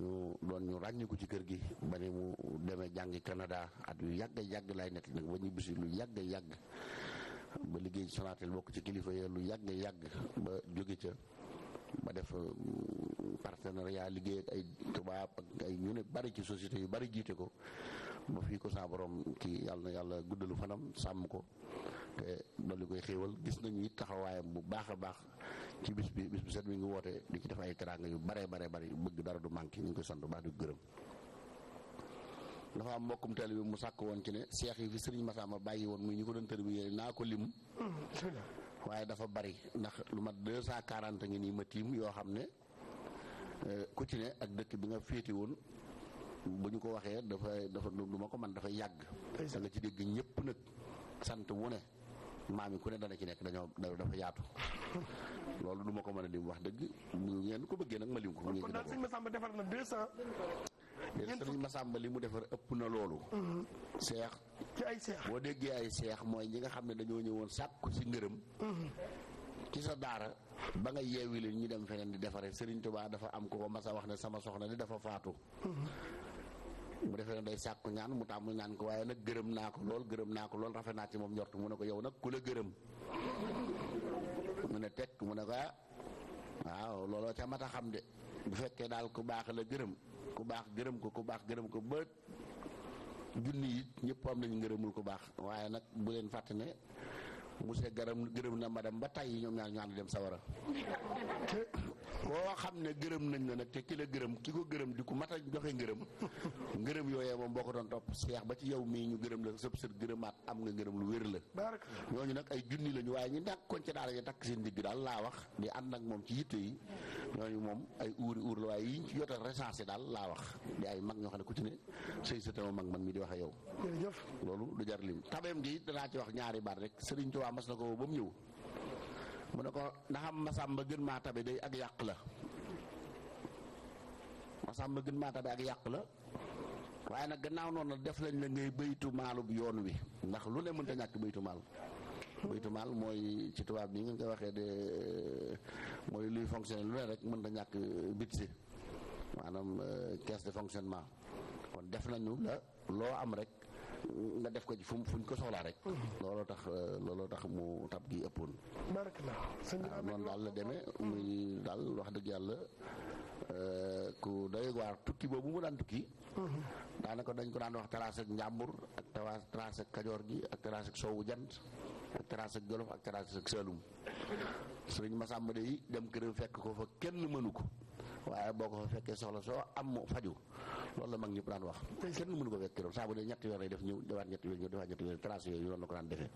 ñu doon ñu ràññiku ci kër gi ba ni mu demee jàngi Canada at yu yàgg yàgg laay nekk nag ba ñibbisi lu yàgg yàgg ba liggéey Sonatel bokk ci kilifa ya lu yàgg yàgg ba jóge ca ba def mm, partenariat liggéey ak ay tubaab ak ay ñu ne bari ci société yu bari jiite ko ba fii ko saa borom kii yàlla na yàlla guddalu fanam sàmm ko te dolli koy xéewal gis nañu it taxawaayam bu baax a baax ci bis bi bis bi set mi ngi woote di ki def ay teraanga yu bare bare bare bëgg dara du manqué ñu ngi koy sant bu baax dafa am mbokkum teel bi mu sàkk woon ci ne seex yi fi sëriñ Massamba bàyyi woon muy ñu ko doon tër bi yooyu naa ko lim mm-hmm. waaye dafa bari ndax lu mat deux cent quarante ngi nii ma tiim yoo xam ne euh, ku ci ne ak dëkk bi nga féete woon bu ñu ko waxee dafay dafa du ma ko man dafa yàgg da nga ci dégg ñëpp nag sant wu ne maam yi ku ne dana ci nekk dañoo dafa yaatu *laughs* loolu du ma ko mën a lim wax dëgg mu ko bëggee nag ma lim ko mu ngeen sëñ Massamba defar na deux cent sëñ Massamba li mu defar ëpp na loolu mm-hmm. seex boo déggee ay mooy ñi nga xam ne dañoo ñëwoon sàkku si ngërëm mm-hmm. ci sa daara ba nga yeewi leen ñu dem feneen di defaree Serigne Touba dafa am ko ko mas a wax ne sama soxna ni dafa faatu mm-hmm. bu defee na day sàkku ñaan mu tàmmul ñaan ko waaye nag gërëm naa ko lool gërëm naa ko lool rafet naa ci moom njort mu ne ko yow nag ku la gërëm mu ne teg mu ne ko ah, waaw looloo ca mat xam de bu fekkee daal ku baax la gërëm ku baax gërëm ko ku baax gërëm ko bët junni yi ñëpp am nañ gërëmul ku baax waaye nag bu leen fàtte ne monsieur garam gërëm na madame ba tey ñoom ñaar ñu ànd dem sawara koo xam ne gërëm nañ la nag te ki gërëm ki ko gërëm di ku mat a joxe ngërëm *laughs* ngërëm yooyee moom boo ko doon topp seex ba ci yow mii ñu gërëm la sëb sër gërëmaat am nga ngërëm lu wér la ñooñu nag ay junni lañu waaye ñu nekkoon ci daara yi takk seen digg daal laa wax di ànd ak moom ci yitte yi ñooñu moom ay uuri uur la waaye yiñ ci jot a daal laa wax di ay mag ñoo xam ne ku ci ne sëy sa mag mag mi di wax yow loolu du jar lim tabeem gi danaa ci wax ñaari baat rek Sëriñ waa mas na ko ba mu ñëw mu ne ko ndaxam masamba gën maa tabe day ak yàq la masam masamba gën maa tabe ak yàq la waaye na gannaaw noonu def nañ la ngay béytu maalub yoon wi ndax lu ne mënta ñàkk béytu maal béytu maal mooy ci tubaab bi ngeen koy waxee de euh, mooy luy fonctionner lu ne rek na ñàkk budget maanaam euh, caisse de fonctionnement kon def nañu la loo am rek nga def ko ci fu fuñ ko soxlaa rek looloo tax euh, looloo tax mu tab gi ëppoon waaw noonu daal la demee muy daal wax dëgg yàlla euh, ku doy waar tukki boobu mu daan tukki mhm. daanaka dañ ko daan wax terrasse ak njàmbur ak tawa terrasse ak kajoor gi ak terrasse ak soowu jant ak terrasse jolof ak terrasse ak saalum mhm. sëriñ Masamba de yi dem këram fekk ko fa kenn mënu ko waaye boo ko fa fekkee soxla soo am mu faju loolu la mag ñëpp daan wax kenn mënu ko fekk loolu saa bu ne ñetti weer lay def ñëw defaat ñetti weer ñëw defaat ñetti weer trace yooyu noonu la ko daan defee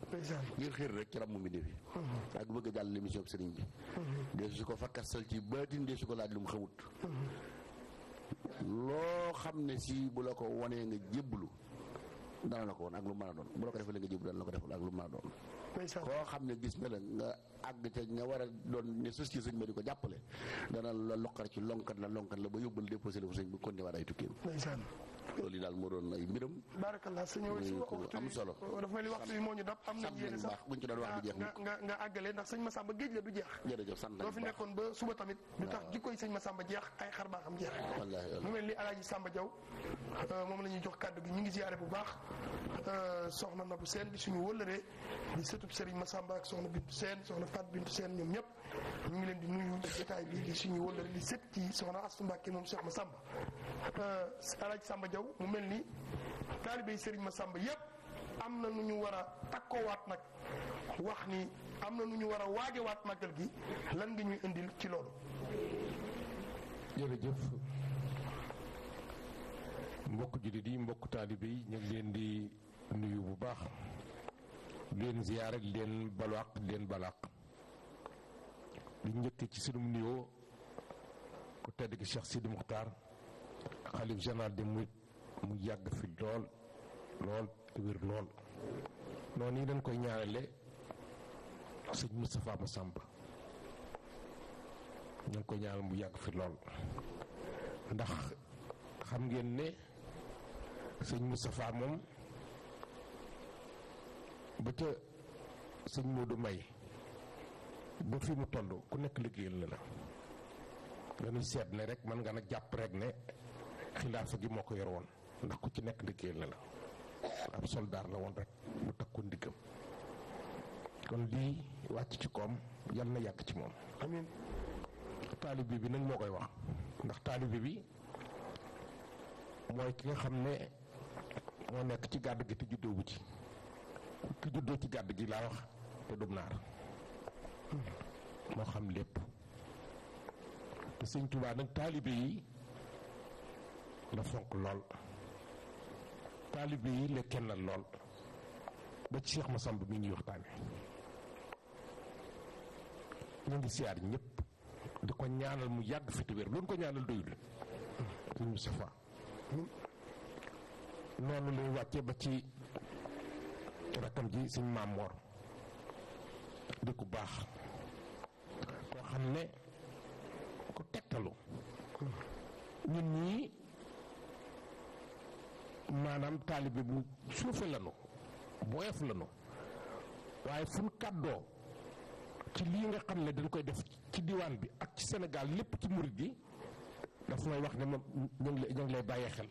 ngir xër rek ci ram mu bindee fi mhm. waaye ku bëgg a jàll l'émission bi sëriñ bi mhm. dee su ko fakkasal ci baatin dee su ko laaj lu mu xamut mhm. loo xam ne si bu la ko wanee nga jébbalu dana la ko woon ak lu mën a doon bu la ko defalee nga jébbalu dana la ko defal ak lu mën a doon koo xam ne gis na la nga àgg ca nga war a doon ne sus ci sëñ ba di ko jàppale dana la loqar ci lonkan la lonkan la ba yóbbal déposé la fa sëñ bi kon ne war ay tukkeem loolu daal moo doon ay mbiram. barakallah sëñ Awee si waxtu solo. dafa mel ni moo ñu dab am nañ yéene sax buñ ci doon nga nga nga àggale ndax sëñ Massamba géej la du jeex. jërëjëf sant nañ doo fi nekkoon ba suba tamit. du tax jikkoy sëñ Massamba jeex ay xar baax am jeex. wallaahi mu mel ni Alaaji Samba jaw euh, moom la ñuy jox kàddu gi ñu ngi ziare bu baax euh, soxna na bu seen di suñu wëllëree di sëtub ma Massamba ak soxna Bintu seen soxna Fat Bintu seen ñoom ñëpp ñu ngi leen di nuyu jotaay bi di suñu wëllëre di sët ci soxna Astu Mbàkke moom Cheikh Massamba euh, alaaj Samba Diaw mu mel ni taalibey Sëriñ ma sàmba yépp am na nu ñu war a takkoowaat nag wax ni am na nu ñu war a waajewaat màggal gi lan nga ñuy indil ci loolu jërëjëf mbokk jullit yi mbokk taalibe yi ñu ngi leen di nuyu bu baax leen ziyaare leen balwaq leen balaq di njëkk ci sunu nuyoo ku tedd ki Cheikh Sidi Muxtaar xalif général di mu mu yàgg fi lool lool te wér lool noonu yi dañ koy ñaanale sëñ Moustapha Massamba ñu ngi koy ñaanal mu yàgg fi lool ndax xam ngeen ne sëñ Moustapha moom ba ca sëñ du May ba fi mu tond ku nekk liggéeyal na la dañuy seet ne rek mën nga ne jàpp rek ne xilaafa gi moo ko yore woon ndax ku ci nekk liggéeyal na la ab soldaar la woon rek mu takku ndiggam kon lii wàcc ci koom yal na yàgg ci moom amiin taalibe bi nag moo koy wax ndax taalibe bi mooy ki nga xam ne moo nekk ci gàdd gi te juddoo wu ci ki juddoo ci gàdd gi laa wax te dum naar moo xam lépp te sëñ Tuubaa nag taalibe yi la fonk lool taalibe yi la kennal lool ba ci Cheikh Massamba mi ñuy waxtaane ñu ngi siyaar ñëpp di ko ñaanal mu yàgg fi te wér loolu ko ñaanal doyul ñu ngi safa noonu lay wàcce ba ci rakkam ji sëñ Maam Moor di ku baax koo xam ne ku tegtalu ñun ñii maanaam taalibe bu suufe lanu bu woyof lanu waaye fu kàddoo ci lii nga xam ne dañ koy def ci diwaan bi ak ci Sénégal lépp ci murit gi daf may wax ne moom ñu ngi lay ñu ngi lay bàyyi xel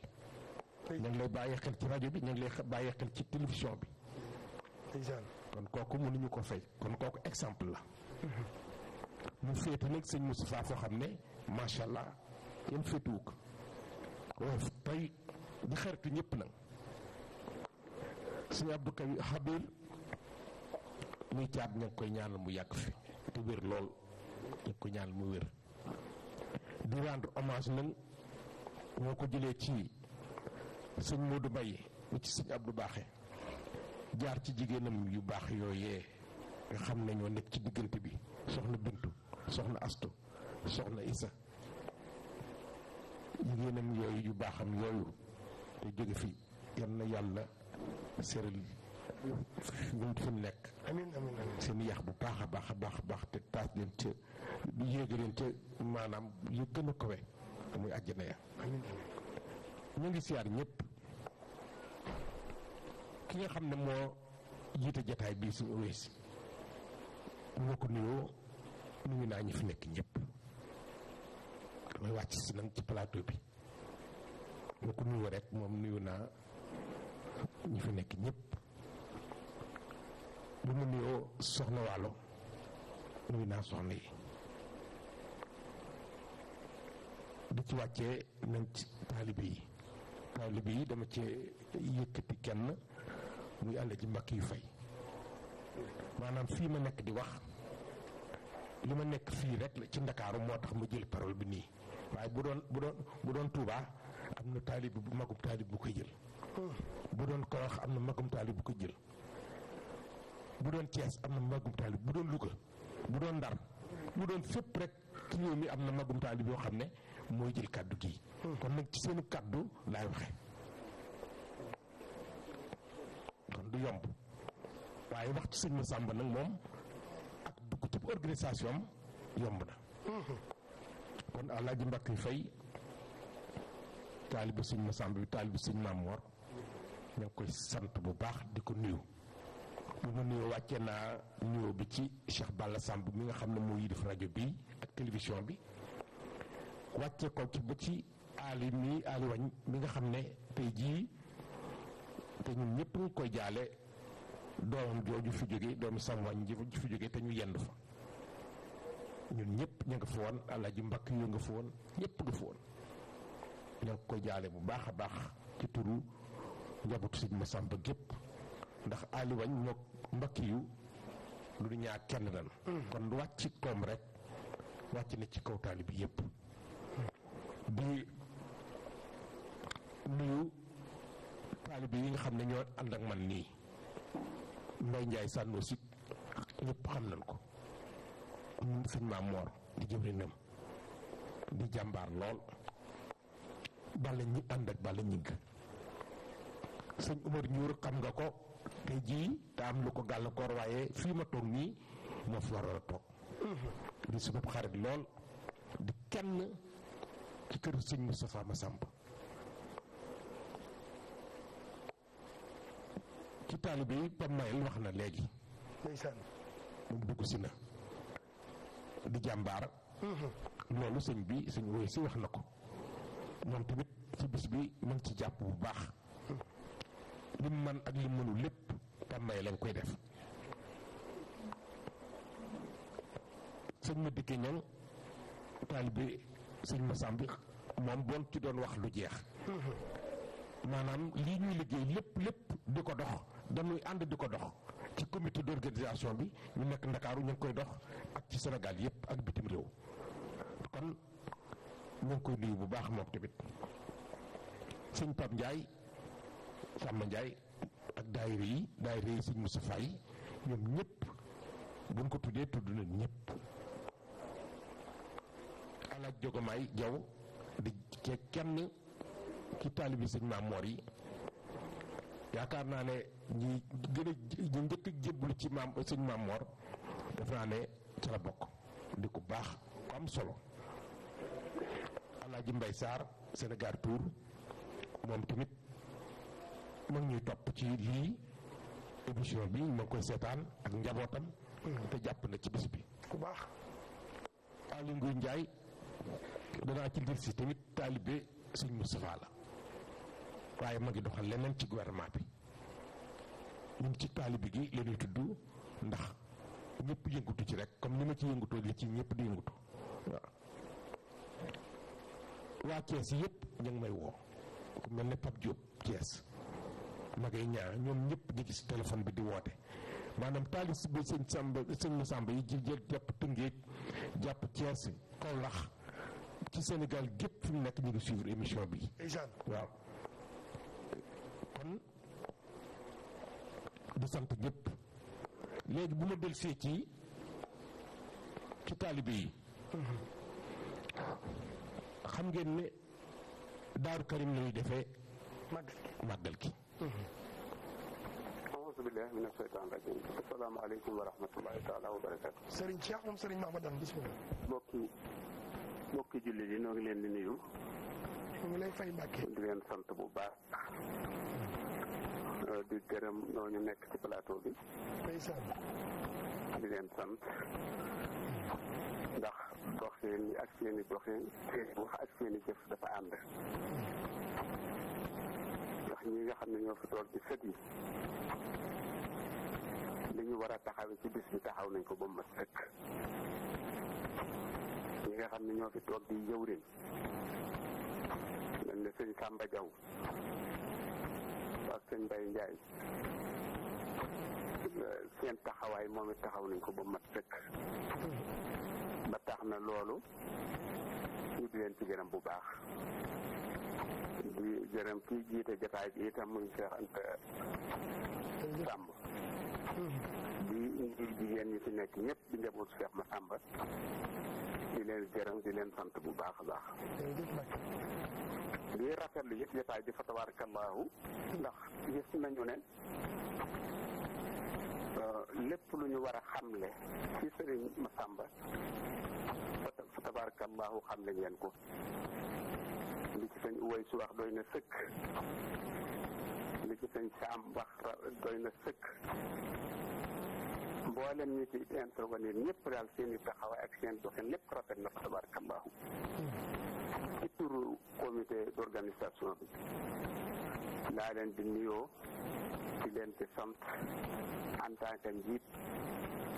ñu ngi lay bàyyi xel ci rajo bi ñu ngi lay bàyyi xel ci télévision bi kon kooku mënuñu ko fay kon kooku exemple la mu féete nag sëñ Moustapha foo xam ne macha allah yéen féetuwu waaye tey di xaritu ñëpp nag sëñ Abdou Kawi Habir muy caat ña ngi koy ñaanal mu yàgg fi te wér lool ña ko ñaanal mu wér di rendre hommage nag moo ko jëlee ci sëñ Modou Mbaye ci sëñ Abdou Baaxe jaar ci jigéenam yu baax yooyee nga xam nañoo ñoo nekk ci diggante bi soxna Bintu soxna Astu soxna Isa jigéenam yooyu yu baaxam yooyu te jóge fi yal na yàlla séral ñun fi mu nekk. amiin amiin seen yax bu baax a baax a baax baax te taas leen ca yéege leen ca maanaam yu gën a kowe muy àjjana ya. amiin ngi siyaar ñëpp. ki nga xam ne moo jiite jataay bii suñu wees moo ko nuyoo nuyu naa ñu fi nekk ñëpp damay wàcc ci plateau bi moo rek moom nuyu naa ñu fi nekk ñëpp bu mu nuyoo soxna waalo nuyu naa soxna yi di ci wàcce nañ ci taalibe yi taalibe yi dama ci yëkkati kenn muy ci Mbàkke yu fay maanaam fii ma nekk di wax li ma nekk fii rek la ci ndakaaru moo tax ma jël parole bi nii waaye bu doon bu doon bu doon Touba am na taalib bu magum taalib bu ko jël bu doon Korox am na magum taalib bu ko jël bu doon Thiès am na magum bu doon Louga bu doon Ndar bu doon fépp rek ci réew mi am na magum taalib yoo xam ne mooy jël kàddu gi kon nag ci seenu kàddu laay waxe du yomb waaye wax ci sëñ sàmb nag moom ak dugg ci organisation yomb na kon Alaaji Mbakk Fay taalibu sëñ Massamba bi taalibu sëñ Maamoor ña ngi koy sant bu baax di ko nuyu bu ma wàcce naa nuyoo bi ci Cheikh Balla Samb mi nga xam ne moo yilif rajo bi ak télévision bi wàcce ko ba ci aali mi aali wañ mi nga xam ne tey te ñun ñëpp ñu koy jaale doomam jooju fi jóge doomu samwañ ji fi jóge te ñu yendu fa ñun ñëpp ñu nga fa woon alaaji mbakk yu nga fa woon ñëpp nga fa woon ñu koy jaale bu baax a baax ci turu njabootu sëñ Masamba gépp ndax aliwañ ñoo mbakk yu lu du ñaar kenn lan mm. kon lu wàcc koom rek wàcc na ci kaw taali bi yëpp di taalibe yi nga xam ne ñoo ànd ak man nii Mbaye Ndiaye sànnoo si xam nañ ko sëñ maam Mor di jëwrinam lool bala ñi ànd ak bala ñig sëñ Umar ñuur xam nga ko tey jii te am lu ko gàllankoor waaye fii ma toog nii moo fi waroon a toog mm-hmm. di su xarit lool di kenn ci këru sëñ Moustapha Massamba ci taalibe yi wax na léegi. moom dugg si na di jàmbaar. Mhm. loolu sëñ bi sëñ woy si wax na ko moom tamit ci bis bi mu ci jàpp bu baax li man ak li mënul lépp Pape Mayel lañ koy def sëñ ma dikke ñang taalibe sëñ ma sàmbi moom boon ci doon wax lu jeex mhm. maanaam lii ñuy liggéey lépp lépp di ko dox dañuy ànd di ko dox ci comité d'organisation bi ñu nekk ndakaaru ñu ngi koy dox ak ci senegal yépp ak bitim réew kon ñu ngi koy nuyu bu baax moom tamit sëñ Pape Ndiaye Samba Ndiaye ak daayira yi daayira yi sëñ Moustapha yi ñoom ñëpp buñ ko tuddee tudd na ñëpp alaaj jogomaay jaw di kenn ci taalibi sëñ Maam Moor yi yaakaar naa ne ñi gën a ñi njëkk ci maam sëñ maam def naa ne ca la bokk di ku baax ku am solo Alaaji Mbay Sarr Sénégal Tour moom tamit mu ñuy topp ci lii émission bi ma ngi koy seetaan ak njabootam te jàpp na ci bis bi ku baax Aly Ngouille Ndiaye danaa ci ndir si tamit taalibe sëñ Moustapha la waaye ma ngi doxal leneen ci gouvernement bi ñun ci taalibi gi la tudd ndax ñëpp yëngutu ci rek comme ni ma ci yëngutoo li ci ñëpp di yëngutu waaw waa Thiès yëpp ñu ngi may woo ku mel ne Pape Diop Thiès ma ngay ñaar ñoom ñëpp ñu gis téléphone bi di woote maanaam taalis bi sëñ Samba sëñ Massamba yi jël jël jàpp Tëngéej jàpp Thiès Kaolack ci Sénégal gépp fi nekk ñu ngi suivre émission bi. waaw. di sant ñëpp léegi bu ma delsee ci ci taalibe yi xam ngeen ne daaru karim lañuy defee màggal gi auzu billaahi mina sheytaani rajiim assalaamu aleykum wa rahmatullaahi taala wa barakaatu sëriñ Cheikh moom sëriñ Mahmadan bismillaah mbokki mbokki jullit noo ngi leen di nuyu ñu ngi lay fay mbàkke di leen sant bu baax di gërëm ñooñu nekk ci plateau bi di leen sant ndax doxin yi ak seeni doxin seeni wax ak seeni jëf dafa ànd ndax ñi nga xam ne ñoo fi toog ci sët yi li ñu war a taxawee ci bis bi taxaw nañ ko ba mu mat sëkk ñi nga xam ne ñoo fi toog di jëwriñ mel ne sëñ Samba ak sëñ Mbaye Ndiaye euh, seen taxawaay moom it taxaw nañ ko ba mat sëkk ba tax na loolu ñu di leen ci gërëm bu baax di gërëm kii jiite jataay bi itam muy Cheikh Anta Samb di jigéen ñi fi nekk ñëpp di njaboot Cheikh Massamba di leen gërëm di leen sant bu baax a baax ñuy rafetlu yëpp jotaay bi fa tabarakallahu ndax gis nañu ne euh, lépp lu ñu war a xamle ci sëriñ Masamba fa tabarakallahu xamle ngeen ko li ci sëñ Uway su wax doy na sëkk li ci sëñ Saam wax doy na sëkk mboolem ñi ci intervenir ñépp daal seen i taxawaay ak seen doxin lépp rafet na fa tabarakallahu ci turu comité d'organisation bi laa leen di nuyoo ci leen ci sant en njiit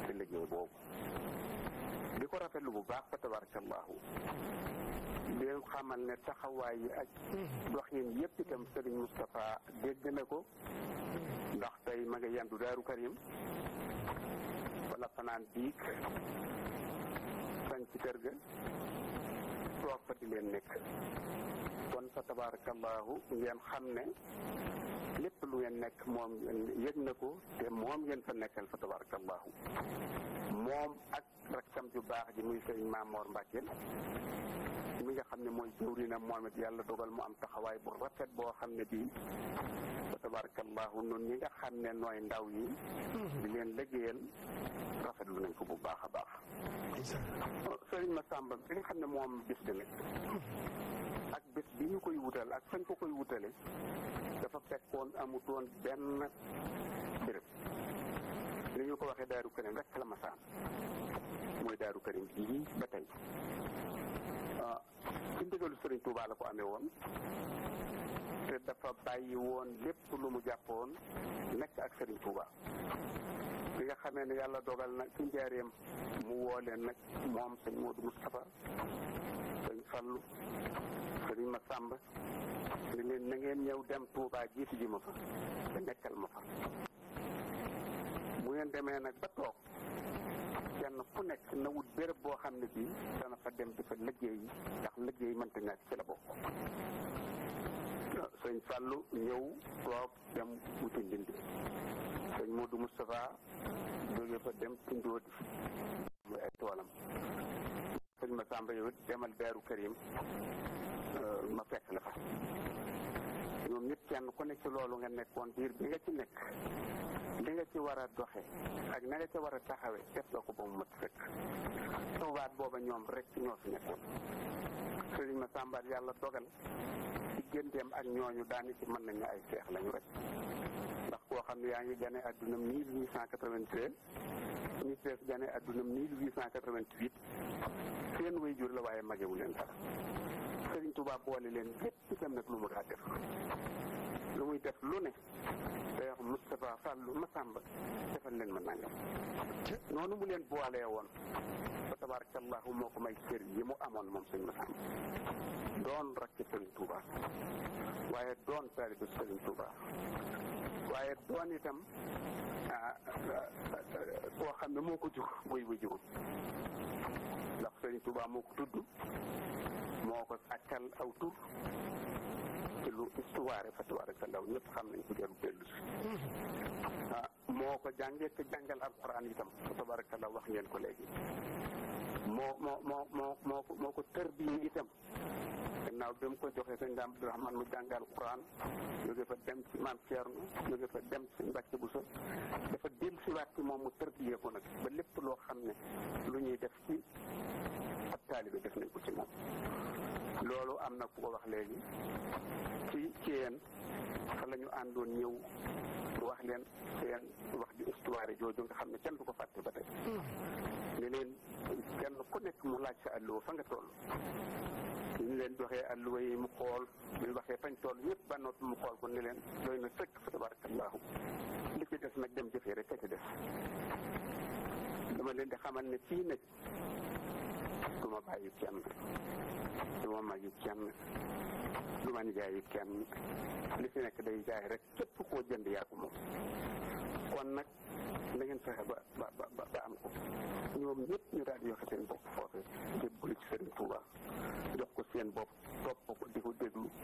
ci liggéey boobu di ko rafetlu bu baax fa tabarakallahu leen xamal ne taxawaay yi ak doxin yëpp itam sëriñ Moustapha dégg na ko ndax tey ma nga yendu daaru karim wala fanaan biig sañ ci kër toog fa di leen nekk kon fa tabaarakallaahu ngeen xam ne lépp lu ngeen nekk moom yëg ko te moom ngeen fa nekkal fa tabaarakallaahu moom ak rakkam ju baax ji muy sëriñ Maamoor Mbàkke mi nga xam ne mooy jëwrinam moom it yàlla dogal mu am taxawaay bu rafet boo xam ne bii fa tabarakallahu nun ñi nga xam ne nooy ndaw yi mhm. di leen rafet rafetlu nañ ko bu baax a baax sëriñ ma sàmba bi nga xam ne moom bis bi nag mhm. ak bis bi ñu koy wutal ak fañ ko koy wutale dafa fekkoon amutoon benn béréb li ñu ko waxee daaru karim rek la ma saan mooy daaru karim bii ba tey ci ndigalu Sëriñ Tuubaa la ko amee woon te dafa bàyyi woon lépp lu mu jàppoon nekk ak Sëriñ Tuubaa bi nga xamee ne yàlla dogal na ci njaareem mu woo leen nag moom sëñ Modou Moustapha sëñ Fallu sëriñ Massamba ni leen na ngeen ñëw dem Tuubaa jiitu ji ma fa te nekkal ma fa bu ngeen demee nag ba toog kenn ku nekk na wut béréb boo xam ne bii dana fa dem di fa liggéey ndax liggéey mënta ñàkk ci la bokk sëñ Fallou ñëw toog dem wuti ndindi sëñ Modou Moustapha jóge fa dem tindóodi muy ay toolam sëñ Massamba yow it demal Daaru Karim euh, ma fekk la fa ñoom ñëpp kenn ku nekk loolu nga nekkoon diir bi nga ci nekk li nga ci war a doxe ak na nga ci war a taxawe def nga ko ba mu mat fekk tuubaat booba ñoom rek ñoo fi nekkoon sëriñ ma sàmbaat yàlla dogal digganteem ak ñooñu daani ci mën nañu ay seex lañu rek ndax koo xam ne yaa ngi gane àdduna 1893 ñu sees gane àdduna 1888 seen waajur la waaye magewu leen dara sëriñ Tuubaa boole leen bépp itam nag lu mu daa def lu muy def lu ne day wax Moustapha Fallou Massamba defal leen ma nangam noonu mu leen boolee woon ba tabarakallahu moo ko may cër yi mu amoon moom sëñ Massamba doon rakki sëriñ Touba waaye doon taalibu sëriñ Touba waaye doon itam ah, koo xam ne moo ko jur buy bu jugum ndax sëriñ Touba moo ko tudd moo ko àkkal aw tur ci lu histoire fa tabaaraka Allaah ñëpp xam nañ ko dellu dellu si mm-hmm. ah, moo ko jàngee te jàngal alquran itam fa tabaaraka Allaah wax ngeen ko léegi moo moo moo moo moo ko moo ko tërbiye itam gannaaw bi mu ko joxee sëñ Daam Abdourahman mu jàngal Alquran jóge fa dem ci maam Thierno jóge fa dem ci Mbàkke Buso dafa dellu si waat moom mu tërbiye nag ba lépp loo xam ne lu ñuy def ci ab taalibe def nañ ko ci moom loolu am na ku ko wax léegi ci Thièyeen fa lañu àndoon ñëw wax leen seen wax ju histoire jooju nga xam ne kenn du ko fàtte ba tey hmm. ne leen kenn ku nekk mu laaj sa alluwa fa nga toll ñu leen joxee alluwa yi mu xool ñu waxee fañ toll yëpp ba noppi mu xool ko ne leen doy na sëkk fa tabarakallahu li ci des nag dem jëfee rek ka ci des dama leen di xamal ne fii nag du ma bàyyi kenn du ma magi kenn du ma nijaayi kenn li fi nekk day jaay rek képp koo jënd yaa ko moom kon nag da ngeen ba ba ba am ko ñoom ñëpp ñu daal di joxe seen bopp foofe jébbali ci ko seen bopp topp ko di ko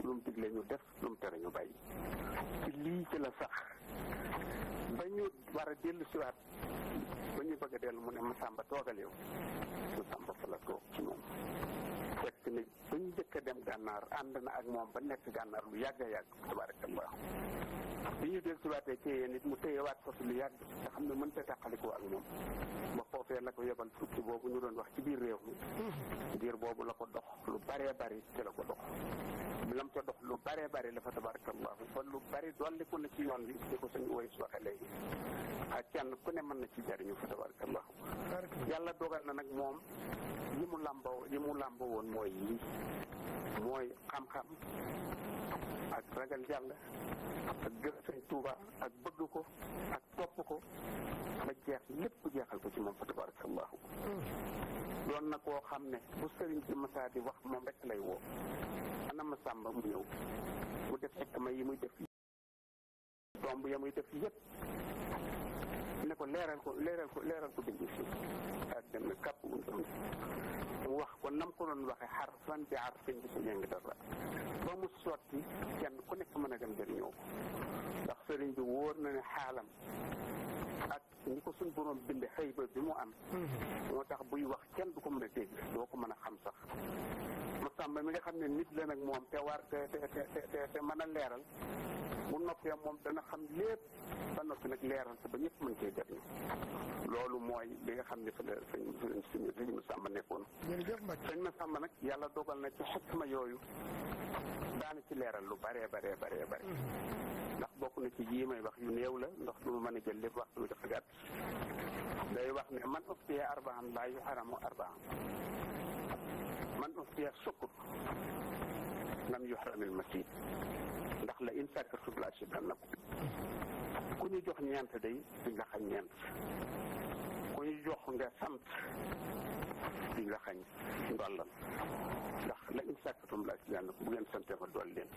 lu mu digle ñu def lu mu tere ñu bàyyi lii ci la sax ba ñu war a dellu siwaat ba ñu bëgg a dellu mu ne ma sàmba toogal yow ma sàmba fa la toog ci moom fekk na ba ñu njëkk dem gànnaar ànd na ak moom ba nekk gànnaar lu yàgg a yàgg tabarakallah bi ñu del ci yéen it mu téyewaat ko lu yàgg nga xam ne mënta tàqalikoo ak moom ba foofee la ko yebal tukki boobu ñu doon wax ci biir réew mi diir boobu la ko dox lu baree bari ci la ko dox lam ca dox lu baree bari la fa tabarakallah ba lu bari dolliku na ci yoon bi ni ko suñu waris waxe léegi ak kenn ku ne mën na ci jariñu fa tabarakallah yàlla dogal na nag moom yi mu làmboo yi mu làmboo woon mooy yi mooy xam-xam ak ragal yàlla ak gëm sëñ Tuuba ak bëgg ko ak topp ko ba jeex lépp jeexal ko ci moom fa tabarakallahu hmm. doon na koo xam ne bu sëriñ ci masaa di wax moom rek lay woo ana ma sàmba mu ñëw mu def sama yi muy def tomb ya muy def yëpp ne ko leeral ko leeral ko leeral ko bind si na kàpp bu mu wax ko nam ko doon waxe xar fan bi xar sëñ bi si ñëng dara ba mu sotti kenn ku nekk mën a dem jëriñoo ko ndax sëriñ bi wóor na ne xaalam ak ni ko suñ borom bind xëy ba bi mu am mm-hmm. moo tax buy wax kenn du ko mën a dégg doo ko mën a xam sax ma sàmba mi nga xam ne nit la nag moom te war te te te te mën a leeral bu noppee moom dana xam lépp ba noppi nag leeral ko ba ñëpp mën cee jot loolu mooy li nga xam ne fa la sëñ sëñ ma sàmba nekkoon sëñ ma sàmba nag yàlla dogal na ci xikma yooyu daana ci leeral lu baree baree baree bare mm-hmm. bokk na ci yii may wax yu néew la ndox du ma mën a jël lépp waxtu bi dafa day wax ne man uftiya arbaan laa yu xaramu arbaan man uftiya sukkur lam yu xaramil masjid ndax la in sakartum la azidannakum ku ñu jox ñeent day duñ la xañ ñeent ku ñu jox nga sant duñ la xañ ndollam ndax la in laa la si bu ngeen sante ma dool leen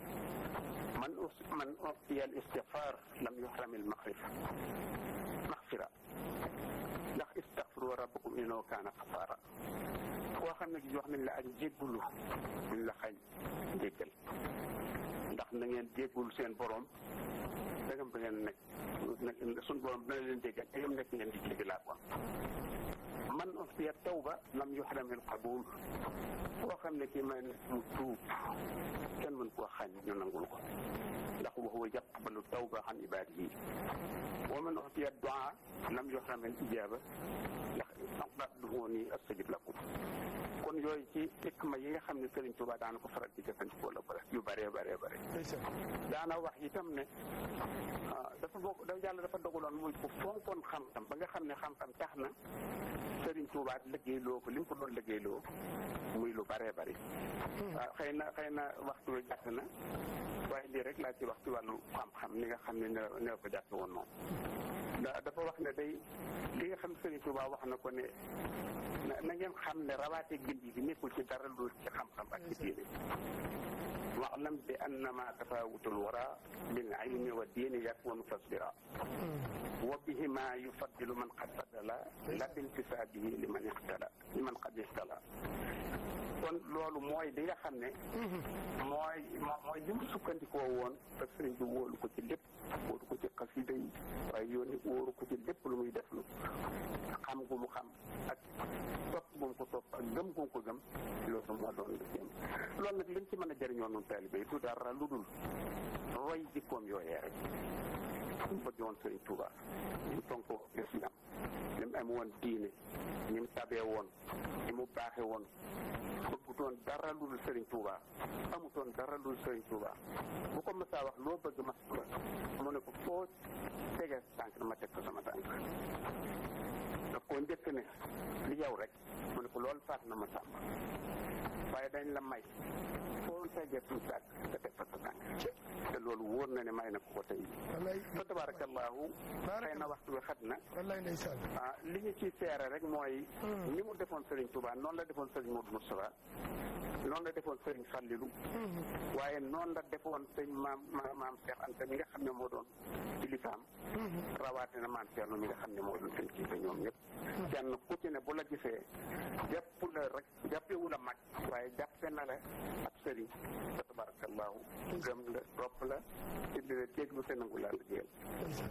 man man yal istighfar lam yuhramil maxrifa maxfira ndax istaghfiru rabbakum innahu kaana ghafaara koo xam ne jox nañ la ak jéggulu duñ la xañ jéggal ndax na ngeen jéggul seen boroom dagam ba ngeen nekk suñ borom dina leen jéggal dagam nekk ngeen di jéggalaat man uxtiya tawba lam yuxram il qabuul koo xam ne kii may na mu tuub kenn mën koo xañ ñu nangul ko ndax wa huwa yaqbalu tawba an ibaadihi wa man uxtiya duaa lam yuxram il ijaaba ndax ba'duhu ni astajib lakum kon yooyu ci xikma yi nga xam ne Sëriñ Tuuba daana ko faral di jëfandikoo la bëri yu bëree bëree bëri daana wax itam ne ah, dafa bokk da yàlla dafa dogaloon muy ko fonkoon xam ba nga xam ne xam-xam tax na Sëriñ Tuuba liggéey loo ko ko doon liggéey loo muy lu bëree bëri waaw hmm. ah, xëy na xëy na waxtu wi na waaye lii rek laa ci wax ci wàllu xam-xam ni nga xam ne ko jàpp woon moom ne rawaate gi ji bi nekkul ci dara lu ci xam-xam ak ci diine waxlam bi annama tafawutul wara bil ilmi wa diini yakunu tasbira hmm. wa bihima yufaddilu man qad fadala la biltisaabihi liman ixtala liman qad ixtala kon loolu mooy li nga xam ne mhm. mooy mooy li sukkandikoo woon ba sëriñ bi ko ci lépp wóolu ko ci xasida yi waaye yooni wóoru ko ci lépp lu muy def lu xam gu mu xam ak topp gu mu ko topp ak gëm gu mu ko gëm loolu moo doon lu jëm loolu nag liñ ci mën a jëriñoo nun taalibe yi du dara lu dul roy jikkoom yooyee rek fu mu bëgg woon Serigne Touba ni mu tonkoo islam ni am woon diine ni mu tabee woon ni mu baaxe woon bëggutoon dara lu sëriñ Serigne Touba amutoon dara lu dul Serigne Touba bu ko mësaa wax loo bëgg ma mu ne ko foo tege tànk ma teg ko sama tànk daf koo njëkk ne li yow rek mu ne ko loolu faat na ma sàmm waaye dañ la may foo tegee tuut nga teg fa sa te loolu wóor na ne may na ko ko tey fa tabaarakallaahu xëy na waxtu wi xat na ah li ñu ciy seere rek mooy hmm. ni mu defoon Serigne Touba noonu la defoon sëriñ Modou Moustapha noonu la defoon Serigne Fallilou hmm. waaye noonu la defoon sëñ maam maam Cheikh Anta mi nga xam ne moo doon kilifaam hmm. rawaate na maam Cheikh mi nga xam ne moo doon seen kilifa la gisee jàpp la rek jàppewu la mag waaye jàppe na la ab sëriñ fa tabarakallahu gëm la topp la te dina déglu te nangu laa liggéeyal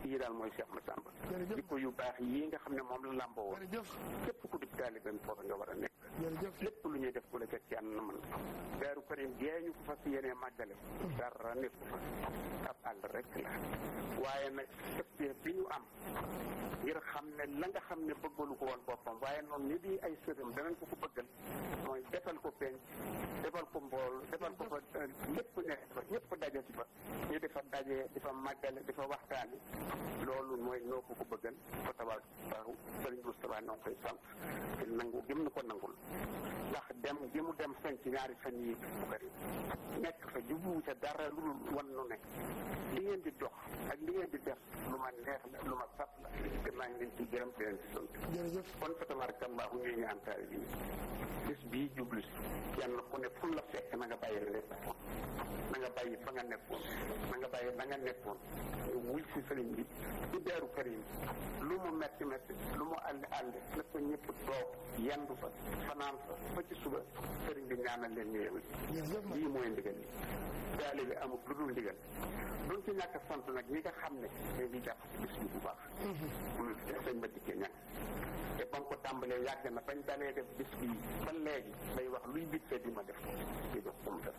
yii daal mooy ma Cheikh Massamba jikko yu baax yi nga xam ne moom la làmboo woon képp ku dib taalibeem foofu nga war a nekk jërëjëf lépp lu ñuy def ku la ci am na man daaru karim gee ñu ko fas yéenee màggale dara nekk fa ab àll rek la waaye nag sëppee bi ñu am ngir xam ne la nga xam ne bëggalu ko woon boppam waaye noonu ni di ay sëtam danañ ko ko bëggal mooy defal ko penc defal ko mbool defal ko fa lépp euh, ne fa ñëpp daje ci fa ñu di fa daje di fa màggale waxtaane loolu mooy noo ko ko bëggal ko tabax baaxu nangu gëm na ko nangul ndax dem bi mu dem sañ ci ñaari fan yi bu ko nekk fa jubluwu ca dara lu wan nu ne li ngeen di dox ak li ngeen di def lu ma neex la lu ma sat la te maa ngi leen ci gërëm te leen ci sant jërëjëf kon fa tabarakallahu ñuy ñaan taali bi bis bii ne fu la fekk na nga bàyyi la leen na nga bàyyi fa nga nekkoon na nga bàyyi na nga nekkoon wuy si sëriñ bi ci deeru karim lu mu metti metti lu mu ànd ànd na ko ñëpp toog yandu fa fanaan ba ci suba sëriñ bi ñaanal leen ñu yeewul lii mooy ndigal daale bi amul lu dul ndigal duñ ci ñàkk sant nag ñi nga xam ne dañ di jàpp ci bis bi bu baax lu mhm. sëñ ma dikkee ñàkk ko tàmbalee yàgg na bañ dalee def bis bi ba léegi day wax luy dig fee di ma def di dox ko mu def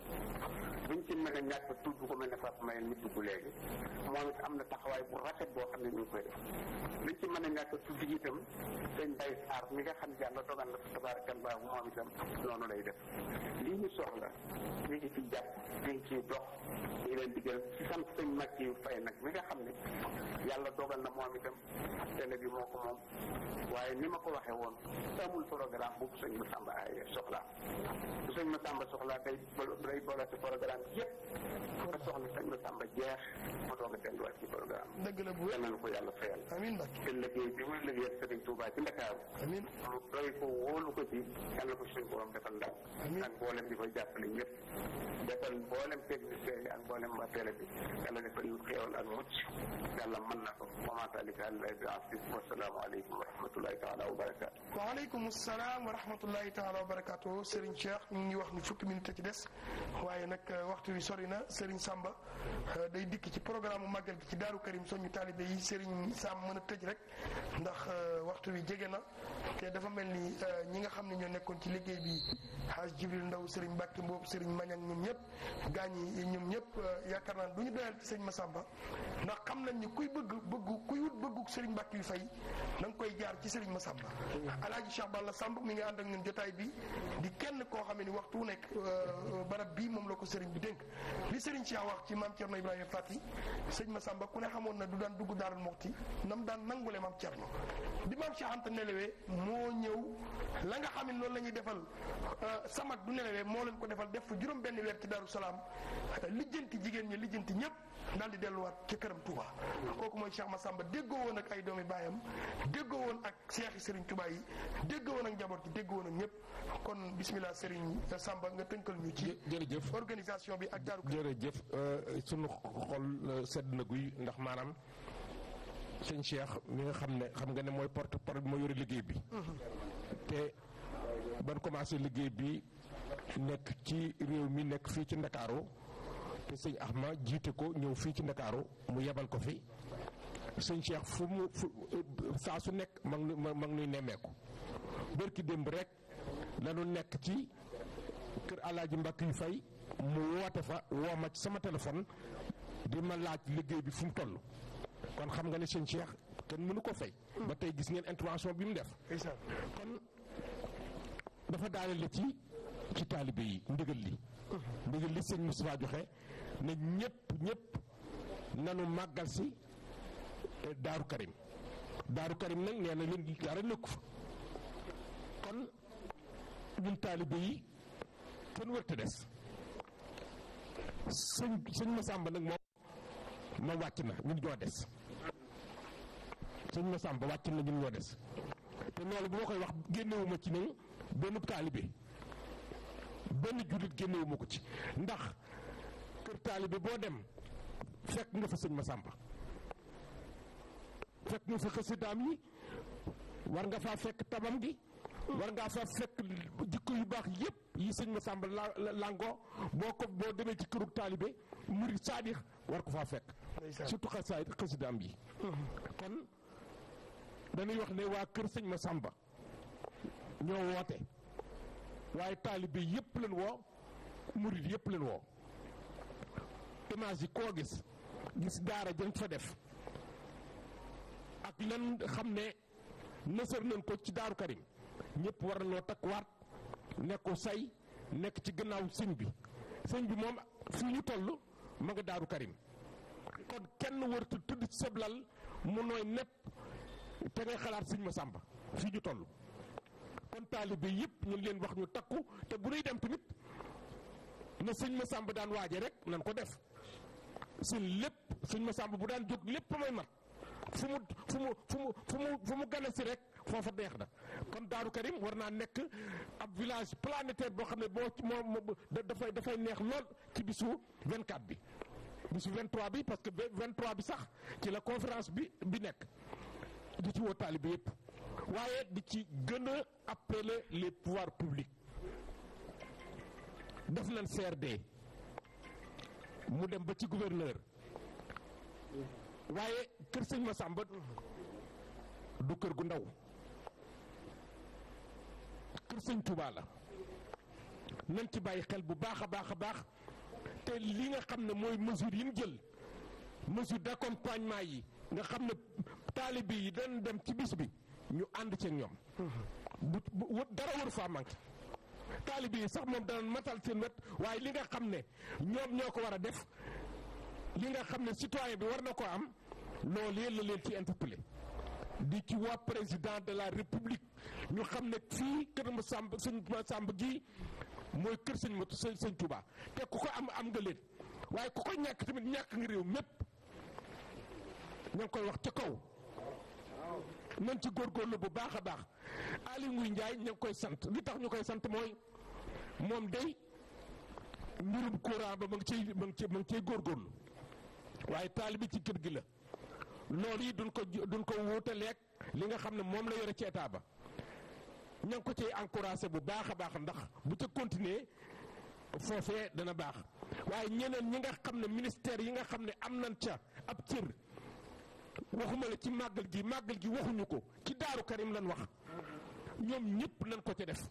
buñ ci mën a ñàkk tudd ko mel a fas mayeen mi dugg léegi moom it am na taxawaay bu rafet boo xam ne ñu ngi koy def luñ ci mën a ñàkk tudd itam sëñ Baye Sarr mi nga xam ne yàlla dogal na tabaaraka tabaarakallaahu moom itam noonu lay def lii ñu soxla ñu ngi ci jàpp ñu dox ñu leen di gërëm ci sant sëñ Màkki yu fay nag mi nga xam ne yàlla dogal na moom itam télé bi moo ko moom waaye ni ma ko waxee woon amul programme bu sëñ ma sàmba ay soxlaa bu sëñ ma sàmba soxlaa day day a ci programme a nga soxla sëñ ma sàmba jeex mu a delluwaat ci programme dëgg la bu wér nañu ko yàlla fayal amiin te liggéey bi muy liggéey sëriñ Touba ci Ndakaaru amiin doy ko wóolu ko ci yàlla ko suñu borom defal ndam ak mboolem ñi koy jàppale ñëpp defal mboolem technicien yi ak mboolem matériel bi yàlla defal ñu xéewal ak mucc yàlla mën na ko mamaatalika àllahi bi asis wasalaamu aleykum wa wa barakaatu waaleykum salaam wa rahmatullahi wa barakaatu Serigne waaye nag euh, waxtu wi sori na Serigne Samba euh, day dikk ci programme mu màggal gi ci Daaru Karim soñu taalibe yi Serigne Sam mën a tëj rek ndax euh, waxtu wi jege na te dafa mel ni ñi nga xam ne ñoo nekkoon ci liggéey bi xaaj jibril ndaw sëriñ mbàkke mboobu sëriñ mañang ñun ñëpp gaañ yi ñun ñëpp euh, yaakaar naan du ñu doyal ci sëriñ masamba ndax xam nañ ni kuy bëgg bëggu kuy wut bëggu sëriñ mbàkke yu fay da nga koy jaar ci sëriñ masamba alaaji cheikh balla samb mi ngi ànd ak ñun jotaay bi di kenn koo xam ne waxtu nekk euh, barab bii moom la ko sëriñ bi dénk li sëriñ cheikh wax ci maam cerno ibrahima fati sëriñ masamba ku ne xamoon na du daan dugg daarul moxti nam daan nangule maam cerno di tamit loolu la ñuy defal euh, samak du nelawee moo leen ko defal def fa juróom benn weer ci Daaru euh, lijjanti jigéen ñi lijjanti ñëpp daal di delluwaat ci këram Touba kooku mooy ma sàmba déggoo woon ak ay doomi baayam déggoo woon ak seexi Serigne Touba yi déggoo woon ak njaboot gi déggoo woon ak ñëpp kon bismillah sëriñ Samba nga tënkal ñu ci jërëjëf organisation bi ak Daaru jërëjëf euh, sunu xol sedd na guy ndax maanaam sëñ Cheikh mi nga xam ne xam nga ne mooy porte-parole bi moo liggéey bi mm-hmm. ban commencé liggéey bi nekk ci réew mi nekk fii ci ndakaaru te sëñ Axma jiite ko ñëw fii ci ndakaaru mu yebal ko fi sëñ Cheikh fu mu fu saa su nekk mag ngi ma ngi nuy nemmeeku bërki démb rek lanu nekk ci kër alaaji mbakk yu fay mu woote fa woo ma sama téléphone di ma laaj liggéey bi fu mu toll kon xam nga ne sëñ Cheikh kenn mënu ko fay hmm. ba tey gis ngeen intervention bi mu def dafa daanale ci ci taalibe yi ndigal li ndigal li sëñ Moustapha joxe ne ñëpp ñëpp nanu màggal si eh, daaru karim daaru karim nag nee na leen dara nekku fa kon ñun taalibe yi kenn wërta des sëñ sëñ Masamba nag moom moom wàcc na ñun ñoo des sëñ Masamba wàcc na ñun ñoo des te loolu bu ma koy wax génnewuma ci nag benn taalibe benn jullit génnewu ko ci ndax kër taalibe boo dem fekk nga fa sëñ Masamba fekk nga fa xasidaam yi war nga faa fekk tabam gi war ngaa faa fekk jikko yu baax yëpp yi sëñ Masamba lango boo ko boo demee ci këru taalibe murid saadix war ko faa fekk surtout xasidaam yi kon dañuy wax ne waa kër sëñ ma Masamba ñoo woote waaye taalibe yëpp leen woo murit yépp leen woo image yi koo gis gis daara jën fa def ak lan xam ne nësër nañ ko ci daaru karim ñëpp war takk waat nekk say nekk ci gannaaw sëñ bi sëñ bi moom fi ñu toll ma ngi daaru karim kon kenn wartu tudd seblal mu nooy nepp te ngay xalaat sëñ ma sàmba fi ñu toll kon taalibe yëpp ñu leen wax ñu takku te bu nuy dem tamit na sëñ ma sàmb daan waaje rek nan ko def suñ lépp sëñ ma sàmb bu daan jóg lépp may mat fu mu fu mu fu mu fu mu fu mu gane rek foofa neex na kon Daaru Karim war naa nekk ab village planétaire boo xam ne boo moo dafay dafay neex lool ci bisu 24 bi bisu 23 bi parce que 23 bi sax ci la conférence bi bi nekk di ci woo taalibe yëpp waaye di ci gën a appeler les pouvoirs publics def nañ CRD mu dem ba ci gouverneur waaye kër sëñ Massamba du kër gu ndaw kër sëñ Touba la nañ ci bàyyi xel bu baax a baax a baax te li nga xam ne mooy mesure yi mu jël mesure d'accompagnement yi nga xam ne taalibe yi dañ dem ci bis bi ñu ànd ceeg ñoom. bu bu dara waru faa manqué. taalibe sax moom dana matal seen wet waaye li nga xam ne ñoom ñoo ko war a def li nga xam ne citoyen bi war na ko am loolu yëpp la leen ci interpellé di ci waa président de la république ñu xam ne fii kër Masamba ma Masamba gi mooy kër sëñ Matu sëñ sëñ Touba te ku ko am am nga leen waaye ku ko ñàkk tamit ñàkk nga réew mépp ña koy wax ca kaw. nañ ci góor góorgóorlu bu baax a baax Aly Ngouille Ndiaye ñu ngi koy sant li tax ñu koy sant mooy moom day mbirum courant ba ma ngi ciy ma ngi ciy ma ngi ciy góorgóorlu waaye taalibi ci kër gi la loolu yi duñ ko duñ ko wuutaleeg li nga xam ne moom la yore ci état ba ña ngi ko ciy encouragé bu baax a baax ndax bu ca continuer foofee dana baax waaye ñeneen ñi nga xam ne ministère yi nga xam ne am nañ ca ab cër. waxuma la ci màggal gi màggal gi waxuñu ko ci daaru karim lan wax ñoom ñëpp nañ ko ca def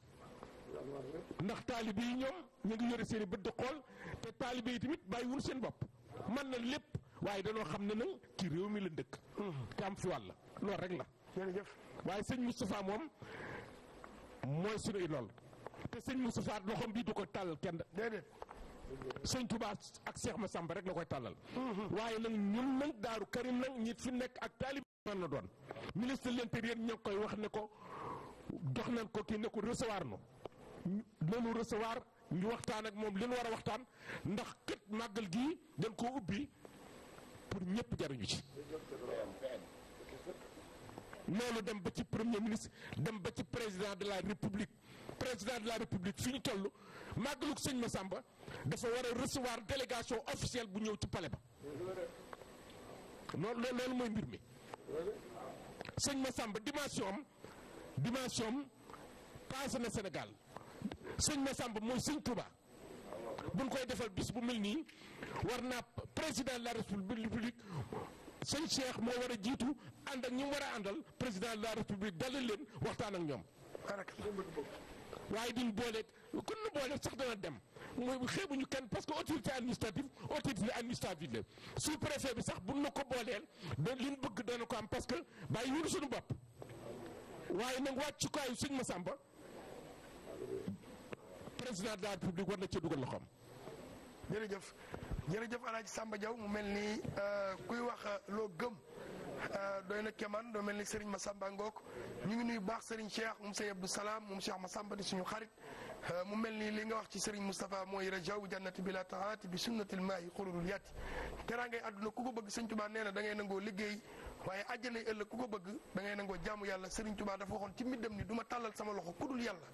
ndax taalibe yi ñoom ñu ngi yore seen bët di xool te taalibe yi tamit bàyyiwul seen bopp man na lépp waaye danoo xam ne nag ci réew mi la dëkk te am fi wàll loolu rek la waaye sëñ Moustapha moom mooy suñuy lool te sëñ Moustapha loxoom bi du ko tàll kenn sëñ Touba ak ma Massamba rek la koy tàllal waaye nag ñun nag daaru Karim nag ñi fi nekk ak taalib man na doon ministre de l'intérieur ñoo koy wax ne ko dox nañ ko kii ne ko recevoir nu nanu recevoir ñu waxtaan ak moom li war a waxtaan ndax xët màggal gii dañ koo ubbi pour ñëpp jariñu ci loolu dem ba ci premier ministre dem ba ci président de la république président de la république fi ñu toll màggaluk sëñ Massamba dafa war a recevoir délégation officielle bu ñëw ci palais ba loolu loolu mooy mbir mi sëñ Massamba dimension am dimension am passé na Sénégal sëñ Massamba mooy sëñ Touba buñ koy defal bis bu mel nii war naa président de la république sëñ Cheikh moo war a jiitu ànd ak ñi mu war a àndal président de la république dalal leen waxtaan ak ñoom. waaye diñ boole kun nu boole sax dana dem. mooy bu xeebuñu kenn parce que autorité administrative autorité administrative la su préfet bi sax buñ na ko booleel da li ñu bëgg doona ko am parce que bàyyi wul suñu bopp waaye nag wàccukaayu sëñ Massamba président de la république war na cee dugal loxoom. jërëjëf jërëjëf Alaaji Samba Diaw mu mel ni euh, kuy wax euh, loo gëm euh, doy na keman doo mel ni Serigne Massamba Ngook ñu ngi nuyu baax Serigne Cheikh moom Sëñ Abdou Salaam moom Cheikh Massamba di suñu xarit. mu mel ni li nga wax ci Serigne Moustapha mooy rajaw jannati bi la taati bi sunnatil maahi xururul yatti teraangay àdduna ku ko bëgg Serigne Touba nee na da ngay nangoo liggéey waaye àjjanay ëllëg ku ko bëgg da ngay nangoo jaamu yàlla Serigne Touba dafa waxoon ci middam ni du ma tàllal sama loxo ku dul yàlla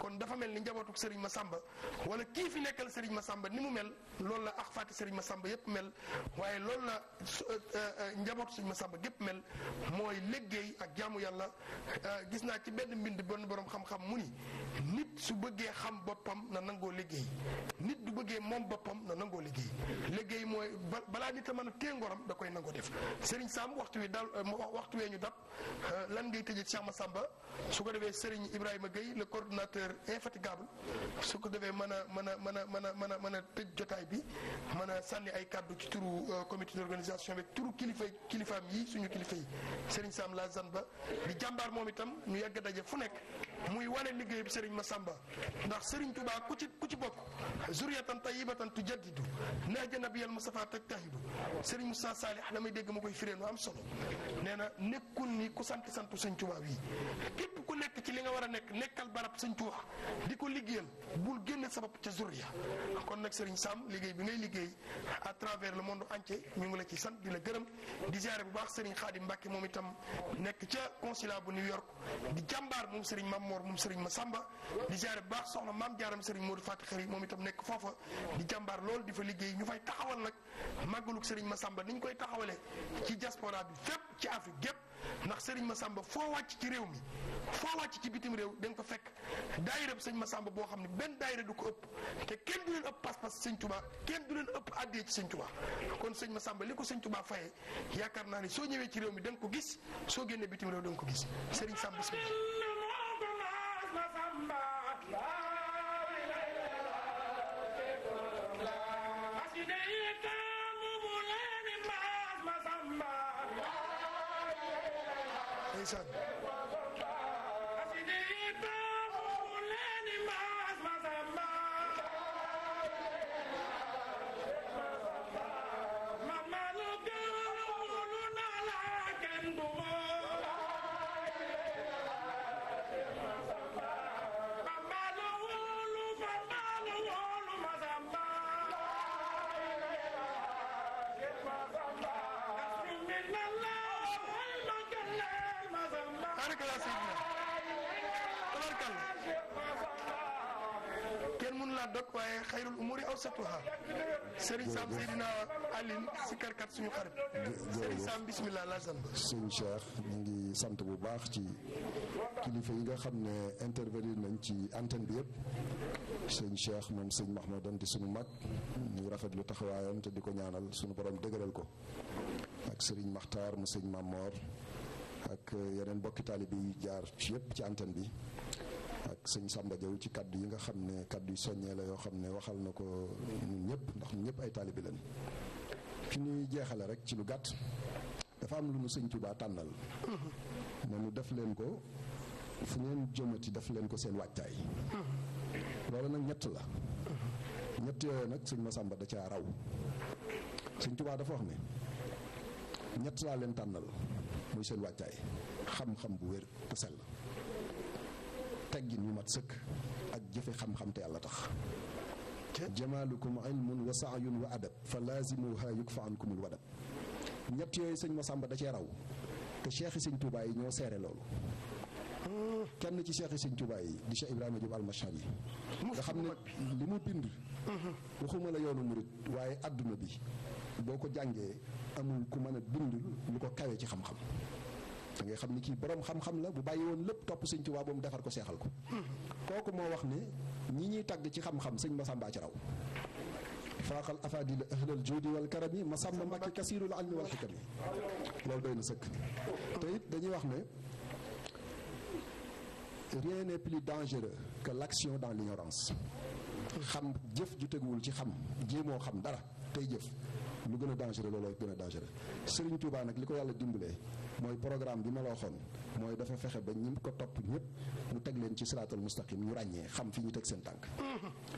kon dafa mel ni njabootu sëriñ ma Massamba wala kii fi nekkal ma Massamba ni mu mel loolu la ak faati ma Massamba yëpp mel waaye loolu la euh, euh, njabootu Serigne Massamba gépp mel mooy liggéey ak jaamu yàlla euh, gis naa ci benn mbind benn borom xam mu ni su bëggee xam boppam na nangoo liggéey nit du bëggee moom boppam na nangoo liggéey liggéey mooy ba balaa nit a mën a téye ngoram da koy nangoo def Serigne Sam waxtu wi daal waxtu wee ñu dab euh, lan ngay tëjee Cheikh Massamba su ko defee Serigne Ibrahima Gueye le coordonnateur infatigable su ko defee mën a mën a mën a mën a mën a mën a tëj jotaay bi mën a sànni ay kàddu ci turu euh, comité d'organisation bi turu kilifa kilifaam yi suñu kilifa yi Serigne Sam la ba di jàmbaar itam ñu yàgg daje fu nekk. muy wane liggéey bi ma Massamba ndax Serigne Touba ku ci ku ci bokk zuriyatan tayyibatan tujaddidu nahja nabiyal Mustafa tajtahidu Serigne Moussa Salih ah, damay dégg ma koy fireen am solo nee na nekkul ni ku sant santu Serigne Touba bii képp ku nekk ci li nga war a nekk nekkal barab Serigne di ko liggéeyal bul génn sa bopp ca zuriya kon nag Serigne Sam liggéey bi ngay liggéey à travers le monde entier ñu ngi la ci sant di la gërëm di jaare bu baax Serigne Khadim Mbacke moom itam nekk ca consulat bu New York Mor moom Serigne Massamba di ziare bu baax soxna maam jaaram Serigne Modou Faty Khary moom itam nekk foofa di jàmbaar lool di fa liggéey ñu fay taxawal nag màggaluk Serigne Massamba niñ koy taxawalee ci diaspora bi fépp ci Afrique gépp ndax ma Massamba foo wàcc ci réew mi foo wàcc ci bitim réew danga ko fekk daayira bi sëñ Massamba boo xam ne benn daayira du ko ëpp te kenn du leen ëpp pas-pas sëñ Touba kenn du leen ëpp àddee ci sëñ Touba kon sëñ ma Massamba li ko sëñ Touba faye yaakaar naa ne soo ñëwee ci réew mi danga ko gis soo génnee bitim réew da nga ko gis Serigne Sam bismillah ndeysaan tabarkalla Seydina tabarkalla kenn mënu laa dog waaye xayrul ngi sant bu baax ci kilifa yi nga xam ne intervenir nañ ci antenne bi yëpp. sëñ Cheikh moom sëñ Mahmoudan di suñu mag ñu rafet lu taxawaayam te di ko ñaanal suñu borom dëgëral ko ak sëriñ Maxtaar mu sëñ Mamor Euh, yeneen bokki taalibe yi jaar ci yëpp ci antenne bi ak sëñ Samba Diaw ci kàddu yi nga xam ne kàddu yu soññee la yoo xam ne waxal na ko ñun ñëpp ndax ñun ñëpp ay taalibe lañ fi ñuy jeexale rek ci lu gàtt dafa am lu nu sëñ Tuubaa tànnal mm-hmm. ne nu def leen ko fu ngeen jëmati def leen ko seen wàccaay mm-hmm. loolu nag ñett la mm-hmm. ñett yooyu nag sëñ Masamba da caa raw sëñ Tuubaa dafa wax ne ñett laa leen tànnal muy seen wàccaay xam-xam bu wér te sell teggin yu mat sëkk ak jëfe xam-xam te yàlla tax jamaalukum ilmun wa saayun wa adab fa laazimuha yukfa ankumul wadab ñett yooyu sëñ Masamba da cee raw te cheikhi sëñ Tuubaa yi ñoo seere loolu kenn ci cheikhi sëñ Tuubaa yi di Cheikh Ibrahima Diop almashar yi nga xam ne li mu bind mhm. waxuma la yoonu murit waaye àdduna bi boo ko jàngee amul ku mën a bind lu ko kawe ci xam-xam da xam ni kii borom xam-xam la bu bàyyi woon lépp topp sëñ Tuubaa waa mu defar ko seexal ko kooku moo wax ni ñi ñuy tagg ci xam-xam sëñ Masamba ci raw faaqal afadila ahlal juudi wal karami Masamba Mbakke kasirul almi wal xikami loolu doy na sëkk te it dañuy wax ne rien n'est plus dangereux que l'action dans l'ignorance xam jëf ju teguwul ci xam jéemoo xam dara tey jëf lu gën a dangereux looloo gën a dangereux Serigne Touba nag li ko yàlla dimbalee mooy programme bi ma la waxoon mooy dafa fexe ba ñi ko topp ñëpp mu teg leen ci siraatal mustaqim ñu ràññee xam fi ñu teg seen tànk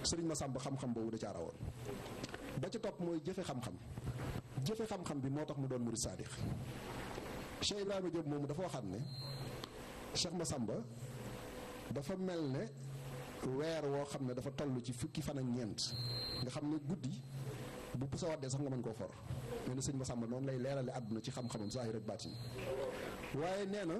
Serigne Massamba xam-xam boobu da caa rawoon ba ca topp mooy jëfe xam-xam jëfe xam-xam bi moo tax mu doon murid saadix Cheikh Ibrahima Diop moomu dafa waxaat ne Cheikh Massamba dafa mel ne weer woo xam ne dafa toll ci fukki fan ak ñeent nga xam ne guddi bu bu sa sax nga mën koo for nee na sëñ Masamba noonu lay leerale àdduna ci xam-xamam zaahir ak baatin waaye nee na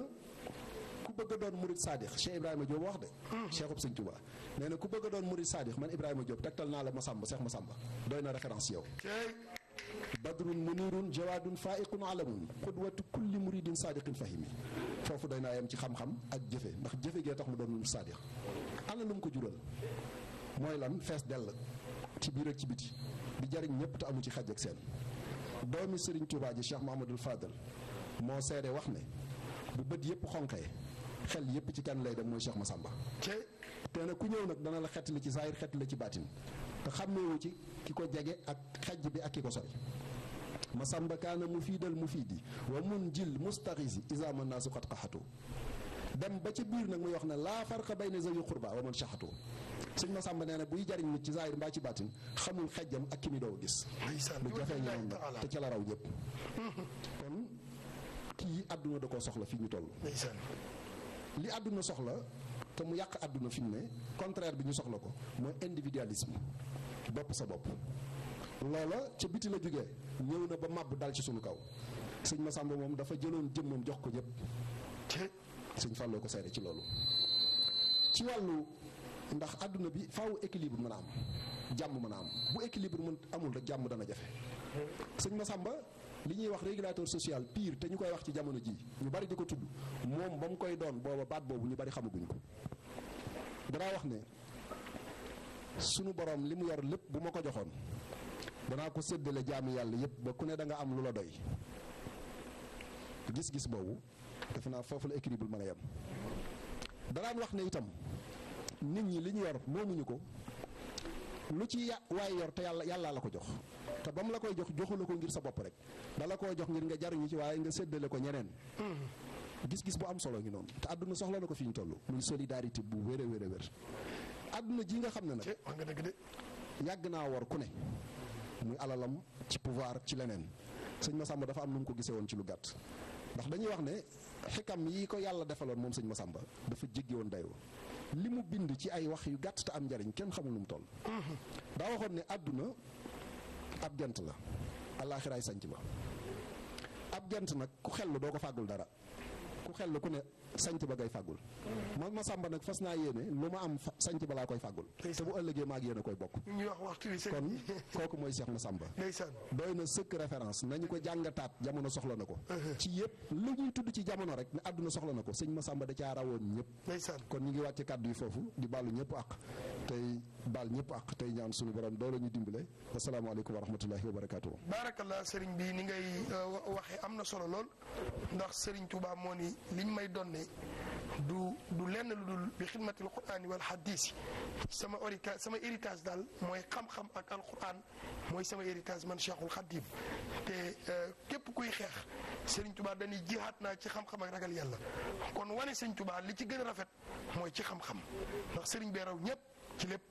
ku bëgg doon murid saadix Cheikh Ibrahima Diop wax de Cheikhub sëñ tubaa nee na ku bëgg doon murid saadix man Ibrahima Diop tegtal naa la Masamba Cheikh Masamba doy na référence yow badrun munirun jawaadun faiqun alamun xudwatu kulli muridin saadiqin fahimi foofu doy naa yem ci xam-xam ak jëfe ndax jëfe gee tax mu doon murid saadix ana lu mu ko jural mooy lan fees dell ci biir ak ci biti di jariñ ñëpp te amu ci xaj ak seen doomi Serigne Touba ji Cheikh Mahamadul Fadal moo seede wax ne bu bët yëpp xonqee xel yëpp ci kan lay dem mooy Cheikh Massamba te nag ku ñëw nag dana la xett li ci saayir xett la ci baatin te xàmmewu ci ki ko jege ak xaj bi ak ki ko sori Massamba kaana mufiidal mufiidi wa munjil mustaxisi isaama naasu xat xaxatu dem ba ci biir nag muy wax ne laa bay ne zawi qurba wa man shaxatu sëñ Masamba nee na buy jariñ nit ci saa zahir mbaa ci baatin xamul xejjam ak ki mi doo gis lu jafe ñoom la te ca la raw ñëpp kon kii àdduna da koo soxla fii ñu toll li àdduna soxla te mu yàq àdduna fi mu ne contraire bi ñu soxla ko mooy individualisme bopp sa bopp loola ca biti la jógee ñëw na ba màbb dal ci suñu kaw sëñ Masamba moom dafa jëloon jëmmam jox ko ñëpp suñ Fallou ko seere ci loolu ci wàllu ndax àdduna bi faaw équilibre mën a am jàmm mën a am bu équilibre mën amul rek jàmm dana jafe sëñ Masamba li ñuy wax régulateur social piir te ñu koy wax ci jamono ji ñu bari di ko tudd moom ba mu koy doon booba baat boobu ñu bari xamaguñ ko danaa wax ne sunu borom li mu yor lépp bu ma ko joxoon danaa ko séddale jaamu yàlla yépp ba ku ne da nga am lu la doy gis-gis boobu defe naa foofu la équilibre mën a yem danaan wax ne itam nit ñi li ñu yor moomuñu ko lu ci ya waaye yor te yàlla yàllaa la ko jox te ba mu la koy jox joxu la ko ngir sa bopp rek da la koo jox ngir nga jaruñu ci waaye nga séddale ko ñeneen. Hmm. gis-gis bu am solo ngi noonu te àdduna soxla na ko fi ñu toll. muy solidarité bu wér a wér a wér àdduna ji nga xam ne nag. wax nga dëgg de. yàgg naa war ku ne muy alalam ci pouvoir ci leneen sëñ Massamba dafa am lu mu ko gisee woon ci lu gàtt ndax dañuy wax ne xikam yi ko yàlla defaloon moom sëñ Massamba dafa jéggi dayoo. li mu bind ci ay wax yu gàtt te am njariñ kenn xamul nu mu toll. daa waxoon ne àdduna ab jant la alaaxiraay sanc ba ab jant nag ku xel doo ko fàggul dara ku xel ku ne sanc ba koy fàggul man ma sàmba nag fas naa yéene lu ma am sanc ba laa koy fàggul te bu ëllëgee maag yéen a koy bokk kon kooku mooy seex Cheikh Massamba doy na sëkk référence nañu ko jàngataat jamono soxla na ko uh-huh. ci yëpp lu ñuy tudd ci jamono rek ne àdduna soxla na ko sëñ Massamba da caa rawoon ñëpp kon ñu ngi wàcc kàddu yi foofu di bàllu ñëpp ak tey baal ñëpp ak tey ñaan suñu borom doo la ñu dimbale asalaamaaleykum wa rahmatullahi wa barakaatu. baarakallah sëriñ bi ni ngay euh, waxee am na solo lool ndax sëriñ Touba moo ni liñ may donne du du lenn lu dul bi xidmatil quraani wal xadiis sama orita sama héritage daal mooy xam-xam ak alquran mooy sama héritage man Cheikhul Khadim te euh, képp kuy xeex Serigne Touba dañuy jihaat naa ci xam-xam ak ragal yàlla kon wane Serigne Touba li ci gën a rafet mooy ci xam-xam ndax Serigne bee raw ñëpp. ci lépp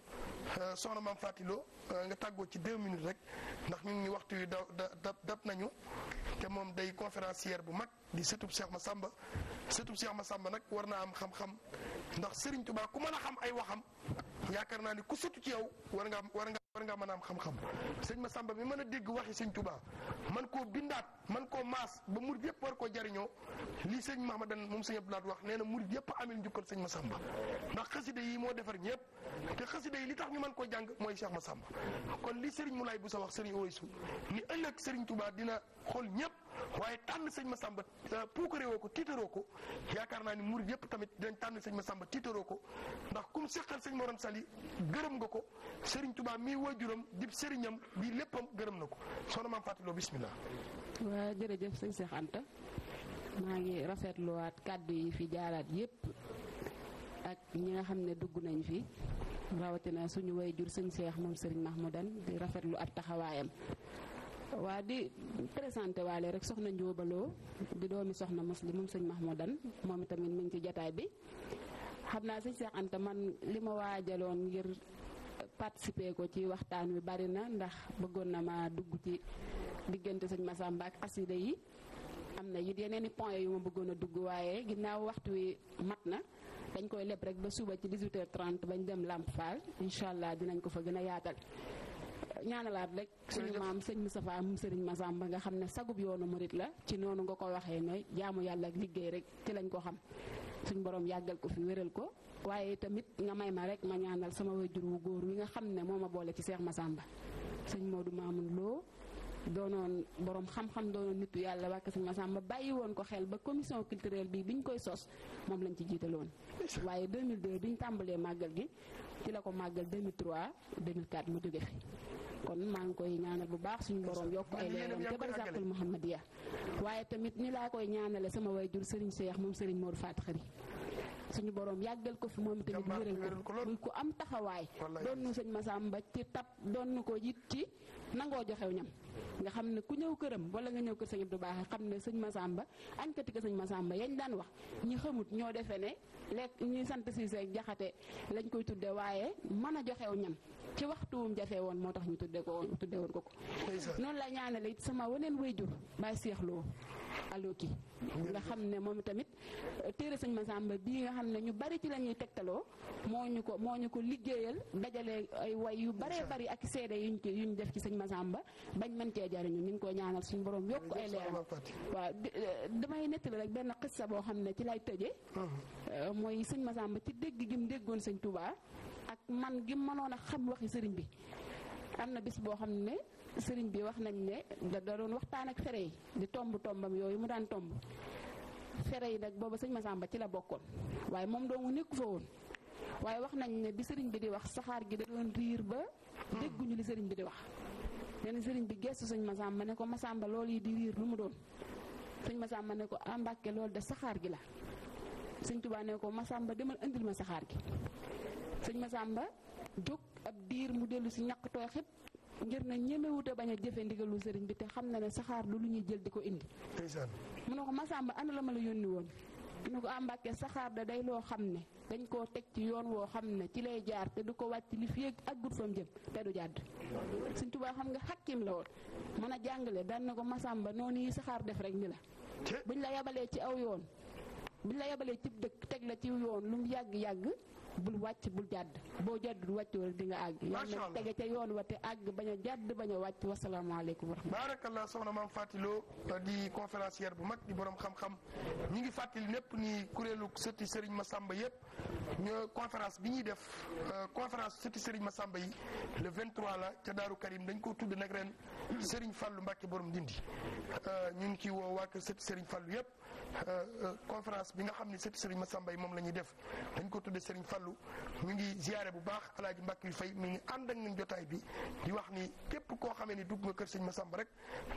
euh, soxna maam fàttiloo euh, nga tàggoo ci deux minutes rek ndax ñun ñu waxtu yu daw da dab nañu te moom day conférencière bu mag di sëtub Cheikh Massamba sëtub ma sàmba nag war naa am xam-xam ndax Serigne Touba ku mën a xam ay waxam. yaakaar naa ni ku sotti ci yow war nga war nga war nga mën a am xam-xam sëñ Massamba mi mën a dégg waxi sëñ tubaa man koo bindaat man koo maas ba murid yëpp war koo jariñoo li sëñ ma Mahamadan moom sëñ Abdoulaat wax nee na murid yëpp amel njukkal sëñ Massamba ndax xasida yi moo defar ñëpp te xasida yi li tax ñu mën koo jàng mooy ma Massamba kon li sëriñ Moulay bu sa wax sëriñ su ni ëllëg sëriñ Touba dina xool ñëpp waaye tànn sëñ ma sàmba puukare woo ko tiitaroo ko yaakaar naa ni murid yëpp tamit dañ tànn sëñ ma sàmba tiitaroo ko ndax kum seqal sëñ morom sali gërëm nga ko sëriñ Tuubaa mii waajuram dib sëriñam bii léppam gërëm na ko soxna maam fàttiloo bismillah waa jërëjëf sëñ Seex Anta maa ngi rafetluwaat kàddu yi fi jaaraat yëpp ak ñi nga xam ne dugg nañ fi rawatina suñu way jur sëñ Seex moom sëriñ mu Mahmoudan di rafetlu ab taxawaayam waa di présenté waale rek soxna Njóobaloo di doomi soxna muslim moom sëñ max dan moom itamit mi ngi ci jataay bi xam naa sëñ Seex Anta man li ma waajaloon ngir participer ko ci waxtaan wi bari na ndax bëggoon na ma dugg ci diggante sëñ Masamba ak xasida yi am na it yeneen i point yu ma bëggoon a dugg waaye ginnaaw waxtu wi mat na dañ koy leb rek ba suba ci 18h30 bañ dem Lamp Fall incha allah dinañ ko fa gën a yaatal ñaanalaat rek suñu maam sëñ mu Moustapha mu sëriñ Massamba nga xam ne sagub yoonu murit la ci noonu nga ko waxee nooy jaamu yàlla ak liggéey rek ci lañ ko xam suñ borom yàggal ko fi wéral ko waaye tamit nga may ma rek ma ñaanal sama wajur wu góor wi nga xam ne moo ma boole ci Seex Massamba sëñ Modou Mamoun loo doonoon borom xam-xam doonoon nitu yàlla wàkk sëñ Massamba bàyyi woon ko xel ba commission culturelle bi biñ koy sos moom lañ ci jiitaloon waaye 2002 biñ tàmbalee màggal gi ci la ko màggal 2003 2004 mu jóge fi kon maa ngi koy ñaanal bu baax suñu borom yokk ay leeram te barzakul muhammadiya waaye tamit ni laa koy ñaanale sama way wayjur Serigne Cheikh moom Serigne Modou Faty Khary suñu borom yàggal ko fi moom tamit wéral ko muy ku am taxawaay doon nu sëñ Masamba ci tab doon nu ko it ci nangoo joxew ñam nga xam ne ku ñëw këram wala nga ñëw kër sëñ Abdou Baax xam ne sëñ Masamba ankati ko sëñ Masamba yañ daan wax ñi xamut ñoo defee ne lekk ñuy sant si seeg jaxate lañ koy tudde waaye mën a joxew ñam ci waxtu wum jafe woon moo tax ñu tudde ko woon tudde ko ko noonu la ñaanale it sama weneen way jur bàyyi seexloo aloki nga xam ne moom tamit téere sëñ Masamba bii nga xam ne ñu bari ci lañuy tegtaloo moo ñu ko moo ñu ko liggéeyal dajale ay way yu baree bari ak seede yuñ ci yuñ def ci sëñ Masamba bañ man cee jariñu ñu ngi ko ñaanal suñ boroom yokk ay leeram waaw eh, damay nettali rek benn xissa boo xam ne ci lay tëje uh-huh. eh, mooy sëñ Masamba ci dégg gi mu déggoon sëñ Touba ak man gi mënoon a xam waxi sëriñ bi am na bis boo xam ne sëriñ bi wax nañ ne da doon waxtaan ak fere yi di tomb tombam yooyu mu daan tomb fere yi nag booba sëñ Masamba ci la bokkoon waaye moom doomu nekku fa woon waaye wax nañ ne bi sëriñ bi di wax saxaar gi da doon riir ba dégguñu li sëriñ bi di wax nee ni sëriñ bi gestu sëñ ma Masamba ne ko ma sàmba lool yi di riir lu mu doon sëñ Masamba ne ko ah, Mbàkke lool de saxaar gi la sëñ Tuubaa ne ko Masamba demal indil ma saxaar gi sëñ Masamba jóg ab diir mu dellu si ñàkk tooy ngir na ñemewut wute bañ a jëfe ndigalu sëriñ bi te xam na ne saxaar du lu ñuy jël di ko indi. ndeysaan. mu ne ko Massamba ana la ma la yónni woon. na ko àmbaake ah, saxaar da day loo xam ne dañ koo teg ci yoon woo xam ne ci lay jaar te du ko wàcc li fi yëg aggut fam jëm te du jàdd suñ tubaab xam nga xakkim la woon mën a jàngale daan na ko Masamba noonu yi saxaar def rek ni la buñ la yabalee ci aw yoon buñ la yabalee ci dëkk teg la ci yoon lu mu yàgg-yàgg bul wàcc bul jàdd boo jàddul wàcc wala di nga àgg yàlla na tege ca yoon wa te àgg bañ jàdd bañ a wàcc wasalaamaaleykum wa rahmatulah baarakallah soxna maam fàttiloo di conférencière bu mag di borom xam-xam ñi ngi fàttali népp ni kuréelu sëti ma Massamba yëpp ñoo conférence bi ñuy def euh, conférence sëti Serigne Massamba yi le 23 la ca Daaru Karim dañ ko tudd nag ren Serigne Fallou Mbacke borom dindi euh, ñun ci woo waa kër sëti Serigne Fallou yëpp Euh, euh, conférence bi nga xam ne sëpp sëriñ ma Massamba yi moom la ñuy def dañ ko tudde sëriñ Fallou mu ngi ziare bu baax alaaji Mbàkke yu fay mu ngi ànd ak ñun jotaay bi di wax ni képp koo xamee ni dugg nga kër sëriñ Massamba rek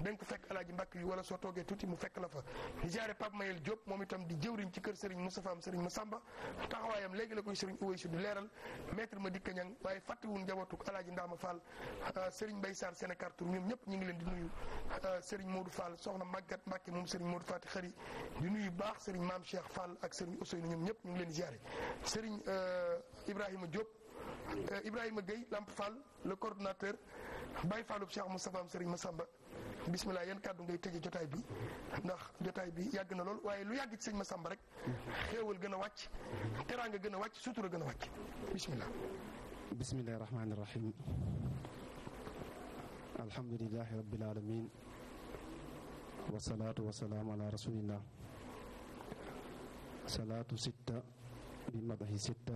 dañ ko fekk alaaji Mbàkke yu wala soo toogee tuuti mu fekk la fa di ziare Pape Mayel Diop itam di jëwriñ ci kër sëriñ Moustapha am sëriñ Massamba taxawaayam léegi la koy sëriñ Uway su di leeral maître ma dikka ñang waaye fàttewun njabootuk alaaji Ndama Fall euh, sëriñ Mbay Sarr Sénécartour ñoom ñëpp ñu ngi leen di nuyu sëriñ Modou Fall soxna Maguette Mbàkke moom sëriñ Modou Fati Xari di nuyu baax Serigne Maam Cheikh Fall ak Serigne Ousseynou ñoom ñëpp ñu ngi leen di ziare Serigne euh, Ibrahima Diop euh, Ibrahima Gueye Lamp Fall le coordonnateur Baye Fallou Cheikh Moustapha am ma Massamba bisimilah yan kàddu ngay tëjee jotaay bi ndax jotaay bi yàgg na lool waaye lu yàgg ci ma Massamba rek xéewal gën a wàcc teraanga gën a wàcc sutura gën a wàcc bisimilah. bisimilah rahmaani rahim alamin wasalaatu wasalaamu ala rasulillah salaatu sitta bi madaxi sitta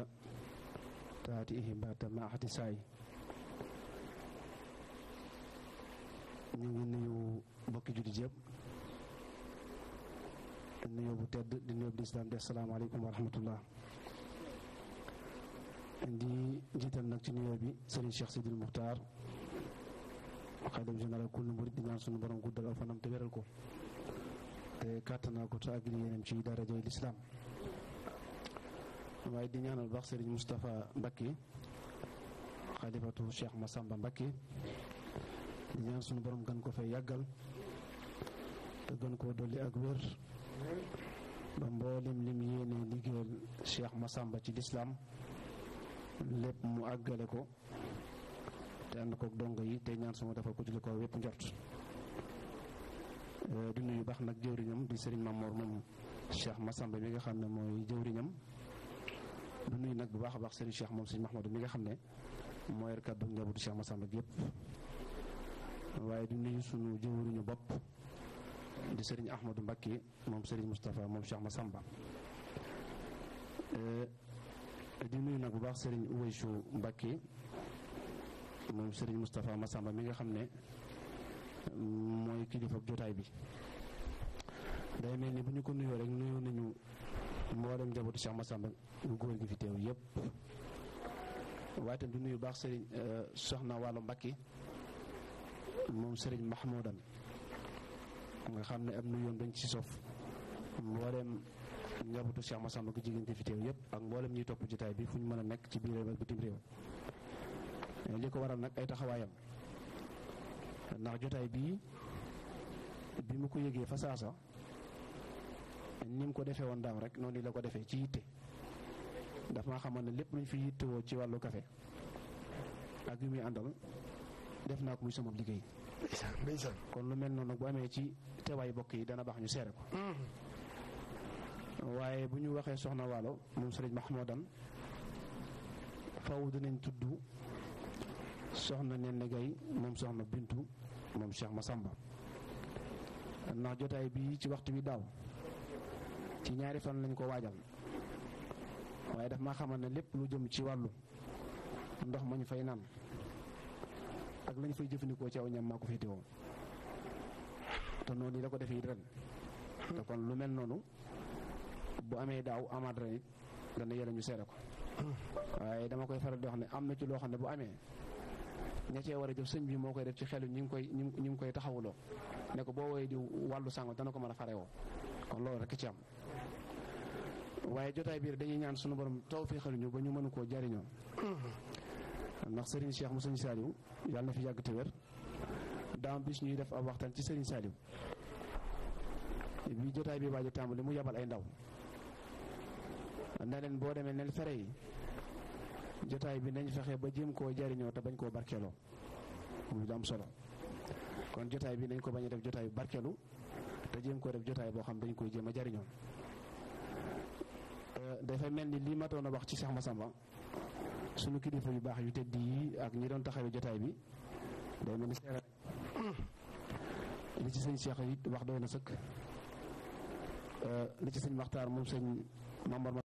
taati ihibaata ma axati saay ñu ngi nuyu bokki jullit yëpp nuyu bu tedd di nuyu bu lislaam di asalaamaaleykum wa rahmatullah di jiital nag ci nuyoo bi Serigne Cheikh Sidil Muxtaar xadim général kullu murid di ñaan sunu borom guddal aw fanam te wéral ko te kàttanaa ko te ak yéenam ci darajay lislaam waaye di ñaanal baax sëriñ Moustapha Mbacke xalifatu Cheikh Massamba Mbacke di ñaan sunu borom gën ko fa yàggal te gën koo dolli ak wér ba mboolem lim yéene liggéeyal Cheikh Massamba ci lislaam lépp mu àggale ko te ànd kook dongo yi te ñaan suma dafa ko ci li ko wépp njort Euh, di nuyu baax nag jëwriñam di sëriñ Mamour moom Cheikh Massamba mi nga xam ne mooy jëwriñam di nuyu nag bu baax a baax Serigne Cheikh moom Serigne Mahmadou mi nga xam ne moo yor kàddu njabootu waaye di nuyu sunu jëwriñu di Serigne Ahmadou Mbacké moom Serigne Moustapha moom Cheikh Massamba euh, di nuyu nag bu baax Serigne Uweysu Mbacké moom sëriñ Moustapha Massamba mi nga xam ne mooy kilifa jotaay bi day mel ni bu ñu ko nuyoo rek nuyoo nañu mboolem njabootu Cheikh Massamba góor gi fi teew yépp waaye tam di nuyu baax sëriñ euh, soxna wàllu mbakki moom sëriñ Mahmoudan nga xam ne am nuyoon dañ ci sof mboolem njabootu ma Massamba ko jigéen fi teew yépp ak mboolem ñuy topp jotaay bi fu ñu mën a nekk ci biir ak bitim réew li ko waral nag ay taxawaayam ndax jotaay bii bi mu ko yëgee fa saasa ni mu ko defee woon daaw rek noonu la ko defee ci yitte dafa ma xamal ne lépp luñ fi yittewoo ci wàllu kafe ak yu muy àndal def naa ko muy sama liggéey kon lu mel noonu bu amee ci teewaay bokk yi dana baax ñu seere ko mm. waaye bu ñu waxee soxna waalo moom sëriñ Mahmoudan faw dinañ tudd soxna Nene Gaye moom soxna Bintu moom Cheikh Massamba ndax jotaay bi ci waxtu bi daaw ci ñaari fan lañ ko waajal waaye daf ma xamal ne lépp lu jëm ci wàllu ndox ma ñu fay naan ak lañ fay jëfandikoo ci aw ñam maa ko féetewoo te noonu la ko defee ren te kon lu mel noonu bu amee daaw amaat ren it dana yore ñu seere ko hmm. waaye dama koy faral di wax ne am na ci loo xam ne bu amee ña cee war a jëf sëñ bi moo koy def ci xelu ñi ngi koy ñi ngi koy taxawuloo ne ko boo woyee di wàllu sàngam dana ko mën a farewoo kon loolu rek ci am waaye jotaay biir dañuy ñaan suñu borom taw fii xeluñu ba ñu mën koo jariñoo ndax Serigne Cheikh mu Serigne Saliou yàlla na fi yàgg te wér daam bis ñuy def ab waxtaan ci Serigne Saliou bi jotaay bi waaj a tàmbali mu yabal ay ndaw na boo demee neel fere yi jotaay bi nañ fexe ba jéem koo jariñoo te bañ koo barkeeloo muy lu am solo kon jotaay bi nañ ko bañ def jotaay barkeelu te jéem koo def jotaay boo xam dañ koy jéem a jariñoo euh, dafay mel ni lii matoon a wax ci ma Massamba suñu kilifa yu baax yu tedd yi ak ñi doon taxawee jotaay bi day mel ni seera *coughs* li ci sëñ Cheikh yi wax doy na sëkk euh, li ci sëñ Maxtaar moom sëñ Mamar